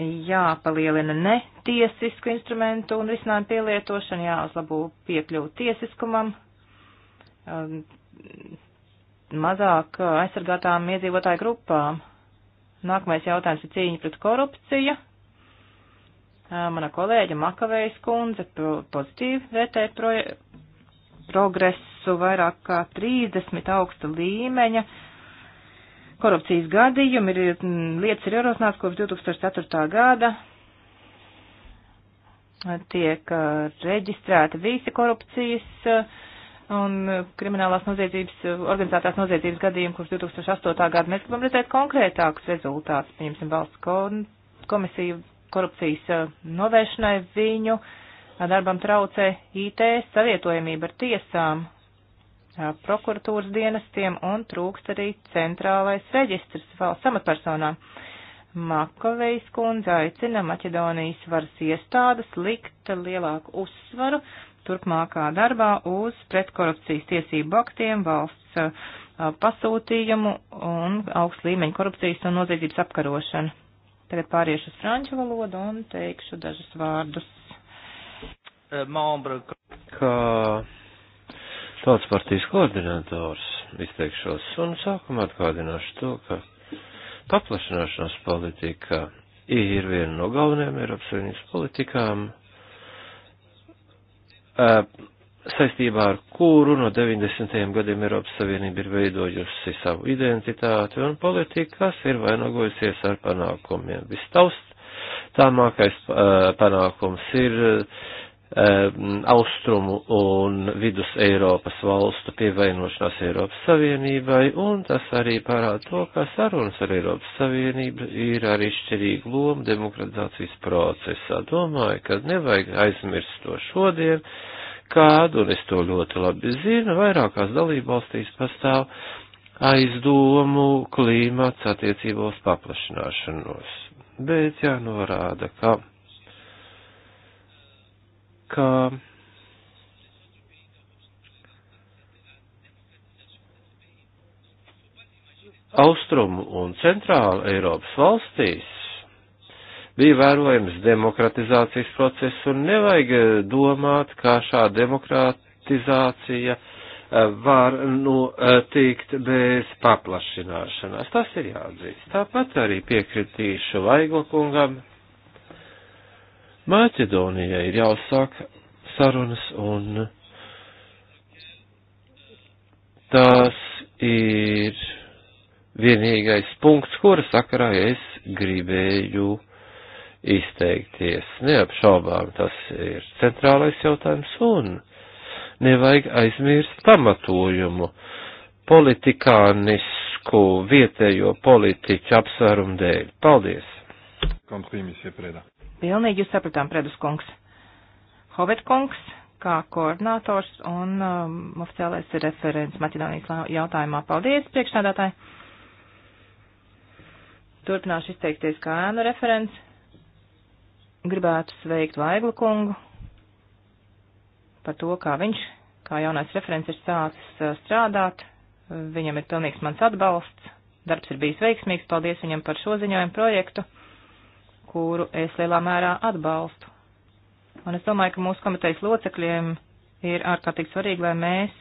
jāpalielina ne tiesisku instrumentu un risinājumu pielietošanu, jāuzlabo piekļuvu tiesiskumam, um, mazāk aizsargātām iedzīvotāju grupām. Nākamais jautājums ir cīņa pret korupciju. Uh, mana kolēģa Makavējas kundze pozitīvi vērtē progresu vairāk kā 30 augsta līmeņa korupcijas gadījumi ir, mm, lietas ir ierosināts kopš 2004. gada. Tiek reģistrēta visi korupcijas un kriminālās noziedzības, organizētās noziedzības gadījumi kopš 2008. gada. Mēs gribam redzēt konkrētākus rezultātus, pieņemsim, valsts komisiju korupcijas novēršanai viņu darbam traucē IT savietojamība ar tiesām prokuratūras dienestiem un trūkst arī centrālais reģistrs valsts amatpersonām. Makovejs kundze aicina Maķedonijas varas iestādes likt lielāku uzsvaru turpmākā darbā uz pretkorupcijas tiesību aktiem valsts pasūtījumu un augstu līmeņu korupcijas un noziedzības apkarošanu. Tagad pāriešu uz franču valodu un teikšu dažus vārdus. Kā tautas partijas koordinators izteikšos un sākumā atgādināšu to, ka paplašināšanās politika ir viena no galvenajām Eiropas Savienības politikām, saistībā ar kuru no 90. gadiem Eiropas Savienība ir veidojusi savu identitāti un politikas ir vainagojusies ar panākumiem. Vistaust tāmākais panākums ir uh, Um, austrumu un vidus Eiropas valstu pievienošanās Eiropas Savienībai, un tas arī parāda to, ka sarunas ar Eiropas Savienību ir arī šķirīga loma demokratizācijas procesā. Domāju, ka nevajag aizmirst to šodien, kādu, un es to ļoti labi zinu, vairākās dalībvalstīs pastāv aizdomu klīmats attiecībos paplašināšanos. Bet jānorāda, ka ka Austrumu un Centrāla Eiropas valstīs bija vērojams demokratizācijas process, un nevajag eh, domāt, kā šā demokratizācija eh, var notikt nu, eh, bez paplašināšanās. Tas ir jāatzīst. Tāpat arī piekritīšu Vaiglakungam Maķedonijai ir jāuzsāk sarunas un tās ir vienīgais punkts, kura sakarā es gribēju izteikties. Neapšaubām tas ir centrālais jautājums un nevajag aizmirst pamatojumu politikānisku vietējo politiķu apsvērumu dēļ. Paldies! Komprīmis, ja Pilnīgi jūs sapratām, Predus kungs. Hovet kungs, kā koordinators un um, oficiālais referents Maķedonijas jautājumā. Paldies, priekšnādātāji! Turpināšu izteikties kā ēnu referents. Gribētu sveikt Vaiglu kungu par to, kā viņš, kā jaunais referents, ir sācis uh, strādāt. Viņam ir pilnīgs mans atbalsts. Darbs ir bijis veiksmīgs. Paldies viņam par šo ziņojumu projektu kuru es lielā mērā atbalstu. Un es domāju, ka mūsu komitejas locekļiem ir ārkārtīgi svarīgi, lai mēs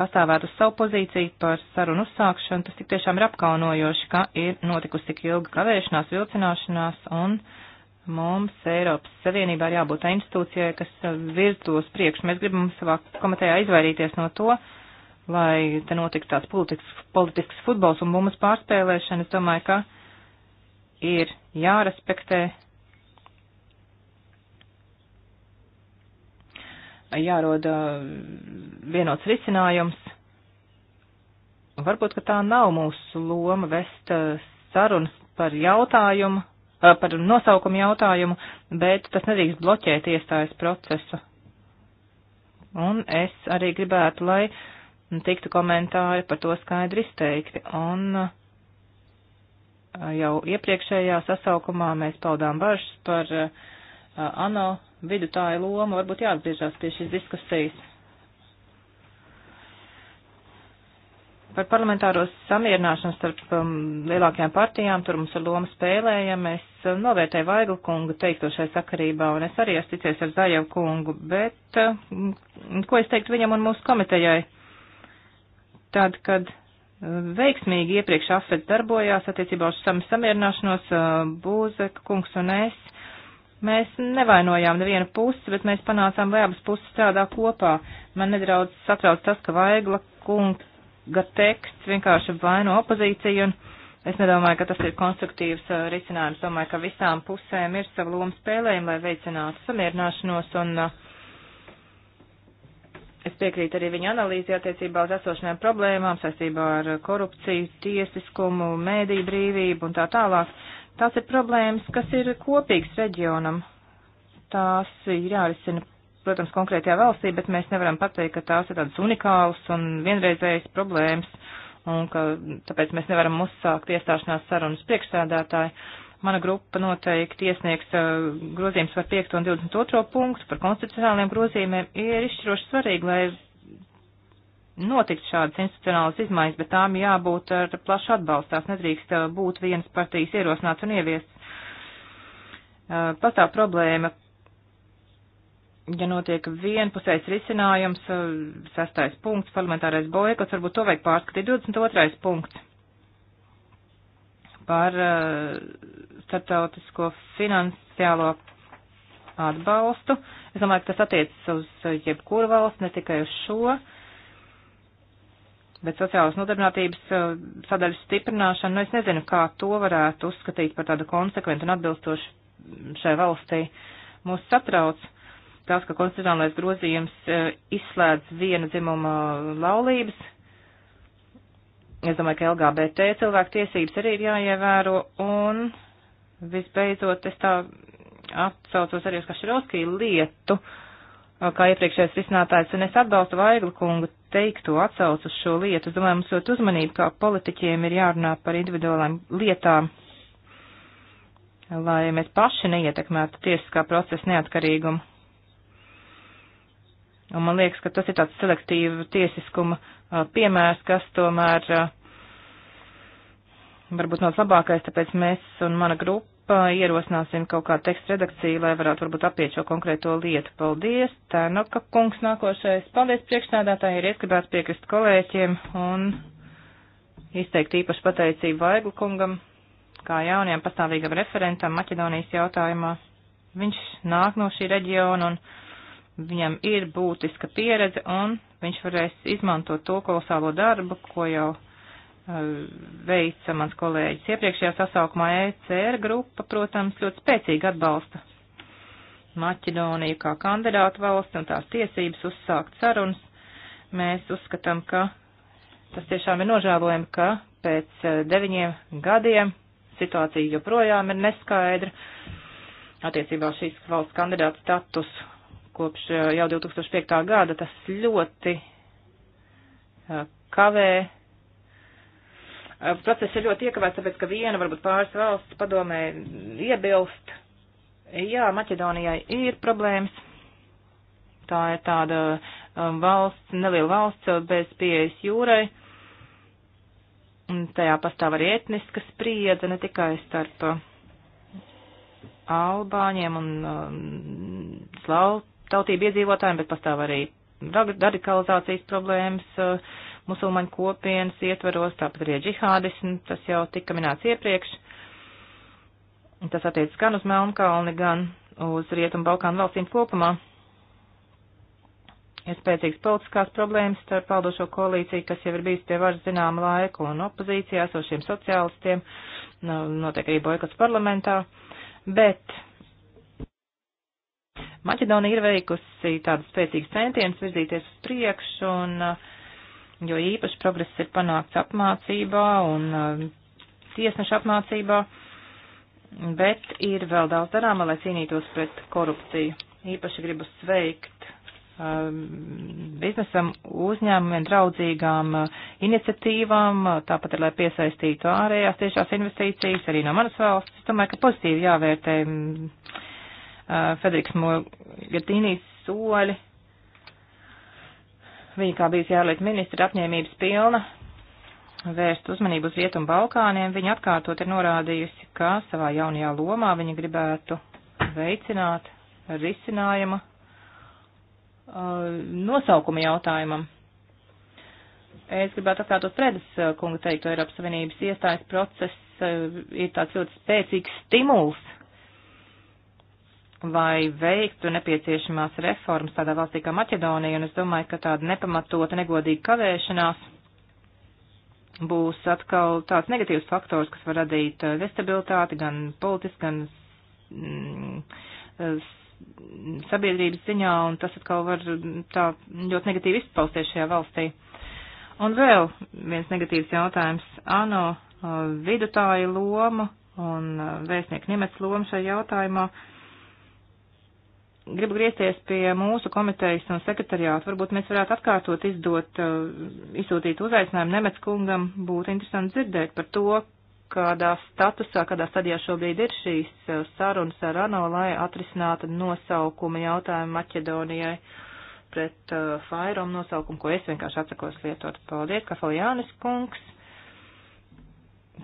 pastāvētu uz savu pozīciju par sarunu uzsākšanu. Tas tik tiešām ir apkaunojoši, ka ir notikusi tik ilga kavēšanās, vilcināšanās, un mums Eiropas Savienībā ir jābūt institūcijai, kas virtos priekš. Mēs gribam savā komitejā izvairīties no to, lai te notiks tāds politisks, politisks futbols un bumbas pārspēlēšana. Es domāju, ka ir jārespektē, jāroda vienots risinājums. Varbūt, ka tā nav mūsu loma vest eh, sarunas par jautājumu, eh, par nosaukumu jautājumu, bet tas nedrīkst bloķēt iestājas procesu. Un es arī gribētu, lai tiktu komentāri par to skaidri izteikti. Un uh, jau iepriekšējā sasaukumā mēs paudām bažas par eh, ANO vidutāju lomu, varbūt jāatgriežas pie šīs diskusijas. Par parlamentāro samierināšanu starp um, lielākajām partijām, tur mums ir loma spēlējama. Es um, novērtēju Vaigla kungu teikto šai sakarībā, un es arī esmu ticies ar Zajevu kungu, bet um, ko es teiktu viņam un mūsu komitejai? Tad, kad veiksmīgi iepriekš AFED darbojās attiecībā uz sam samierināšanos, Būzek kungs un es. Mēs nevainojām nevienu pusi, bet mēs panācām, lai abas puses strādā kopā. Man nedaudz satrauc tas, ka Vaigla kunga teksts vienkārši vaino opozīciju, un es nedomāju, ka tas ir konstruktīvs risinājums. Domāju, ka visām pusēm ir sava loma spēlējuma, lai veicinātu samierināšanos, un uh, Es piekrītu arī viņa analīzi attiecībā uz esošajām problēmām saistībā ar korupciju, tiesiskumu, mēdī brīvību un tā tālāk. Tās ir problēmas, kas ir kopīgas reģionam. Tās ir jārisina, protams, konkrētajā valstī, bet mēs nevaram pateikt, ka tās ir tādas unikālas un vienreizējas problēmas un ka tāpēc mēs nevaram uzsākt iestāšanās sarunas priekšsēdētāju. Mana grupa noteikti iesniegs uh, grozījums par 5. un 22. punktu par konstitucionāliem grozījumiem ir izšķiroši svarīgi, lai notikt šādas institucionālas izmaiņas, bet tām jābūt ar plašu atbalstu. Tās nedrīkst uh, būt vienas partijas ierosināts un ieviests. Uh, pastāv problēma, ja notiek vienpusējs risinājums, sastais punkts, parlamentārais boikots, varbūt to vajag pārskatīt. 22. punkts par uh, starptautisko finansiālo atbalstu. Es domāju, ka tas attiecas uz jebkuru valstu, ne tikai uz šo, bet sociālas nodarbinātības uh, sadaļas stiprināšanu. Nu, es nezinu, kā to varētu uzskatīt par tādu konsekventu un atbilstošu šai valstī. Mūs satrauc tas, ka konstitucionālais grozījums uh, izslēdz viena dzimuma laulības, Es domāju, ka LGBT cilvēku tiesības arī ir jāievēro, un visbeidzot es tā atsaucos arī uz Kašrovskī lietu, kā iepriekšējais risinātājs, un es atbalstu Vaiglu kungu teikto atsaucu uz šo lietu. Es domāju, mums ļoti uzmanību kā politiķiem ir jārunā par individuālām lietām, lai mēs paši neietekmētu tiesiskā procesa neatkarīgumu. Un man liekas, ka tas ir tāds selektīva tiesiskuma piemērs, kas tomēr varbūt nav labākais, tāpēc mēs un mana grupa ierosināsim kaut kādu tekstu redakciju, lai varētu varbūt apiet šo konkrēto lietu. Paldies, Tēnoka kungs nākošais. Paldies priekšnādātāji, ir ieskribēts piekrist kolēķiem un izteikt īpašu pateicību Vaiglu kungam, kā jaunajam pastāvīgam referentam Maķedonijas jautājumā. Viņš nāk no šī reģiona un Viņam ir būtiska pieredze un viņš varēs izmantot to kolosālo darbu, ko jau eh, veica mans kolēģis. Iepriekšējā sasaukumā ECR grupa, protams, ļoti spēcīgi atbalsta Maķedoniju kā kandidātu valsti un tās tiesības uzsākt sarunas. Mēs uzskatām, ka tas tiešām ir nožēlojami, ka pēc eh, deviņiem gadiem situācija joprojām ir neskaidra attiecībā uz šīs valsts kandidātu statusu kopš eh, jau 2005. gada. Tas ļoti eh, kavē. Eh, process ir ļoti iekavēts, tāpēc, ka viena, varbūt pāris valsts padomē iebilst. Jā, Maķedonijai ir problēmas. Tā ir tāda um, valsts, neliela valsts bez pieejas jūrai. Un tajā pastāv arī etniska spriedze, ne tikai starp albāņiem un um, slau, tautību iedzīvotājiem, bet pastāv arī radikalizācijas problēmas uh, musulmaņu kopienas ietvaros, tāpat arī džihādismu, tas jau tika minēts iepriekš. Tas attiecas gan uz Melnkalni, gan uz Rietumu Balkānu valstīm kopumā. Ir spēcīgas politiskās problēmas starp paldošo koalīciju, kas jau ir bijis pie varas zināma laika, un opozīcijā esošiem sociālistiem, nu, notiek arī boikots parlamentā, bet Maķedonija ir veikusi tādus spēcīgus centienus virzīties uz priekšu, un uh, jo īpaši progress ir panākts apmācībā un uh, tiesneša apmācībā, bet ir vēl daudz darāma, lai cīnītos pret korupciju. Īpaši gribu sveikt um, biznesam, uzņēmumiem, draudzīgām uh, iniciatīvām, tāpat ir, lai piesaistītu ārējās tiešās investīcijas arī no manas valsts. Es domāju, ka pozitīvi jāvērtē mm, Eh, Federiks Mogatīnijas soļi. Viņa kā bijusi ārlietu ministra apņēmības pilna vērst uzmanību uz Rietumu Balkāniem, viņa atkārtot ir norādījusi, ka savā jaunajā lomā viņa gribētu veicināt risinājuma eh, nosaukuma jautājumam. Es gribētu atkārtot Fredas eh, kunga teikto Eiropas Savienības iestājas process ir tāds ļoti spēcīgs stimuls lai veiktu nepieciešamās reformas tādā valstī kā Maķedonija, un es domāju, ka tāda nepamatota, negodīga kavēšanās būs atkal tāds negatīvs faktors, kas var radīt destabilitāti eh, gan politiski, gan mm, eh, sabiedrības ziņā, un tas atkal var tā ļoti negatīvi izpausties šajā valstī. Un vēl viens negatīvs jautājums - ANO eh, vidutāja loma un vēstnieku Niemets loma šajā jautājumā. Uh, gribu griezties pie mūsu komitejas un sekretariātu. Varbūt mēs varētu atkārtot izdot, uh, izsūtīt uzaicinājumu Nemec kungam. Būtu interesanti dzirdēt par to, kādā statusā, kādā stadijā šobrīd ir šīs uh, sarunas ar ANO, lai atrisinātu nosaukuma jautājumu Maķedonijai pret uh, Fairom nosaukumu, ko es vienkārši atsakos lietot. Paldies, Kafaljānis kungs.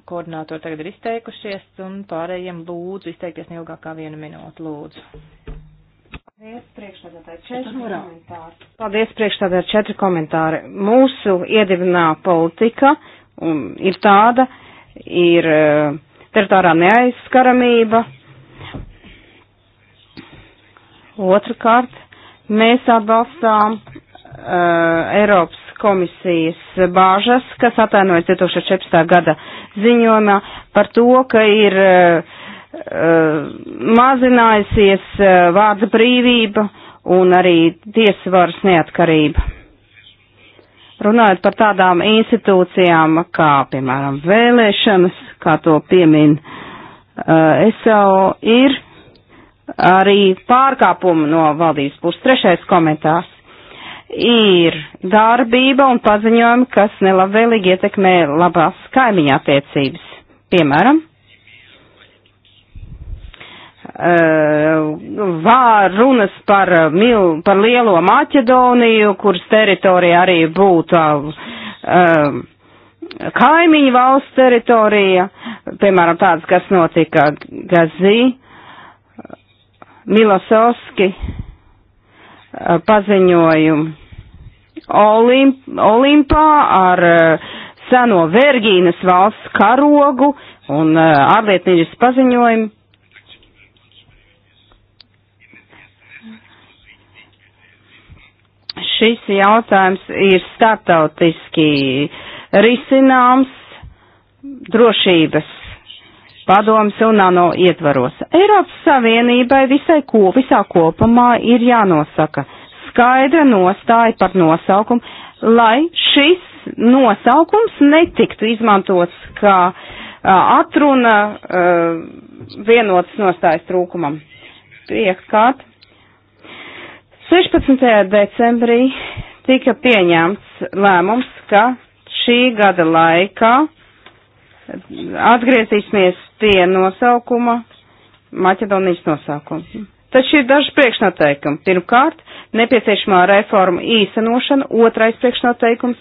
Koordinātori tagad ir izteikušies un pārējiem lūdzu izteikties neilgāk kā vienu minūtu. Lūdzu. Paldies, priekšstādātāji, četri komentāri. Mūsu iedibinā politika un, um, ir tāda, ir uh, teritārā neaizskaramība. Otrakārt, mēs atbalstām uh, Eiropas komisijas bāžas, kas atainojas 2014. gada ziņojumā par to, ka ir uh, Eh, mazinājusies eh, vārda brīvība un arī tiesvaras neatkarība. Runājot par tādām institūcijām, kā, piemēram, vēlēšanas, kā to piemin eh, SAO, ir arī pārkāpumi no valdības puses. Trešais komentārs ir darbība un paziņojumi, kas nelabvēlīgi ietekmē labās kaimiņa attiecības. Piemēram, Eh, vār runas par, eh, mil, par lielo Maķedoniju, kuras teritorija arī būtu um, kaimiņu valsts teritorija, piemēram tāds, kas notika Gazī, Milosovski paziņojumu Olimp, Olimpā ar seno Vergīnas valsts karogu un ārlietnīgas paziņojumu šis jautājums ir startautiski risināms drošības padomas un ANO ietvaros. Eiropas Savienībai visai ko, visā kopumā ir jānosaka skaidra nostāja par nosaukumu, lai šis nosaukums netiktu izmantots kā uh, atruna uh, vienotas nostājas trūkumam. Piekārt, 16. decembrī tika pieņemts lēmums, ka šī gada laikā atgriezīsimies pie nosaukuma, Maķedonijas nosaukuma. Taču ir daži priekšnoteikumi. Pirmkārt, nepieciešamā reforma īstenošana, otrais priekšnoteikums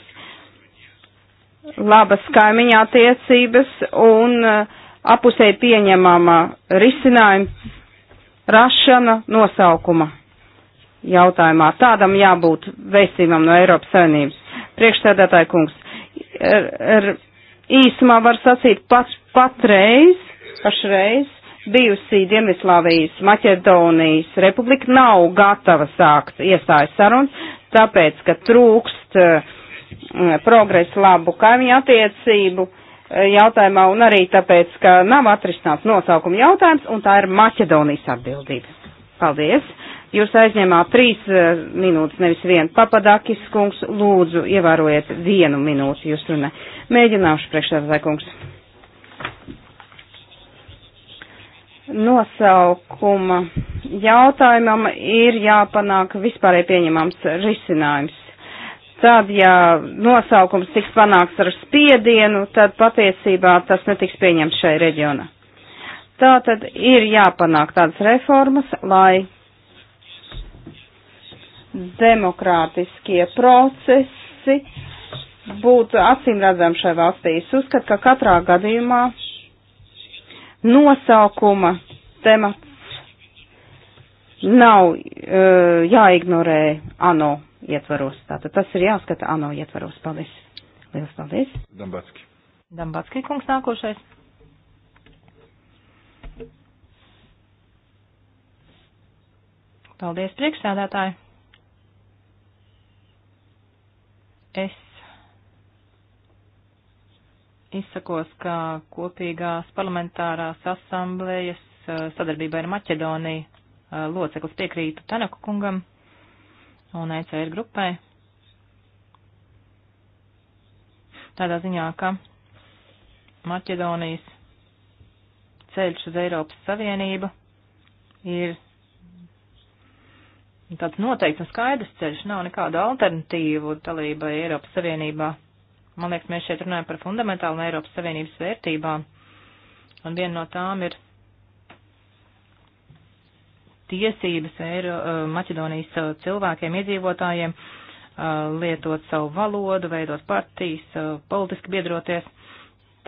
- labas kaimiņā tiecības un uh, apusēji pieņemama risinājuma rašana nosaukuma jautājumā. Tādam jābūt vēstījumam no Eiropas Savienības. Priekšsēdētāja kungs, er, er, īsumā var sacīt pat, patreiz, pašreiz, bijusi Dienvidslāvijas Maķedonijas republika nav gatava sākt iestājas sarunas, tāpēc, ka trūkst uh, eh, progresu labu kaimiņu attiecību eh, jautājumā un arī tāpēc, ka nav atrisināts nosaukuma jautājums un tā ir Maķedonijas atbildība. Paldies! Jūs aizņemā trīs eh, minūtes, nevis vienu. Papadakis kungs, lūdzu, ievērojiet vienu minūti jūs runē. Mēģināšu priekšstādātāju kungs. Nosaukuma jautājumam ir jāpanāk vispārēji pieņemams risinājums. Tad, ja nosaukums tiks panāks ar spiedienu, tad patiesībā tas netiks pieņemts šai reģionā. Tā tad ir jāpanāk tādas reformas, lai demokrātiskie procesi būtu acīm redzami šai valstī. Es uzskatu, ka katrā gadījumā nosaukuma temats nav uh, jāignorē ANO ietvaros. Tātad tas ir jāskata ANO ietvaros. Paldies. Lielas paldies. Dambatski. Dambatski kungs nākošais. Paldies priekšsēdētāji. Es izsakos kā kopīgās parlamentārās asamblējas sadarbībā ar Maķedoniju loceklis piekrītu Tanaku kungam un ECR grupai. Tādā ziņā, ka Maķedonijas ceļš uz Eiropas Savienību ir tāds noteikts un skaidrs ceļš, nav nekādu alternatīvu dalībai Eiropas Savienībā. Man liekas, mēs šeit runājam par fundamentālām Eiropas Savienības vērtībām, un viena no tām ir tiesības Eiro, uh, Maķedonijas uh, cilvēkiem, iedzīvotājiem uh, lietot savu valodu, veidot partijas, politiski biedroties.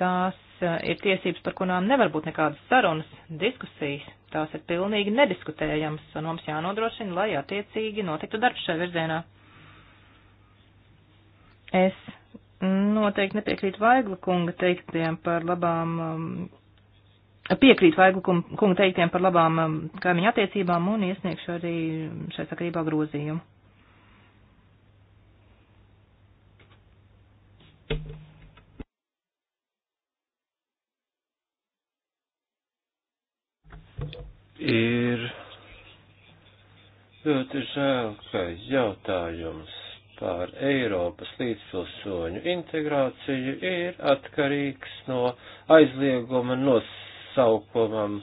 Tās ir tiesības, par kurām nevar būt nekādas sarunas, diskusijas, tās ir pilnīgi nediskutējams, un mums jānodrošina, lai attiecīgi notiktu darbs šajā virzienā. Es noteikti nepiekrītu Vaigla kunga teiktiem par labām, um, piekrītu Vaigla kunga teiktiem par labām um, kaimiņu attiecībām un iesniegšu arī šai sakarībā grozījumu. Ir ļoti žēl, ka jautājums par Eiropas līdzpilsoņu integrāciju ir atkarīgs no aizlieguma nosaukumam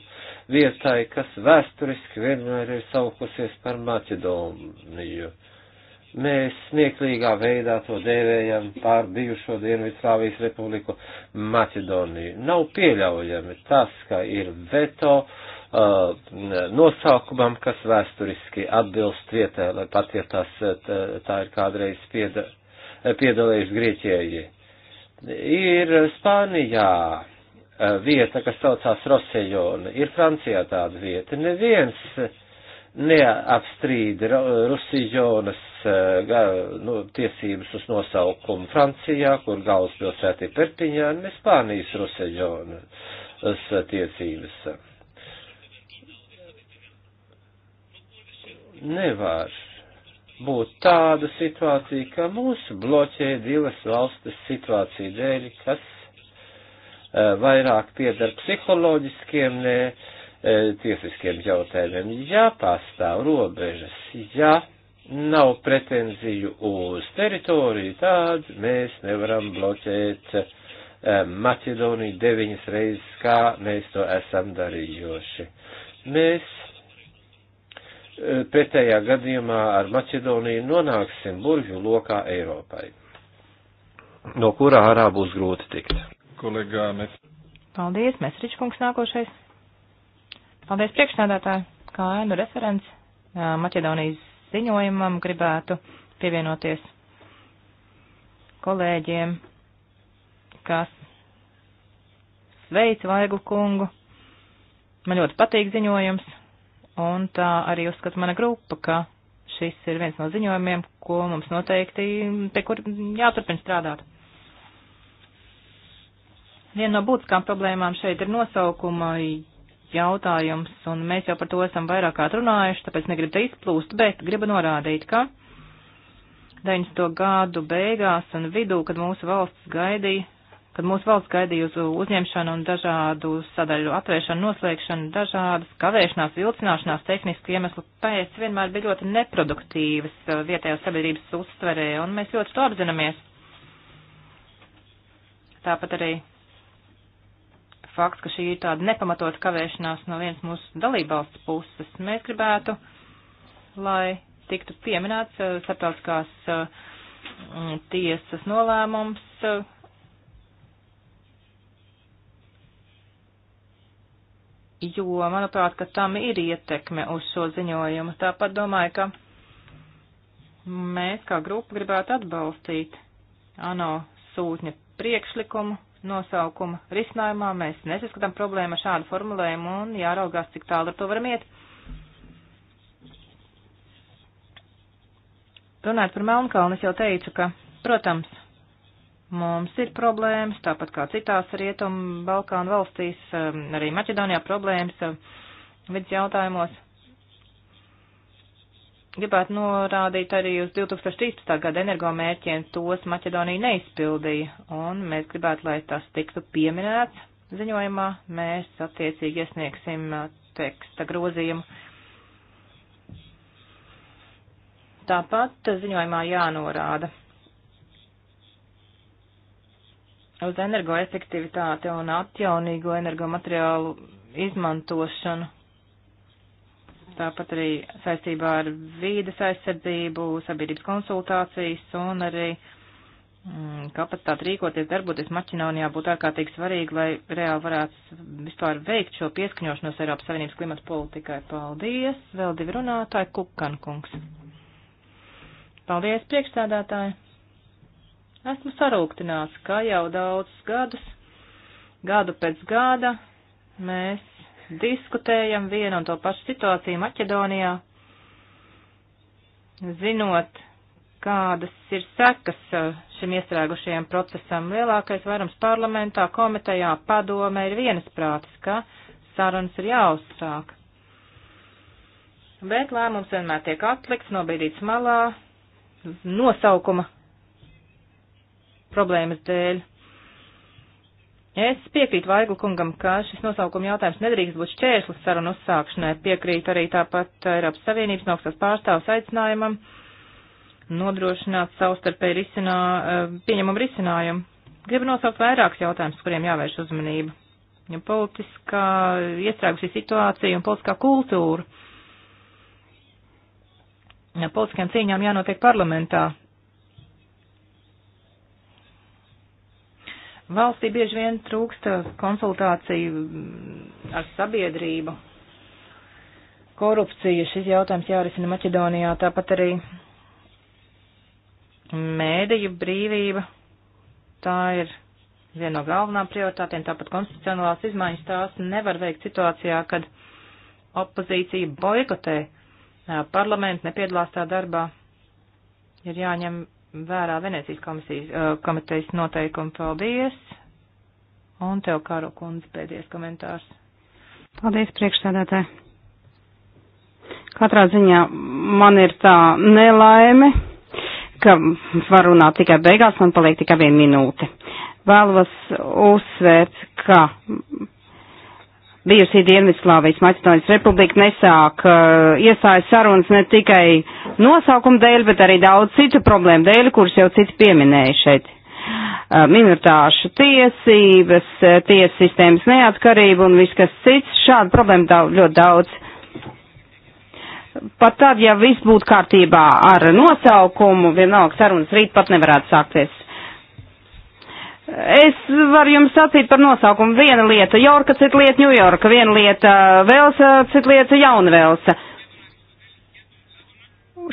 vietai, kas vēsturiski vienmēr ir saukusies par Maķedoniju. Mēs smieklīgā veidā to dēvējam pār bijušo Dienvidslāvijas republiku Maķedoniju. Nav pieļaujami tas, ka ir veto uh, Uh, nosaukumam, kas vēsturiski atbilst vietai, lai pat ja tas uh, tā ir kādreiz pieda, uh, piedalījis Grieķieji. Ir Spānijā vieta, kas saucās Rosejona, ir Francijā tāda vieta. Neviens neapstrīd Rusijonas nu, tiesības uz nosaukumu Francijā, kur galvaspilsēta ir Perpiņā, ne Spānijas Rusijonas tiesības nevar būt tāda situācija, ka mūsu bloķē divas valstis situācija dēļ, kas uh, vairāk piedara psiholoģiskiem, ne uh, tiesiskiem jautājumiem. Ja pastāv robežas, ja nav pretenziju uz teritoriju, tad mēs nevaram bloķēt uh, Maķedoniju deviņas reizes, kā mēs to esam darījuši. Mēs Pretējā gadījumā ar Maķedoniju nonāksim burvju lokā Eiropai, no kurā ārā būs grūti tikt. Kolēģā, mēs. Paldies, Mesričkungs nākošais. Paldies priekšnādātāji, kā ēnu referents Maķedonijas ziņojumam gribētu pievienoties kolēģiem, kas sveic Vaiglu kungu. Man ļoti patīk ziņojums, Un tā arī uzskata mana grupa, ka šis ir viens no ziņojumiem, ko mums noteikti, pie kur jāturpina strādāt. Viena no būtiskām problēmām šeit ir nosaukuma jautājums, un mēs jau par to esam vairāk kā runājuši, tāpēc negribu te izplūst, bet gribu norādīt, ka 90. gadu beigās un vidū, kad mūsu valsts gaidīja kad mūsu valsts gaidīja uz uzņemšanu un dažādu sadaļu atvēršanu, noslēgšanu, dažādas kavēšanās, vilcināšanās, tehnisku iemeslu pēc vienmēr bija ļoti neproduktīvas uh, vietējās sabiedrības uztverē, un mēs ļoti to apzināmies. Tāpat arī fakts, ka šī ir tāda nepamatot kavēšanās no vienas mūsu dalībvalsts puses. Mēs gribētu, lai tiktu pieminēts uh, starptautiskās uh, mm, tiesas nolēmums jo, manuprāt, ka tam ir ietekme uz šo ziņojumu. Tāpat domāju, ka mēs kā grupa gribētu atbalstīt ANO sūtņa priekšlikumu nosaukuma risinājumā. Mēs nesaskatām problēmu ar šādu formulējumu un jāraugās, cik tālu ar to varam iet. Runājot par Melnkalnu, es jau teicu, ka, protams, Mums ir problēmas, tāpat kā citās Rietumu Balkānu valstīs, um, arī Maķedonijā problēmas um, vidas jautājumos. Gribētu norādīt arī uz 2013. gada energomērķiem, tos Maķedonija neizpildīja, un mēs gribētu, lai tas tiktu pieminēts ziņojumā. Mēs attiecīgi iesniegsim uh, teksta grozījumu. Tāpat ziņojumā jānorāda uz energoefektivitāti un atjaunīgo energomateriālu izmantošanu. Tāpat arī saistībā ar vīdes aizsardzību, sabiedrības konsultācijas un arī mm, kapacitāti rīkoties, darboties Maķinonijā būtu ārkārtīgi svarīgi, lai reāli varētu vispār veikt šo pieskaņošanos Eiropas Savienības klimata politikai. Paldies! Vēl divi runātāji, Kukankungs. Paldies, priekšstādātāji! Esmu sarūktināts, ka jau daudzus gadus, gadu pēc gada, mēs diskutējam vienu un to pašu situāciju Maķedonijā, zinot, kādas ir sekas uh, šim iestrēgušajam procesam. Lielākais vairums parlamentā, komitejā, padomē ir vienasprātis, ka sarunas ir jāuzsāk. Bet lēmums vienmēr tiek atlikts, nobīdīts malā, nosaukuma problēmas dēļ. Es piekrītu Vaiglu kungam, ka šis nosaukuma jautājums nedrīkst būt šķērslis sarunu uzsākšanai. Piekrītu arī tāpat Eiropas Savienības nokstās pārstāvs aicinājumam nodrošināt savstarpēji risinā, eh, pieņemumu risinājumu. Gribu nosaukt vairākus jautājumus, kuriem jāvērš uzmanība. Ja politiskā iestrēgusī situācija un politiskā kultūra. Ja politiskajām cīņām jānotiek parlamentā, Valstī bieži vien trūkst konsultāciju ar sabiedrību. Korupcija, šis jautājums jārisina Maķedonijā, tāpat arī mēdīju brīvība, tā ir viena no galvenām prioritātēm, tāpat konstitucionālās izmaiņas tās nevar veikt situācijā, kad opozīcija boikotē parlamentu, nepiedalās tā darbā. Ir jāņem vērā Venecijas komisijas, uh, komitejas noteikumu. Paldies! Un tev, Kāro kundze, pēdējais komentārs. Paldies, priekšstādātāji! Katrā ziņā man ir tā nelaime, ka var runāt tikai beigās, man paliek tikai viena minūte. Vēlos uzsvērt, ka bijusī Dienvidslāvijas Maķedonijas republika nesāk uh, eh, iesājas sarunas ne tikai nosaukuma dēļ, bet arī daudz citu problēmu dēļ, kuras jau citi pieminēja šeit. Uh, minoritāšu tiesības, uh, tiesas sistēmas neatkarība un viss kas cits. Šādu problēmu daudz, ļoti daudz. Pat tad, ja viss būtu kārtībā ar nosaukumu, vienalga sarunas rīt pat nevarētu sākties. Es varu jums sacīt par nosaukumu. Viena lieta Jorka, cita lieta Ņujorka, viena lieta Velsa, cita lieta Jaunvelsa.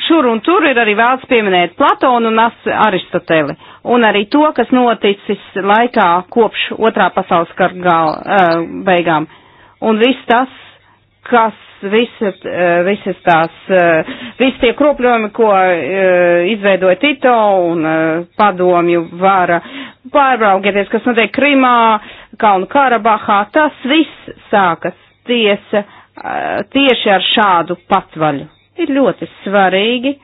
Šur un tur ir arī vēlts pieminēt Platonu un Aristoteli, un arī to, kas noticis laikā kopš otrā pasaules kara eh, beigām. Un viss tas, kas visas, eh, visas tās, eh, visi tie kropļojumi, ko eh, izveidoja Tito un padomju vara, pārbraukieties, kas notiek Krimā, Kalnu Karabahā, tas viss sākas tiesa tieši ar šādu patvaļu. Ir ļoti svarīgi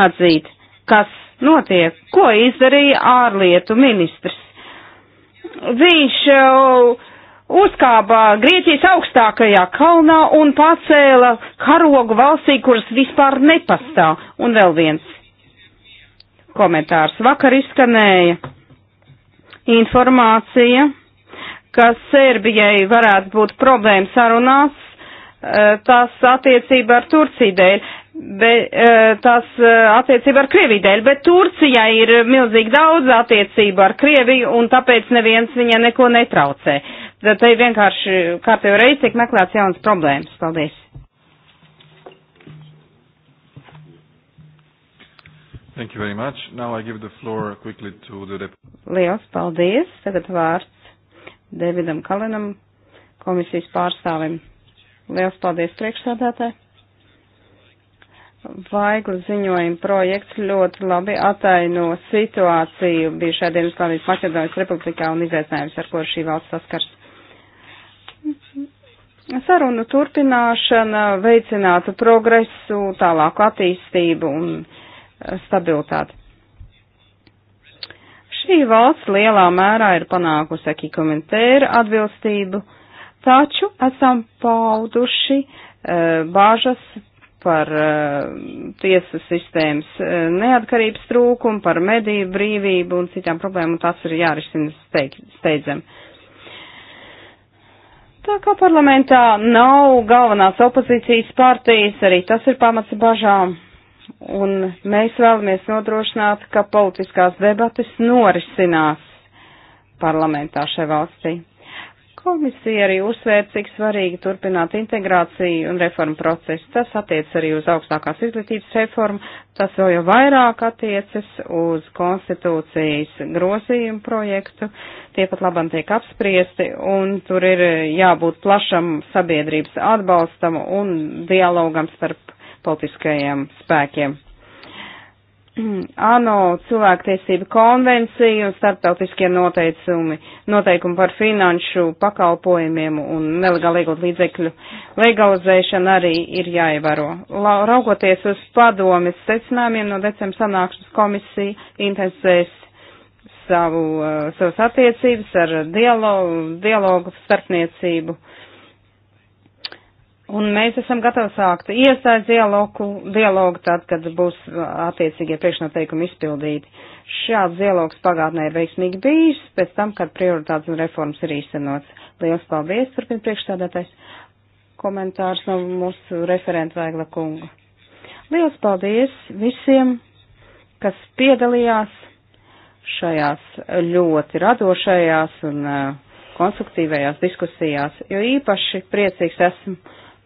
atzīt, kas notiek, ko izdarīja ārlietu ministrs. Viņš jau uzkāpa Grieķijas augstākajā kalnā un pacēla karogu valstī, kuras vispār nepastāv. Un vēl viens komentārs. Vakar izskanēja informācija, ka Serbijai varētu būt problēmas sarunās, e, tās attiecība ar Turciju dēļ, bet, e, tās e, attiecība ar Krieviju dēļ, bet Turcijai ir milzīgi daudz attiecību ar Krieviju un tāpēc neviens viņai neko netraucē. Uh, Tad te vienkārši kārtējo reizi tiek meklēts jaunas problēmas. Paldies. Thank you very much. Now I give the floor quickly to the Liels paldies. Tagad vārds Davidam Kalinam, komisijas pārstāvim. Liels paldies priekšsādātāji. Vaigla ziņojuma projekts ļoti labi ataino situāciju bijušā Dienvidslāvijas Maķedonijas republikā un izaicinājums, ar ko šī valsts saskars sarunu turpināšana veicinātu progresu, tālāku attīstību un eh, stabilitāti. Šī valsts lielā mērā ir panākusi ekikomentēra atbilstību, taču esam pauduši e, bāžas par e, tiesu sistēmas e, neatkarības trūkumu, par mediju brīvību un citām problēmām, un tas ir jārisina steidzami. Steidz, Tā kā parlamentā nav galvenās opozīcijas partijas, arī tas ir pamats bažām. Un mēs vēlamies nodrošināt, ka politiskās debatas norisinās parlamentā šai valstī. Komisija arī uzsvēra, cik svarīgi turpināt integrāciju un reformu procesu. Tas attiec arī uz augstākās izglītības reformu, tas vēl jau vairāk attiecas uz konstitūcijas grozījumu projektu, tie pat labam tiek apspriesti, un tur ir jābūt plašam sabiedrības atbalstam un dialogam starp politiskajiem spēkiem. ANO cilvēktiesība konvencija un starptautiskie noteicumi, noteikumi par finanšu pakalpojumiem un nelegāli iegūt līdzekļu legalizēšana arī ir jāievaro. La, raugoties uz padomis secinājumiem no decembra sanākšanas komisija intensēs savu, uh, savas attiecības ar dialogu, dialogu starpniecību Un mēs esam gatavi sākt iestāst dialogu, dialogu tad, kad būs uh, attiecīgie priekšnoteikumi izpildīti. Šāds dialogs pagātnē ir veiksmīgi bijis, pēc tam, kad prioritātes un reformas ir īstenots. Liels paldies, turpin priekšstādātais komentārs no mūsu referenta Vaigla kunga. Liels paldies visiem, kas piedalījās šajās ļoti radošajās un uh, konstruktīvajās diskusijās, jo īpaši priecīgs esmu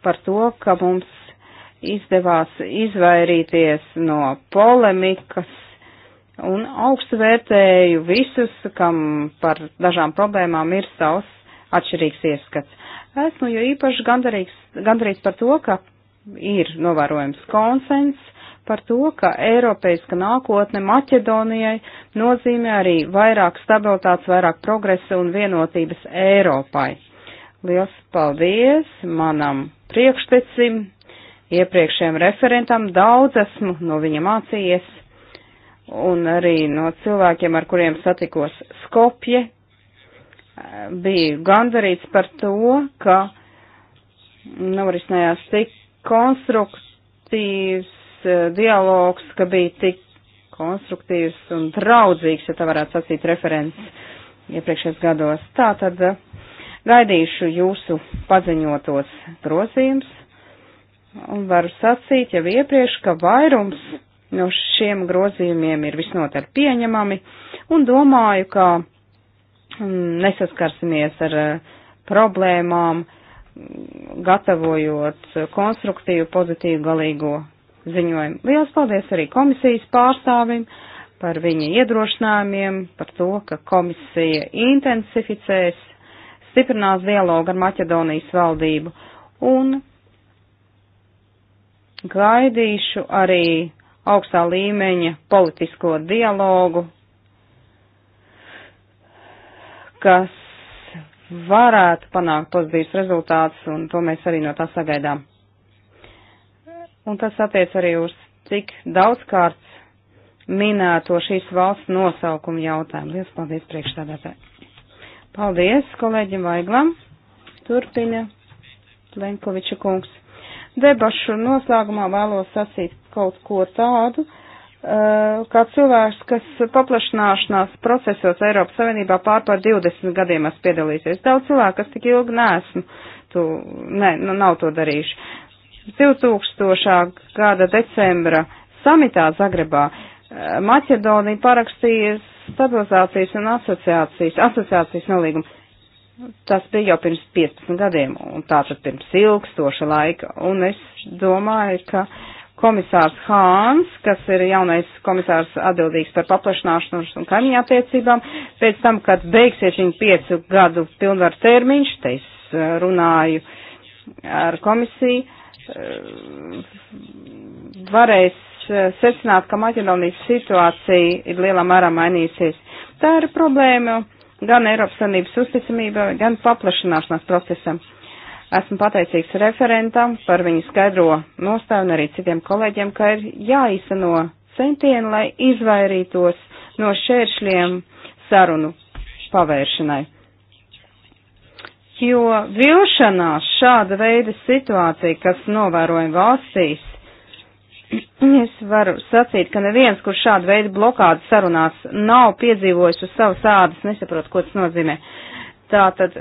par to, ka mums izdevās izvairīties no polemikas un augstu vērtēju visus, kam par dažām problēmām ir savs atšķirīgs ieskats. Esmu jo īpaši gandarīgs, gandarīts par to, ka ir novērojams konsens par to, ka Eiropeiska nākotne Maķedonijai nozīmē arī vairāk stabilitātes, vairāk progresa un vienotības Eiropai. Liels paldies manam priekštecim, iepriekšējiem referentam, daudz esmu no viņa mācījies, un arī no cilvēkiem, ar kuriem satikos Skopje, biju gandarīts par to, ka norisinājās tik konstruktīvs eh, dialogs, ka bija tik konstruktīvs un draudzīgs, ja tā varētu sacīt, referents iepriekšējos gados. Tā tad Gaidīšu jūsu paziņotos grozījums un varu sacīt jau iepriekš, ka vairums no šiem grozījumiem ir visnotaļ pieņemami un domāju, ka mm, nesaskarsimies ar eh, problēmām, gatavojot konstruktīvu, pozitīvu galīgo ziņojumu. Lielas paldies arī komisijas pārstāvim par viņa iedrošinājumiem, par to, ka komisija intensificēs stiprinās dialogu ar Maķedonijas valdību un gaidīšu arī augstā līmeņa politisko dialogu, kas varētu panākt pozitīvs rezultāts, un to mēs arī no tā sagaidām. Un tas attiec arī uz cik daudzkārt minēto šīs valsts nosaukumu jautājumu. Lielas paldies priekšstādātāji! Paldies kolēģim Vaiglam. Turpina Lenkoviča kungs. Debašu noslēgumā vēlos sasīt kaut ko tādu, eh, kā cilvēks, kas paplašināšanās procesos Eiropas Savienībā pārpār 20 gadiem esmu piedalīsies. Daudz cilvēku, kas tik ilgi nesmu, tu, ne, nu, nav to darījuši. 2000. gada decembra samitā Zagrebā eh, Maķedonija parakstījies stabilizācijas un asociācijas, asociācijas nolīgums. Tas bija jau pirms 15 gadiem, un tātad pirms ilgstoša laika, un es domāju, ka komisārs Hāns, kas ir jaunais komisārs atbildīgs par paplašināšanos un kaimiņu attiecībām, pēc tam, kad beigsies viņa piecu gadu pilnvaru termiņš, te es uh, runāju ar komisiju, uh, varēs Eh, secināt, ka Maķedonijas situācija ir lielā mērā mainīsies. Tā ir problēma gan Eiropas Sanības uzticamība, gan paplašanāšanās procesam. Esmu pateicīgs referentam par viņu skaidro nostāju un arī citiem kolēģiem, ka ir jāizsano centieni, lai izvairītos no šēršļiem sarunu pavēršanai. Jo vilšanās šāda veida situācija, kas novērojama valstīs, Es varu sacīt, ka neviens, kurš šādu veidu blokādu sarunās nav piedzīvojis uz savas ādas, nesaprot, ko tas nozīmē. Tātad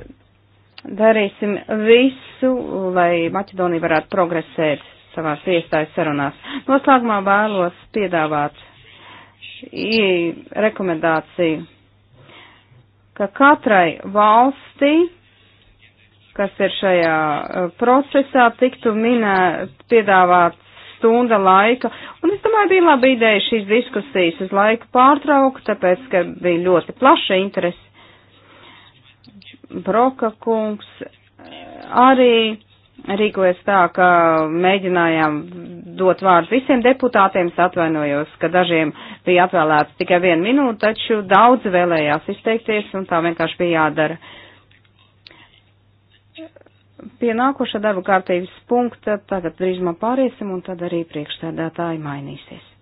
darīsim visu, lai Maķedonija varētu progresēt savās iestājas sarunās. Noslēgumā vēlos piedāvāt rekomendāciju, ka katrai valstī kas ir šajā eh, procesā, tiktu minē, piedāvāt stunda laika, un es domāju, bija laba ideja šīs diskusijas uz laiku pārtraukt, tāpēc, ka bija ļoti plaša interese. Broka kungs eh, arī rīkojas tā, ka mēģinājām dot vārdu visiem deputātiem, es atvainojos, ka dažiem bija atvēlēts tikai viena minūte, taču daudzi vēlējās izteikties, un tā vienkārši bija jādara. Uh, pie nākoša darba kārtības punkta, tagad drīzumā pāriesim un tad arī priekšstādātāji mainīsies.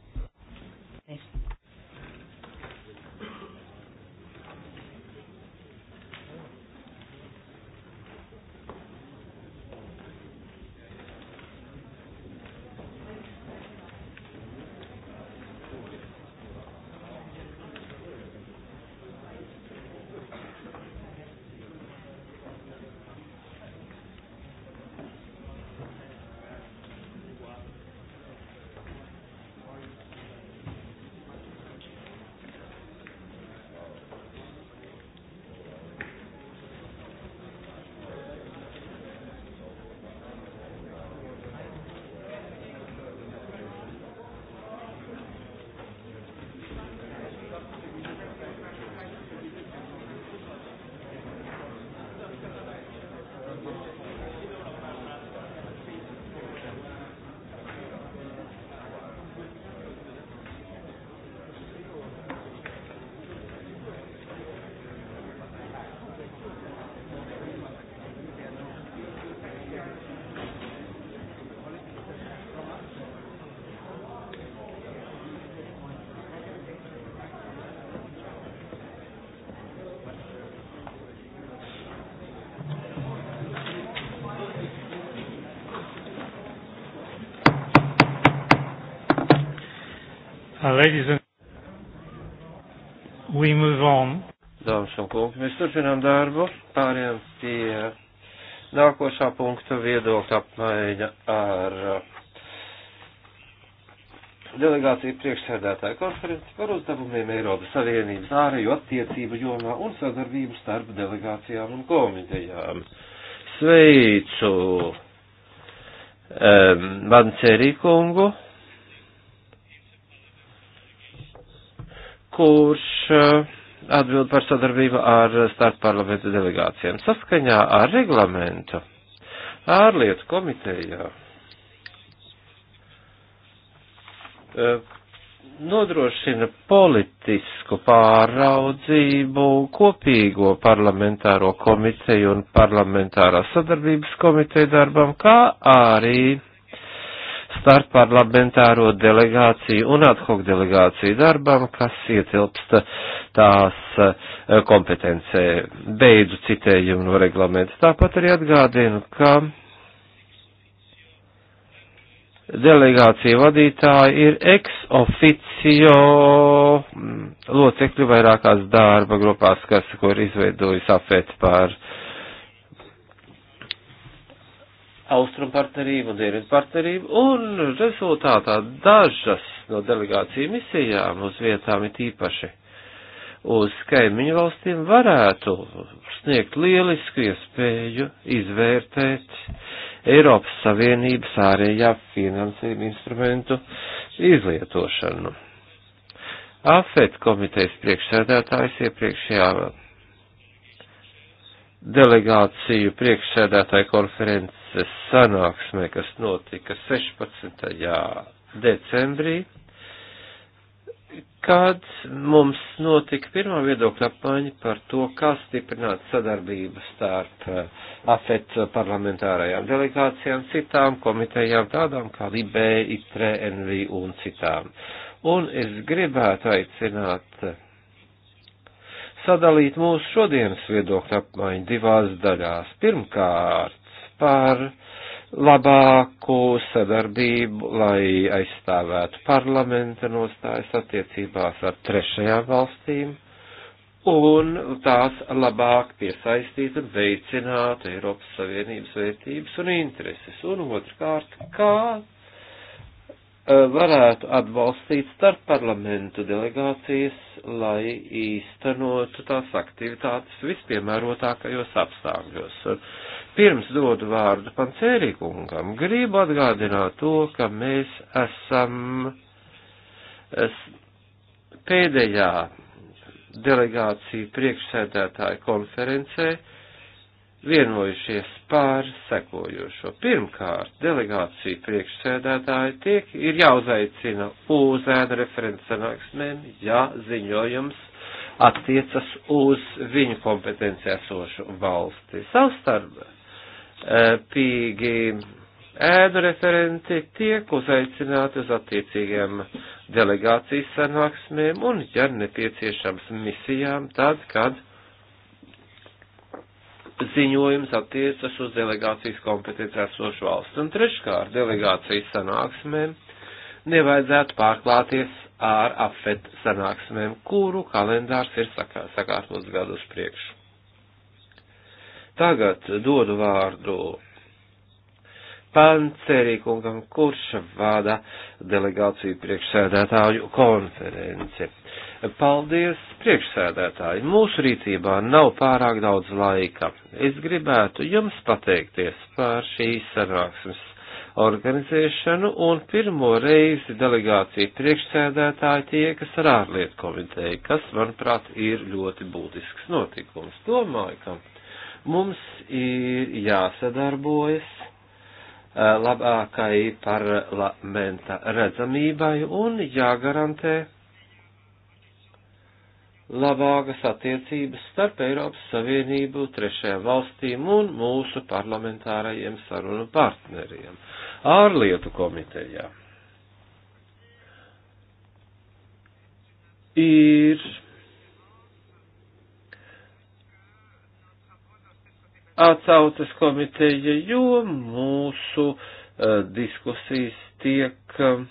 Ladies and we move on. Dāmas un kungi, mēs turpinām darbu, pārējām pie nākošā punkta viedokļa apmaiņa ar uh, delegāciju priekšsēdētāju konferenci par uzdevumiem Eiropas Savienības ārējo attiecību jomā un sadarbību starp delegācijām un komitejām. Sveicu um, Vancerī kungu kurš eh, atbild par sadarbību ar starpparlamentu delegācijām. Saskaņā ar reglamentu ārlietu komitejā eh, nodrošina politisku pāraudzību kopīgo parlamentāro komiteju un parlamentārā sadarbības komiteju darbam, kā arī starp parlamentāro delegāciju un ad hoc delegāciju darbam, kas ietilpst tās eh, kompetencē. Beidzu citējumu no reglamenta. Tāpat arī atgādinu, ka delegācija vadītāji ir ex officio locekļu vairākās darba grupās, kas, ko ir izveidojis afet par uh, Austrum partnerību un Dienvidu partnerību, un rezultātā dažas no delegāciju misijām uz vietām ir īpaši uz kaimiņu valstīm varētu sniegt lielisku iespēju izvērtēt Eiropas Savienības ārējā finansējuma instrumentu izlietošanu. AFET komitejas priekšsēdētājs iepriekšējā delegāciju priekšsēdētāja konferences sanāksmē, kas notika 16. decembrī, kad mums notika pirmā viedokļa apmaiņa par to, kā stiprināt sadarbību starp eh, AFET parlamentārajām delegācijām, citām komitejām, tādām kā Libē, ITRE, NV un citām. Un es gribētu aicināt sadalīt mūsu šodienas viedokļa apmaiņu divās daļās. Pirmkārt, par labāku sadarbību, lai aizstāvētu parlamenta nostājas attiecībās ar trešajām valstīm un tās labāk piesaistītu un veicinātu Eiropas Savienības vērtības un intereses. Un otrkārt, kā Eh, varētu atbalstīt starp parlamentu delegācijas, lai īstenotu tās aktivitātes vispiemērotākajos apstākļos. Pirms dodu vārdu pancērīkungam, gribu atgādināt to, ka mēs esam es pēdējā delegācija priekšsēdētāja konferencē, vienojušies pār sekojošo. Pirmkārt, delegācija priekšsēdētāji tiek, ir jāuzaicina uz ēna referents sanāksmēm, ja ziņojums attiecas uz viņu kompetenci esošu valsti. Savstarpīgi e, ēnu referenti tiek uzaicināti uz attiecīgiem delegācijas sanāksmēm un, ja nepieciešams, misijām tad, kad ziņojums attiecas uz delegācijas kompetenci esošu valsts. Un treškārt, delegācijas sanāksmēm nevajadzētu pārklāties ar afet sanāksmēm, kuru kalendārs ir sakā, sakārtots gadus priekš. Tagad dodu vārdu Pancerīkungam, kurš vada delegāciju priekšsēdētāju konferenci. Paldies, priekšsēdētāji. Mūsu rīcībā nav pārāk daudz laika. Es gribētu jums pateikties par šīs sanāksmes organizēšanu un pirmo reizi delegācija priekšsēdētāji tiekas ar ārlietu komiteju, kas, manuprāt, ir ļoti būtisks notikums. Domāju, ka mums ir jāsadarbojas labākai parlamenta redzamībai un jāgarantē labākas attiecības starp Eiropas Savienību, trešajām valstīm un mūsu parlamentārajiem sarunu partneriem ārlietu komitejā. Ir atsaucas komiteja, jo mūsu uh, diskusijas tiek uh,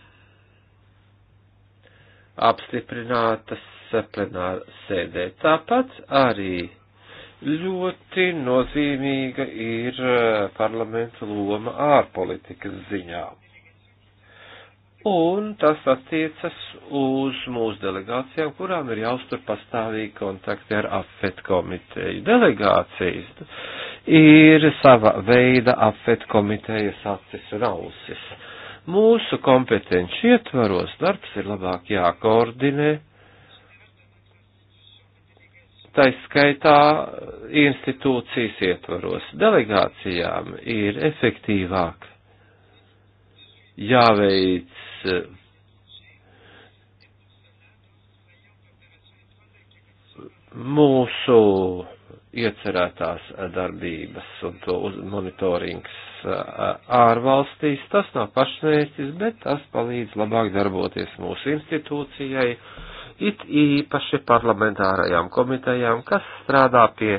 apstiprinātas plenāra sēdē. Tāpat arī ļoti nozīmīga ir eh, parlamenta loma ārpolitikas ziņā. Un tas attiecas uz mūsu delegācijām, kurām ir jāuztur pastāvīgi kontakti ar AFET komiteju. Delegācijas ir sava veida AFET komitejas acis un ausis. Mūsu kompetenci ietvaros darbs ir labāk jākoordinē taiskaitā institūcijas ietvaros. Delegācijām ir efektīvāk jāveic eh, mūsu iecerētās darbības un to monitorings eh, ārvalstīs. Tas nav pašmērķis, bet tas palīdz labāk darboties mūsu institūcijai it īpaši parlamentārajām komitejām, kas strādā pie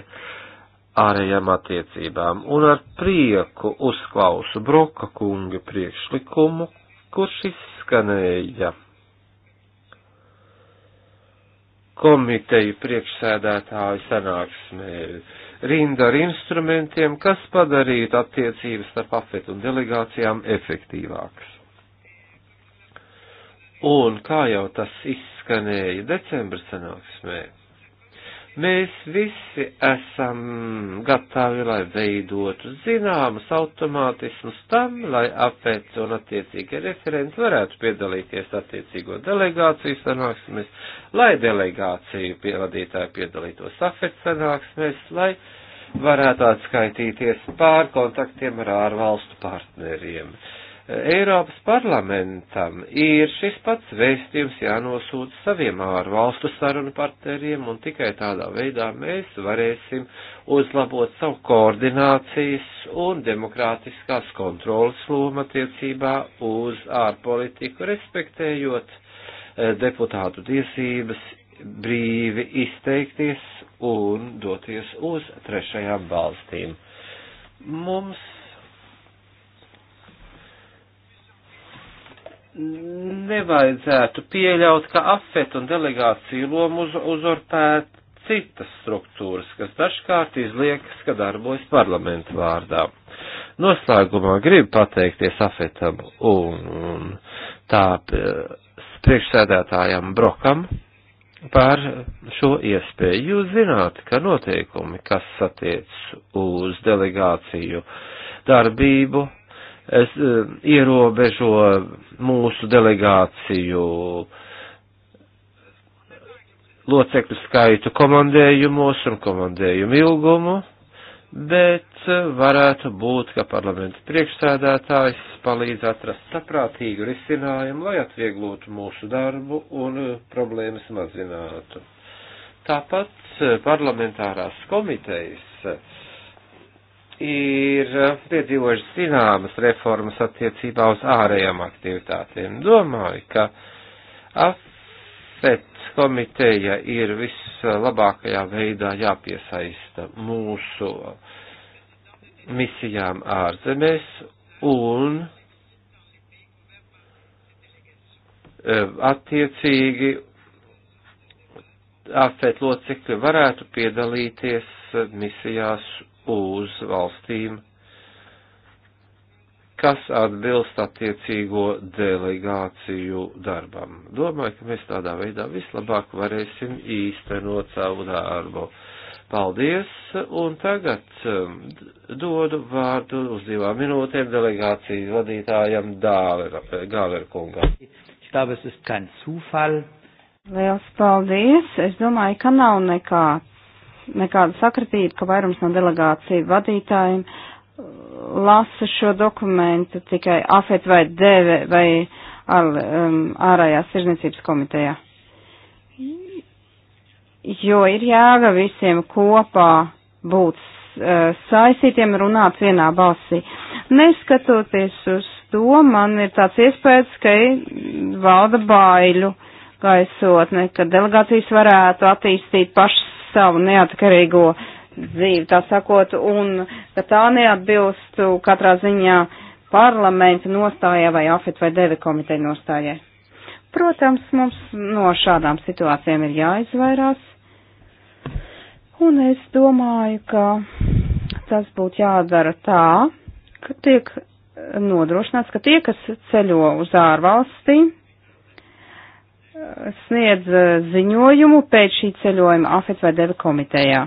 ārējām attiecībām, un ar prieku uzklausu Broka kunga priekšlikumu, kurš izskanēja komiteju priekšsēdētāju sanāksmē rinda ar instrumentiem, kas padarītu attiecības starp afet un delegācijām efektīvākas. Un kā jau tas izskanēja, izskanēja decembra sanāksmē, mēs visi esam gatavi, lai veidotu zināmas automātismus tam, lai apēc un attiecīgi referents varētu piedalīties attiecīgo delegāciju sanāksmēs, lai delegāciju pievadītāji piedalītos afet sanāksmēs, lai varētu atskaitīties pār kontaktiem ar ārvalstu partneriem. Uh, Eiropas parlamentam ir šis pats vēstījums jānosūta saviem ārvalstu sarunu partneriem, un tikai tādā veidā mēs varēsim uzlabot savu koordinācijas un demokrātiskās kontrolas lomu attiecībā uz ārpolitiku, respektējot eh, deputātu tiesības brīvi izteikties un doties uz trešajām valstīm. Mums nevajadzētu pieļaut, ka afet un delegāciju lomu uz, uzurpēt citas struktūras, kas dažkārt izliekas, ka darbojas parlamentu vārdā. Noslēgumā gribu pateikties afetam un, un tā e, priekšsēdētājam Brokam par šo iespēju. Jūs zināt, ka noteikumi, kas attiec uz delegāciju darbību, es, e, ierobežo mūsu delegāciju locekļu skaitu komandējumos un komandējumu ilgumu, bet varētu būt, ka parlamenta priekšsēdētājs palīdz atrast saprātīgu risinājumu, lai atvieglotu mūsu darbu un problēmas mazinātu. Tāpat parlamentārās komitejas ir eh, piedzīvojuši zināmas reformas attiecībā uz ārējām aktivitātēm. Domāju, ka AFET komiteja ir vislabākajā veidā jāpiesaista mūsu misijām ārzemēs un eh, attiecīgi AFET locekļi varētu piedalīties misijās uz valstīm, kas atbilst attiecīgo delegāciju darbam. Domāju, ka mēs tādā veidā vislabāk varēsim īstenot savu darbu. Paldies, un tagad um, dodu vārdu uz divām minūtēm delegācijas vadītājam Gāverkungam. Liels paldies! Es domāju, ka nav nekāds nekāda sakritība, ka vairums no delegāciju vadītājiem uh, lasa šo dokumentu tikai AFET vai DV vai ar, um, ārējās sirdniecības komitejā. Jo ir jāga visiem kopā būt uh, saistītiem runāt vienā balsī. Neskatoties uz to, man ir tāds iespējas, ka valda baiļu gaisotne, ka delegācijas varētu attīstīt pašas savu neatkarīgo dzīvi, tā sakot, un ka tā neatbilstu katrā ziņā parlamenta nostājai vai afet vai deve komiteja nostājai. Protams, mums no šādām situācijām ir jāizvairās, un es domāju, ka tas būtu jādara tā, ka tiek nodrošināts, ka tie, kas ceļo uz ārvalstīm, sniedz eh, ziņojumu pēc šī ceļojuma AFET vai DEVA komitejā.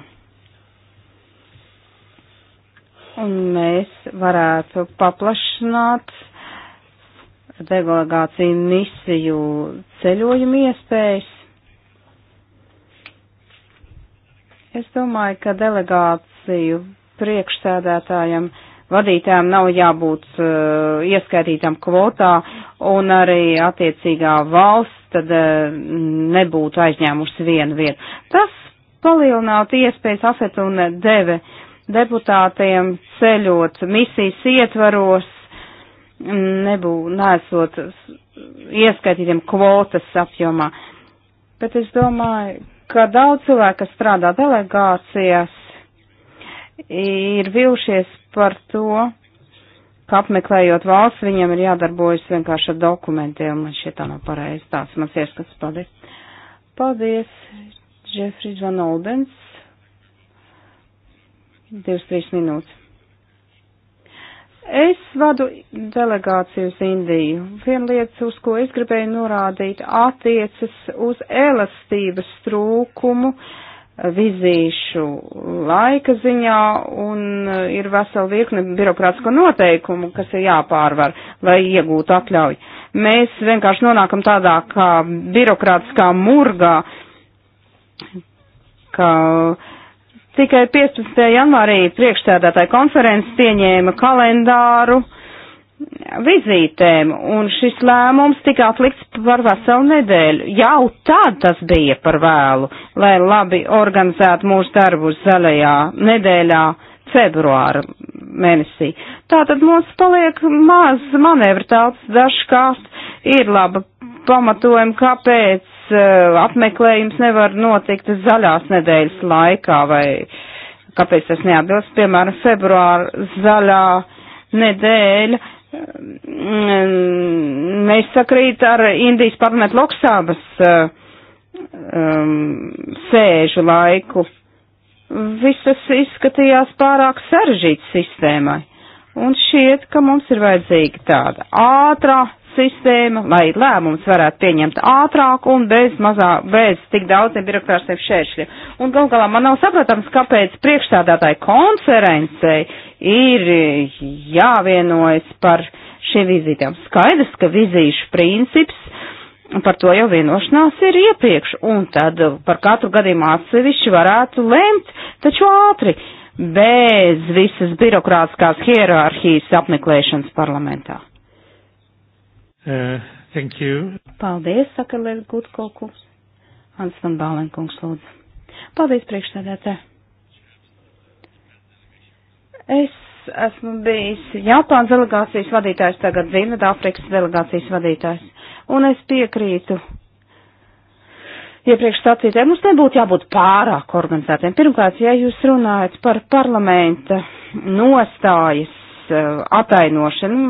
Un mēs varētu paplašināt delegāciju misiju ceļojumu iespējas. Es domāju, ka delegāciju priekšsēdētājam uh, vadītājiem nav jābūt uh, ieskaitītam kvotā un arī attiecīgā valsts tad uh, nebūtu aizņēmusi vienu vietu. Tas palielinātu iespējas afet un deve deputātiem ceļot misijas ietvaros, nebū, nesot ieskaitītiem kvotas apjomā. Bet es domāju, ka daudz cilvēku, kas strādā delegācijās, ir vilšies par to, ka apmeklējot valsts viņiem ir jādarbojas vienkārši ar dokumentiem, un šie tā nav pareizi. Tāds mans ieskats. Paldies. Paldies, Džefrīds Van Oldens. 23 minūtes. Es vadu delegāciju uz Indiju. Viena lieta, uz ko es gribēju norādīt, attiecas uz elastības trūkumu. Uh, vizīšu laika ziņā un eh, ir vesela virkne birokrātisko noteikumu, kas ir jāpārvar, lai iegūtu atļauju. Mēs vienkārši nonākam tādā kā birokrātiskā murgā, ka tikai 15. janvārī priekšstādātāja konferences pieņēma kalendāru, uh, vizītēm, un šis lēmums tika atlikts par veselu nedēļu. Jau tad tas bija par vēlu, lai labi organizētu mūsu darbu zaļajā nedēļā februāra mēnesī. Tātad mums paliek maz manevru telpas dažkārt, ir laba pamatojuma, kāpēc uh, apmeklējums nevar notikt zaļās nedēļas laikā, vai kāpēc tas neatbilst, piemēram, februāra zaļā nedēļa nesakrīt ar Indijas parlamentu Loksābas um, eh, sēžu laiku. Visas izskatījās pārāk sarežģītas sistēmai. Un šķiet, ka mums ir vajadzīga tāda ātrā sistēma, lai lēmums varētu pieņemt ātrāk un bez mazā, bez tik daudziem birokrātiem šēršļiem. Un gal galā man nav saprotams, kāpēc priekšstādātāji konferencei ir jāvienojas par šiem vizītēm. Skaidrs, ka vizīšu princips par to jau vienošanās ir iepriekš, un tad par katru gadījumu atsevišķi varētu lemt, taču ātri, bez visas birokrātiskās hierarhijas apmeklēšanas parlamentā. Uh, thank you. Paldies, saka Lēļa Gutkoku. Hans van Bālenkungs lūdzu. Paldies, priekšsēdētāji. Es esmu bijis Japānas delegācijas vadītājs, tagad Ziemeļāfrikas delegācijas vadītājs. Un es piekrītu iepriekš ja sacītēm, mums nebūtu jābūt pārāk organizētiem. Pirmkārt, ja jūs runājat par parlamenta nostājas uh, atainošanu,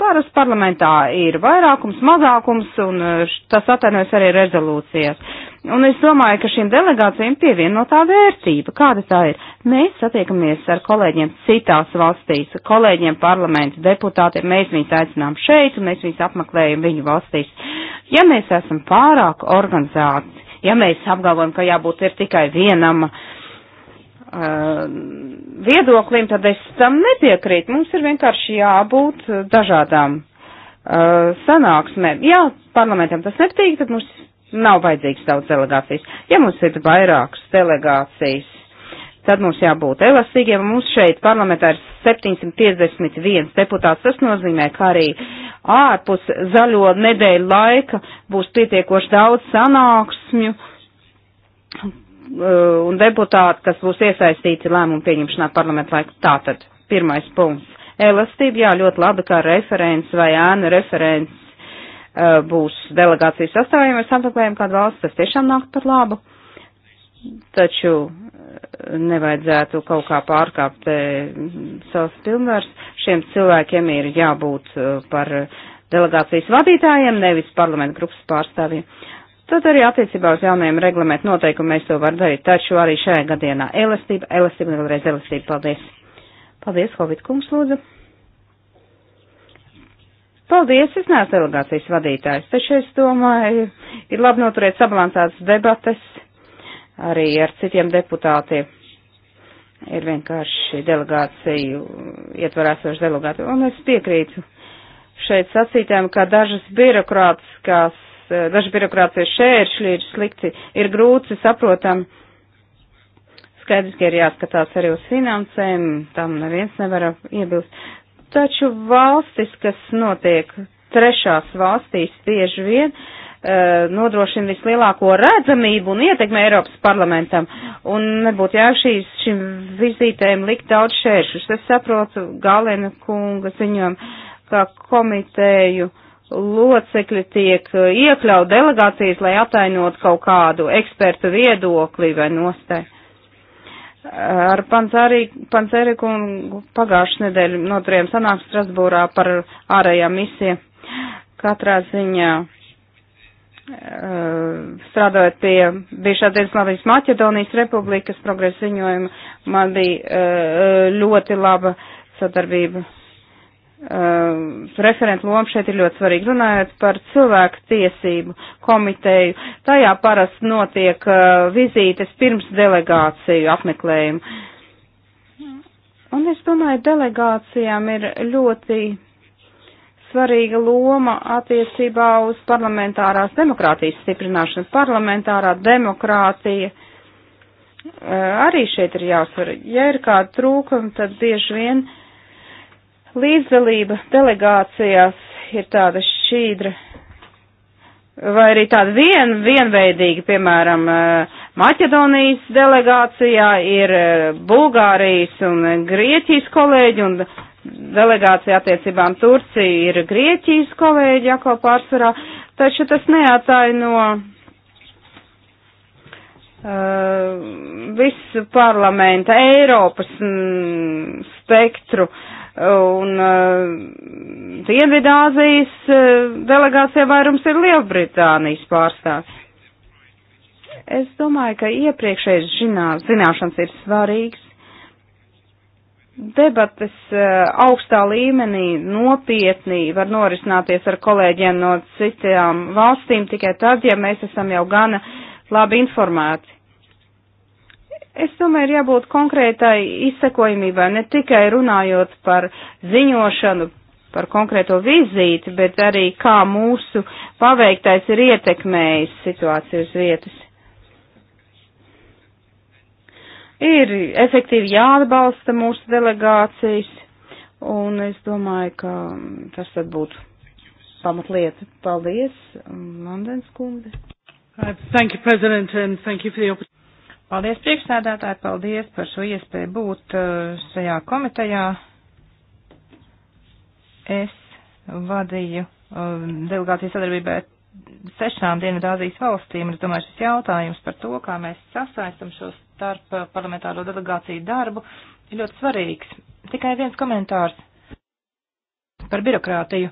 Parasti parlamentā ir vairākums, mazākums, un e, tas atainojas arī rezolūcijās. Un es domāju, ka šīm delegācijām pievieno tā vērtība. Kāda tā ir? Mēs satiekamies ar kolēģiem citās valstīs, kolēģiem parlamentu deputātiem, mēs viņus aicinām šeit, un mēs viņus apmeklējam viņu valstīs. Ja mēs esam pārāk organizāti, ja mēs apgalvojam, ka jābūt ir tikai vienam, uh, Uh, viedoklim, tad es tam nepiekrītu. Mums ir vienkārši jābūt dažādām uh, sanāksmēm. Ja parlamentam tas nepatīk, tad mums nav vajadzīgs daudz delegācijas. Ja mums ir vairākas delegācijas, tad mums jābūt elastīgiem. Mums šeit parlamentā ir 751 deputāts. Tas nozīmē, ka arī ārpus zaļo nedēļu laika būs pietiekoši daudz sanāksmju Eh, un deputāti, kas būs iesaistīti lēmumu pieņemšanā parlamentu laiku. Tātad, pirmais punkts. Elastība, jā, ļoti labi, kā referents vai ēna referents eh, būs delegācijas sastāvjiem, mēs apmeklējam kādu valsts, tas tiešām nāk par labu. Taču eh, nevajadzētu kaut kā pārkāpt savas pilnvars. Šiem cilvēkiem ir jābūt par delegācijas vadītājiem, nevis parlamentu grupas pārstāvjiem. Uh, Tad arī attiecībā uz jaunajiem reglamentu noteikumiem mēs to var darīt, taču arī šajā gadienā elastība, elastība un vēlreiz elastība. Paldies! Paldies, Hovid kungs, lūdzu! Paldies, es neesmu delegācijas vadītājs, taču es domāju, ir labi noturēt sabalansētas debates arī ar citiem deputātiem. Ir vienkārši delegāciju, ietvarēsoši delegāti, un es piekrītu šeit sacītēm, ka dažas birokrātiskās Eh, daži birokrātieši šēršļi ir slikti, ir grūti saprotam. Skaidrs, ka ir jāskatās arī uz finansēm, tam neviens nevar iebilst. Taču valstis, kas notiek trešās valstīs bieži vien, eh, nodrošina vislielāko redzamību un ietekmi Eiropas parlamentam. Un nebūtu jā šīs, šīm vizītēm likt daudz šēršus. Es saprotu Galena kunga ziņojumu, kā komiteju uh, locekļi tiek uh, iekļaut delegācijas, lai atainot kaut kādu ekspertu viedokli vai nostai. Ar Panceri kungu pagājušas nedēļu noturējām sanāks Strasbūrā par ārējām misijām. Katrā ziņā uh, strādājot pie bijušā Dienaslavijas Maķedonijas Republikas progresa ziņojuma, man bija uh, ļoti laba sadarbība Uh, referentu loma šeit ir ļoti svarīga. Runājot par cilvēku tiesību komiteju, tajā parasti notiek uh, vizītes pirms delegāciju apmeklējumu. Un es domāju, delegācijām ir ļoti svarīga loma attiecībā uz parlamentārās demokrātijas stiprināšanu. Parlamentārā demokrātija uh, arī šeit ir jāsver. Ja ir kāda trūkuma, tad bieži vien uh, Līdzdalība delegācijās ir tāda šķīdra vai arī tāda vien, vienveidīga, piemēram, eh, Maķedonijas delegācijā ir eh, Bulgārijas un Grieķijas kolēģi un delegācija attiecībām Turcija ir Grieķijas kolēģi, ako pārsvarā, taču tas neatāja no uh, eh, visu parlamenta Eiropas mm, spektru. Uh, un uh, eh, Dienvidāzijas uh, eh, delegācija vairums ir Lielbritānijas pārstāvji. Es domāju, ka iepriekšējas zinā, zināšanas ir svarīgas. Debates uh, augstā līmenī nopietnī var norisināties ar kolēģiem no citām valstīm tikai tad, ja mēs esam jau gana labi informēti. Es domāju, ir jābūt konkrētai izsekojumībai, ne tikai runājot par ziņošanu, par konkrēto vizīti, bet arī kā mūsu paveiktais ir ietekmējis situāciju uz vietas. Ir efektīvi jāatbalsta mūsu delegācijas, un es domāju, ka tas tad būtu pamatlieta. Paldies, Mandens kundze. Uh, thank you, President, and thank you for the opportunity. Paldies priekšsēdētāji, paldies par šo iespēju būt uh, šajā komitejā. Es vadīju um, delegāciju sadarbībā sešām Dienvidāzijas valstīm, un es domāju, šis jautājums par to, kā mēs sasaistam šo starp uh, parlamentāro delegāciju darbu, ir ļoti svarīgs. Tikai viens komentārs par birokrātiju,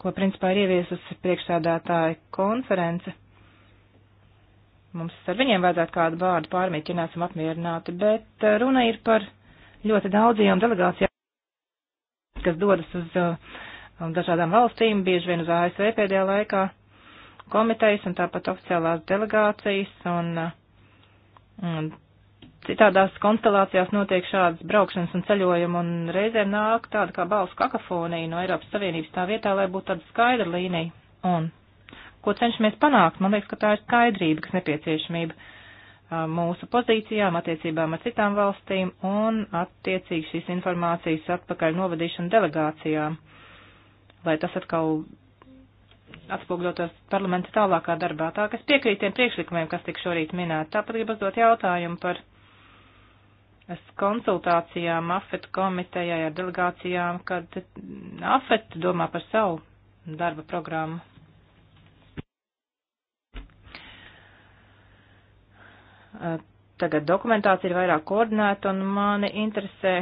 ko principā ir ieviesusi priekšsēdētāja konference Mums ar viņiem vajadzētu kādu vārdu pārmīt, ja neesam apmierināti, bet eh, runa ir par ļoti daudzajām delegācijām, kas dodas uz eh, dažādām valstīm, bieži vien uz ASV pēdējā laikā, komitejas un tāpat oficiālās delegācijas un, eh, un citādās konstelācijās notiek šādas braukšanas un ceļojuma, un reizēm nāk tāda kā balsu kakafonija no Eiropas Savienības tā vietā, lai būtu tāda skaidra līnija. Un ko cenšamies panākt. Man liekas, ka tā ir skaidrība, kas nepieciešamība uh, mūsu pozīcijām, attiecībām ar citām valstīm un attiecīgi šīs informācijas atpakaļ novadīšana delegācijām, lai tas atkal atspūgļotos parlamenta tālākā darbā. Tā, kas piekrīt tiem priekšlikumiem, kas tik šorīt minēti. Tāpat gribu uzdot jautājumu par konsultācijām AFET komitejai ar delegācijām, kad AFET domā par savu darba programmu. Eh, tagad dokumentācija ir vairāk koordinēta un mani interesē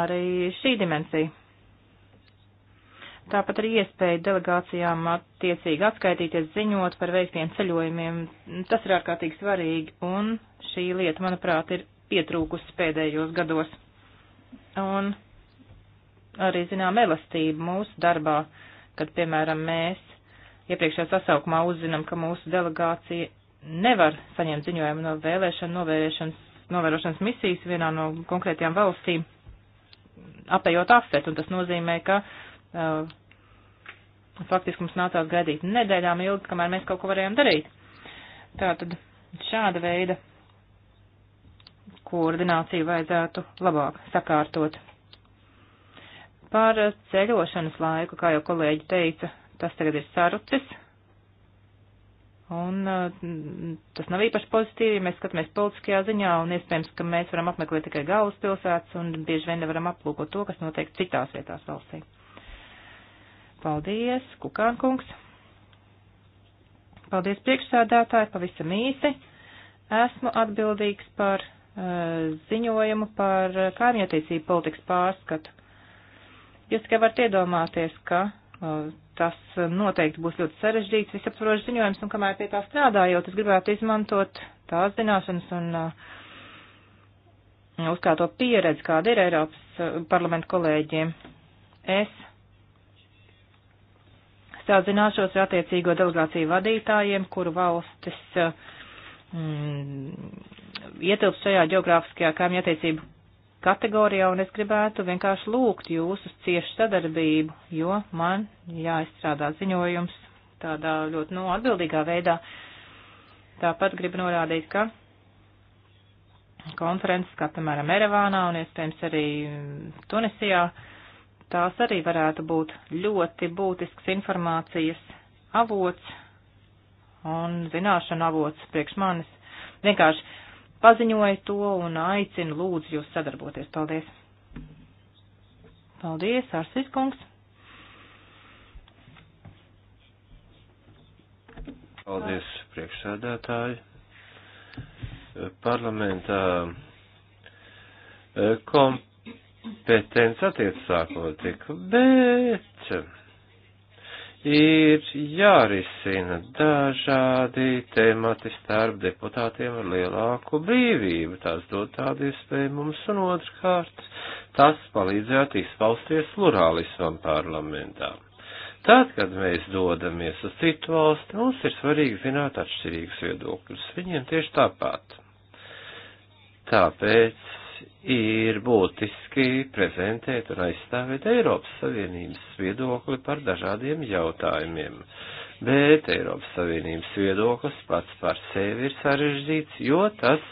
arī šī dimensija. Tāpat arī iespēja delegācijām attiecīgi atskaitīties, ziņot par veiktiem ceļojumiem. Tas ir ārkārtīgi svarīgi un šī lieta, manuprāt, ir pietrūkusi pēdējos gados. Un arī, zinām, elastība mūsu darbā, kad, piemēram, mēs iepriekšējā sasaukumā uzzinām, ka mūsu delegācija nevar saņemt ziņojumu no vēlēšana novērēšanas, novērošanas misijas vienā no konkrētajām valstīm, apējot afet, un tas nozīmē, ka uh, faktiski mums nācās gaidīt nedēļām ilgi, kamēr mēs kaut ko varējām darīt. Tātad šāda veida koordināciju vajadzētu labāk sakārtot. Par ceļošanas laiku, kā jau kolēģi teica, tas tagad ir sarucis, Un mm, tas nav īpaši pozitīvi, mēs skatāmies politiskajā ziņā un iespējams, ka mēs varam apmeklēt tikai galvaspilsētas un bieži vien nevaram aplūkot to, kas notiek citās vietās valstī. Paldies, Kukānkungs. Paldies priekšsādātāji, pavisam īsi. Esmu atbildīgs par uh, ziņojumu par eh, kaimiņattiecību politikas pārskatu. Jūs tikai varat iedomāties, ka uh, tas eh, noteikti būs ļoti sarežģīts, visaptvarošs ziņojums, un kamēr pie tā strādājot, es gribētu izmantot tās zināšanas un eh, uzkrāto pieredzi, kāda ir Eiropas eh, parlamenta kolēģiem. Es sazināšos ar attiecīgo delegāciju vadītājiem, kuru valstis mm, ietilps šajā geogrāfiskajā kaimiņattiecību kategorijā, un es gribētu vienkārši lūgt jūsu ciešu sadarbību, jo man jāizstrādā ziņojums tādā ļoti, nu, atbildīgā veidā. Tāpat gribu norādīt, ka konferences, kā piemēram Erevānā un iespējams arī Tunisijā, tās arī varētu būt ļoti būtisks informācijas avots un zināšanu avots priekš manis. Vienkārši paziņoja to un aicinu lūdzu jūs sadarboties. Paldies! Paldies, Arsis kungs! Paldies, priekšsēdētāji! Parlamentā eh, kompetence attiec sākot tik, bet ir jārisina dažādi temati starp deputātiem ar lielāku brīvību. Tās dod tādu iespēju mums, un otrkārt, tas palīdzētu izpausties plurālismam parlamentā. Tad, kad mēs dodamies uz citu valsti, mums ir svarīgi zināt atšķirīgus viedokļus. Viņiem tieši tāpat. Tāpēc ir būtiski prezentēt un aizstāvēt Eiropas Savienības viedokli par dažādiem jautājumiem. Bet Eiropas Savienības viedoklis pats par sevi ir sarežģīts, jo tas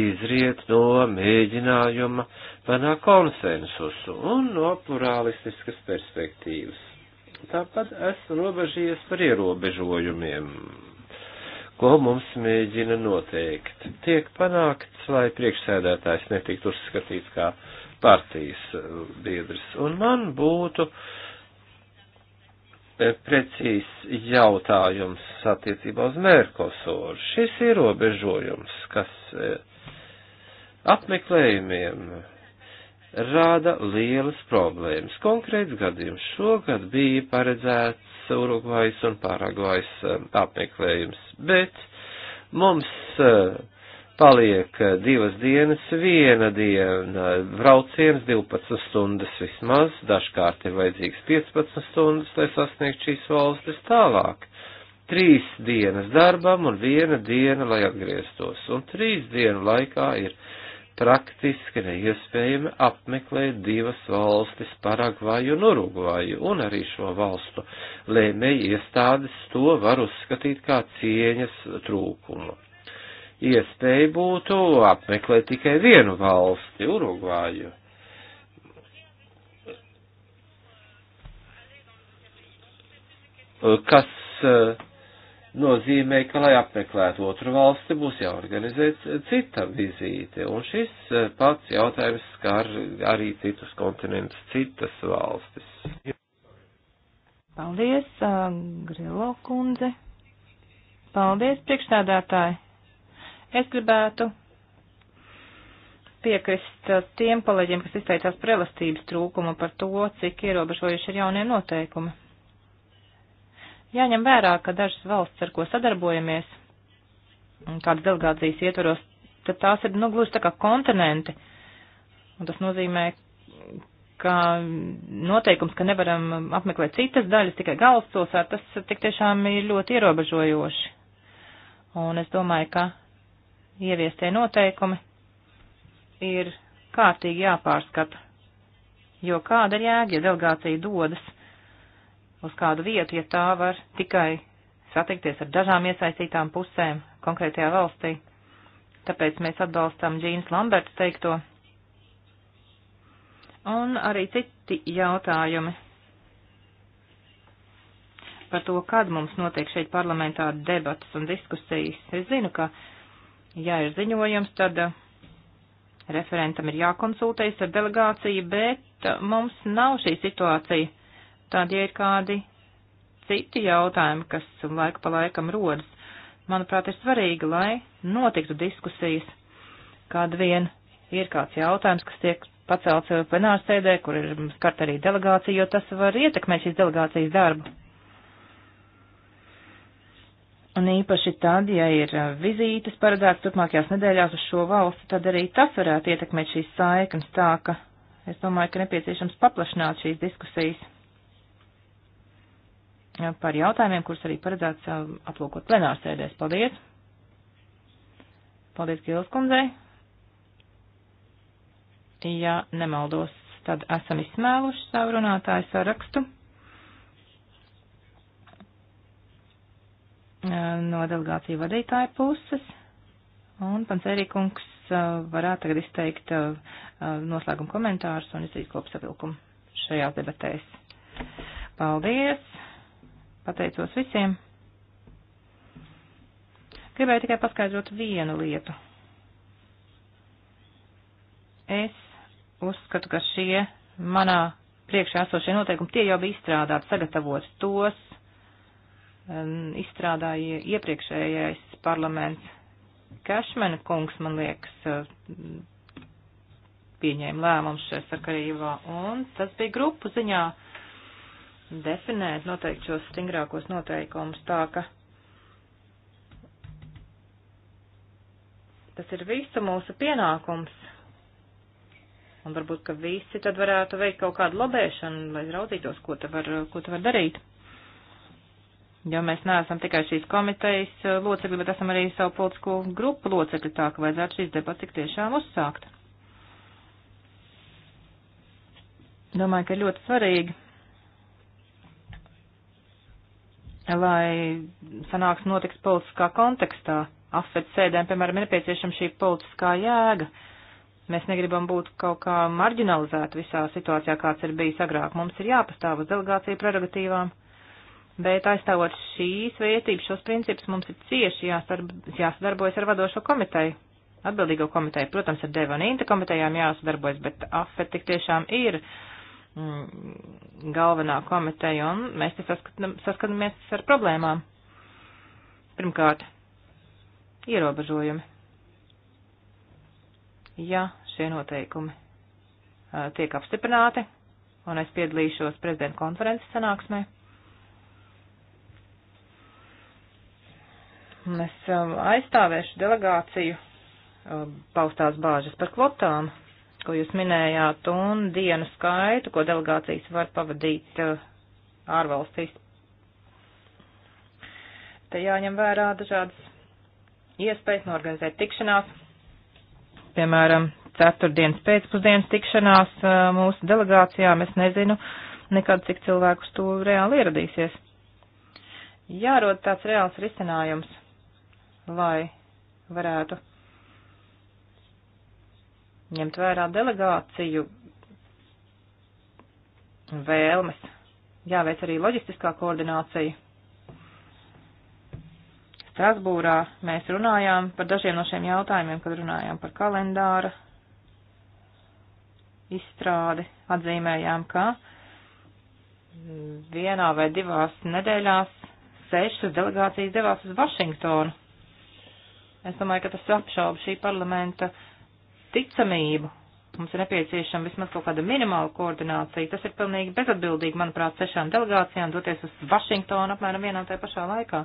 izriet no mēģinājuma panākt konsensusu un no plurālistiskas perspektīvas. Tāpat esmu nobežījies par ierobežojumiem ko mums mēģina noteikt. Tiek panākts, lai priekšsēdētājs netiktu uzskatīts kā partijas eh, biedrs. Un man būtu eh, precīzs jautājums attiecībā uz Mērkosoru. Šis ierobežojums, kas eh, apmeklējumiem rāda lielas problēmas. Konkrēts gadījums šogad bija paredzēts Urugvajas un Paragvajas um, apmeklējums. Bet mums uh, paliek uh, divas dienas, viena diena brauciens, 12 stundas vismaz, dažkārt ir vajadzīgs 15 stundas, lai sasniegtu šīs valstis tālāk. Trīs dienas darbam un viena diena, lai atgrieztos, un trīs dienu laikā ir praktiski neiespējami apmeklēt divas valstis - Paragvaju un Urugvaju, un arī šo valstu lēmēji iestādes to var uzskatīt kā cieņas trūkumu. Iespēja būtu apmeklēt tikai vienu valsti - Urugvaju. kas eh, nozīmē, ka, lai apmeklētu otru valsti, būs jāorganizē cita vizīte, un šis eh, pats jautājums skar arī citus kontinentus, citas valstis. Paldies, um, Grilo kundze. Paldies, priekšstādātāji. Es gribētu piekrist uh, tiem kolēģiem, kas izteicās par elastības trūkumu, par to, cik ierobežojuši ir jaunie noteikumi. Jāņem vērā, ka dažas valsts, ar ko sadarbojamies, kādas delegācijas ietvaros, tad tās ir, nu, gluži tā kā kontinenti. Un tas nozīmē, ka noteikums, ka nevaram apmeklēt citas daļas, tikai galvaspilsētu, tas tik tiešām ir ļoti ierobežojoši. Un es domāju, ka ieviestie noteikumi ir kārtīgi jāpārskata. Jo kāda ir jēga, ja delegācija dodas uz kādu vietu, ja tā var tikai satikties ar dažām iesaistītām pusēm konkrētajā valstī. Tāpēc mēs atbalstam Džīnas Lamberts teikto. Un arī citi jautājumi par to, kad mums notiek šeit parlamentā debatas un diskusijas. Es zinu, ka, ja ir ziņojums, tad uh, referentam ir jākonsultējas ar delegāciju, bet uh, mums nav šī situācija Tad, ja ir kādi citi jautājumi, kas laika pa laikam rodas, manuprāt, ir svarīgi, lai notiktu diskusijas, kad vien ir kāds jautājums, kas tiek pacelts plenārs sēdē, kur ir skart arī delegācija, jo tas var ietekmēt šīs delegācijas darbu. Un īpaši tad, ja ir vizītes paredzētas turpmākajās nedēļās uz šo valsti, tad arī tas varētu ietekmēt šīs saiknes tā, ka es domāju, ka nepieciešams paplašināt šīs diskusijas par jautājumiem, kurus arī paredzēts aplūkot plenārsēdēs. Paldies! Paldies, Gilas kundzei! Ja nemaldos, tad esam izsmēluši savu runātāju sarakstu. No delegāciju vadītāja puses. Un pancērīkungs varētu tagad izteikt noslēguma komentārus un izdarīt kopsavilkumu šajās debatēs. Paldies! Pateicos visiem. Gribēju tikai paskaidrot vienu lietu. Es uzskatu, ka šie manā priekšā esošie noteikumi tie jau bija izstrādāti, sagatavot tos, um, izstrādāja iepriekšējais parlaments. Kašmena kungs, man liekas, uh, pieņēma lēmumu šajā sakarībā, un tas bija grupu ziņā definēt noteikti šos stingrākos noteikumus tā, ka tas ir visu mūsu pienākums. Un varbūt, ka visi tad varētu veikt kaut kādu lobēšanu, lai raudzītos, ko te var, ko te var darīt. Jo mēs neesam tikai šīs komitejas uh, locekļi, bet esam arī savu politisko grupu locekļi, tā ka vajadzētu šīs debats tik tiešām uzsākt. Domāju, ka ļoti svarīgi lai sanāks notiks politiskā kontekstā. Afet sēdēm, piemēram, ir nepieciešama šī politiskā jēga. Mēs negribam būt kaut kā marginalizēti visā situācijā, kāds ir bijis agrāk. Mums ir jāpastāv uz delegāciju prerogatīvām, bet aizstāvot šīs vērtības, šos principus, mums ir cieši jāsadarbojas ar vadošo komiteju, atbildīgo komiteju. Protams, ar Deva un Inta komitejām jāsadarbojas, bet Afet tik tiešām ir uh, Mm, galvenā komiteja, un mēs te saskatamies ar problēmām. Pirmkārt, ierobežojumi. Ja šie noteikumi tiek apstiprināti, un es piedalīšos prezidenta konferences sanāksmē. Un es aizstāvēšu delegāciju paustās bāžas par kvotām ko jūs minējāt, un dienu skaitu, ko delegācijas var pavadīt eh, ārvalstīs. Te jāņem vērā dažādas iespējas norganizēt tikšanās, piemēram, ceturtdienas pēcpusdienas tikšanās eh, mūsu delegācijā, es nezinu nekad, cik cilvēku uz to reāli ieradīsies. Jārod tāds reāls risinājums, lai varētu ņemt vērā delegāciju vēlmes. Jāveic arī loģistiskā koordinācija. Strasbūrā mēs runājām par dažiem no šiem jautājumiem, kad runājām par kalendāra izstrādi, atzīmējām, ka vienā vai divās nedēļās sešas delegācijas devās uz Vašingtonu. Es domāju, ka tas apšauba šī parlamenta uh, ticamību. Mums ir nepieciešama vismaz kaut kāda minimāla koordinācija. Tas ir pilnīgi bezatbildīgi, manuprāt, sešām delegācijām doties uz Vašingtonu apmēram vienā tajā pašā laikā.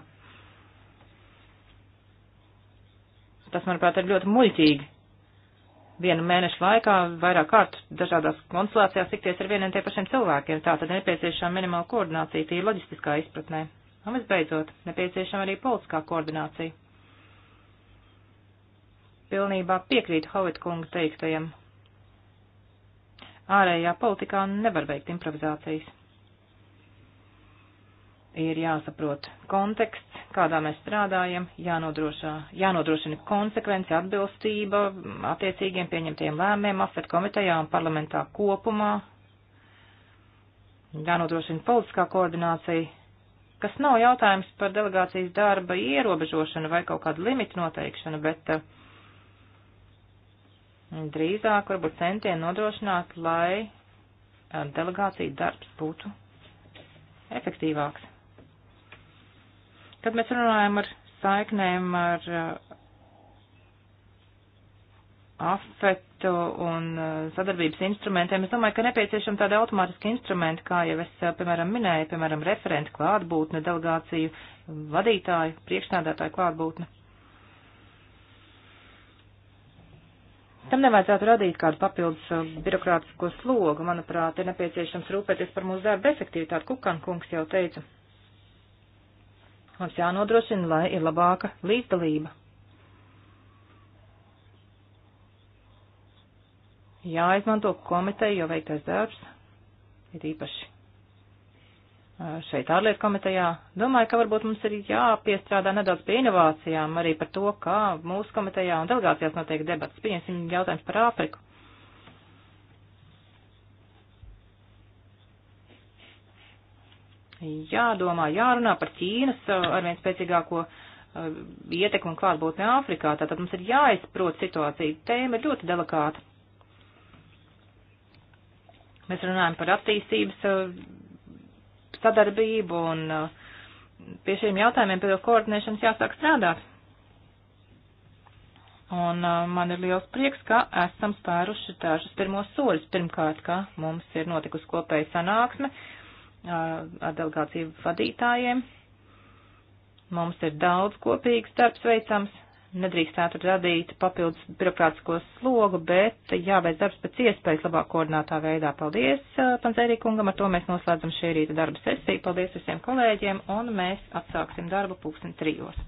Tas, manuprāt, ir ļoti muļķīgi. Vienu mēnešu laikā vairāk kārt dažādās konsulācijās tikties ar vieniem tie pašiem cilvēkiem. Tā tad nepieciešama minimāla koordinācija, tī loģistiskā izpratnē. Un visbeidzot, nepieciešama arī politiskā koordinācija pilnībā piekrītu Hovet kunga teiktajam. Ārējā politikā nevar veikt improvizācijas. Ir jāsaprot konteksts, kādā mēs strādājam, jānodrošina konsekvence, atbilstība attiecīgiem pieņemtiem lēmiem afet komitejā un parlamentā kopumā, jānodrošina politiskā koordinācija, kas nav jautājums par delegācijas darba ierobežošanu vai kaut kādu limitu noteikšanu, bet uh, drīzāk varbūt centieni nodrošināt, lai eh, delegācija darbs būtu efektīvāks. Kad mēs runājam ar saiknēm ar eh, afetu un eh, sadarbības instrumentiem, es domāju, ka nepieciešama tāda automātiska instrumenta, kā jau es, piemēram, minēju, piemēram, referentu klātbūtne, delegāciju vadītāju, priekšnādātāju klātbūtne. Tam nevajadzētu radīt kādu papildus uh, birokrātisko slogu. Manuprāt, ir nepieciešams rūpēties par mūsu darba efektivitāti. Kukan kungs jau teica. Mums jānodrošina, lai ir labāka līdzdalība. Jāizmanto komiteju jau veiktais darbs, ir īpaši šeit ārlietu komitejā. Domāju, ka varbūt mums ir jāpiestrādā nedaudz pie inovācijām, arī par to, kā mūsu komitejā un delegācijās notiek debats. Pieņemsim jautājums par Āfriku. Jādomā, jārunā par Ķīnas uh, arvien spēcīgāko uh, ietekmi un klātbūtni Āfrikā, tātad mums ir jāizprot situācija. Tēma ir ļoti delikāta. Mēs runājam par attīstības uh, sadarbību un uh, pie šiem jautājumiem, pie koordinēšanas jāsāk strādāt. Un uh, man ir liels prieks, ka esam spēruši dažus pirmos soļus. Pirmkārt, ka mums ir notikusi kopēja sanāksme uh, ar delegāciju vadītājiem. Mums ir daudz kopīgs darbs veicams nedrīkstētu radīt papildus birokrātisko slogu, bet jāveic darbs pēc iespējas labāk koordinātā veidā. Paldies, uh, Panzērī kungam, ar to mēs noslēdzam šī rīta darba sesiju. Paldies visiem kolēģiem, un mēs atsāksim darbu pulksten trijos.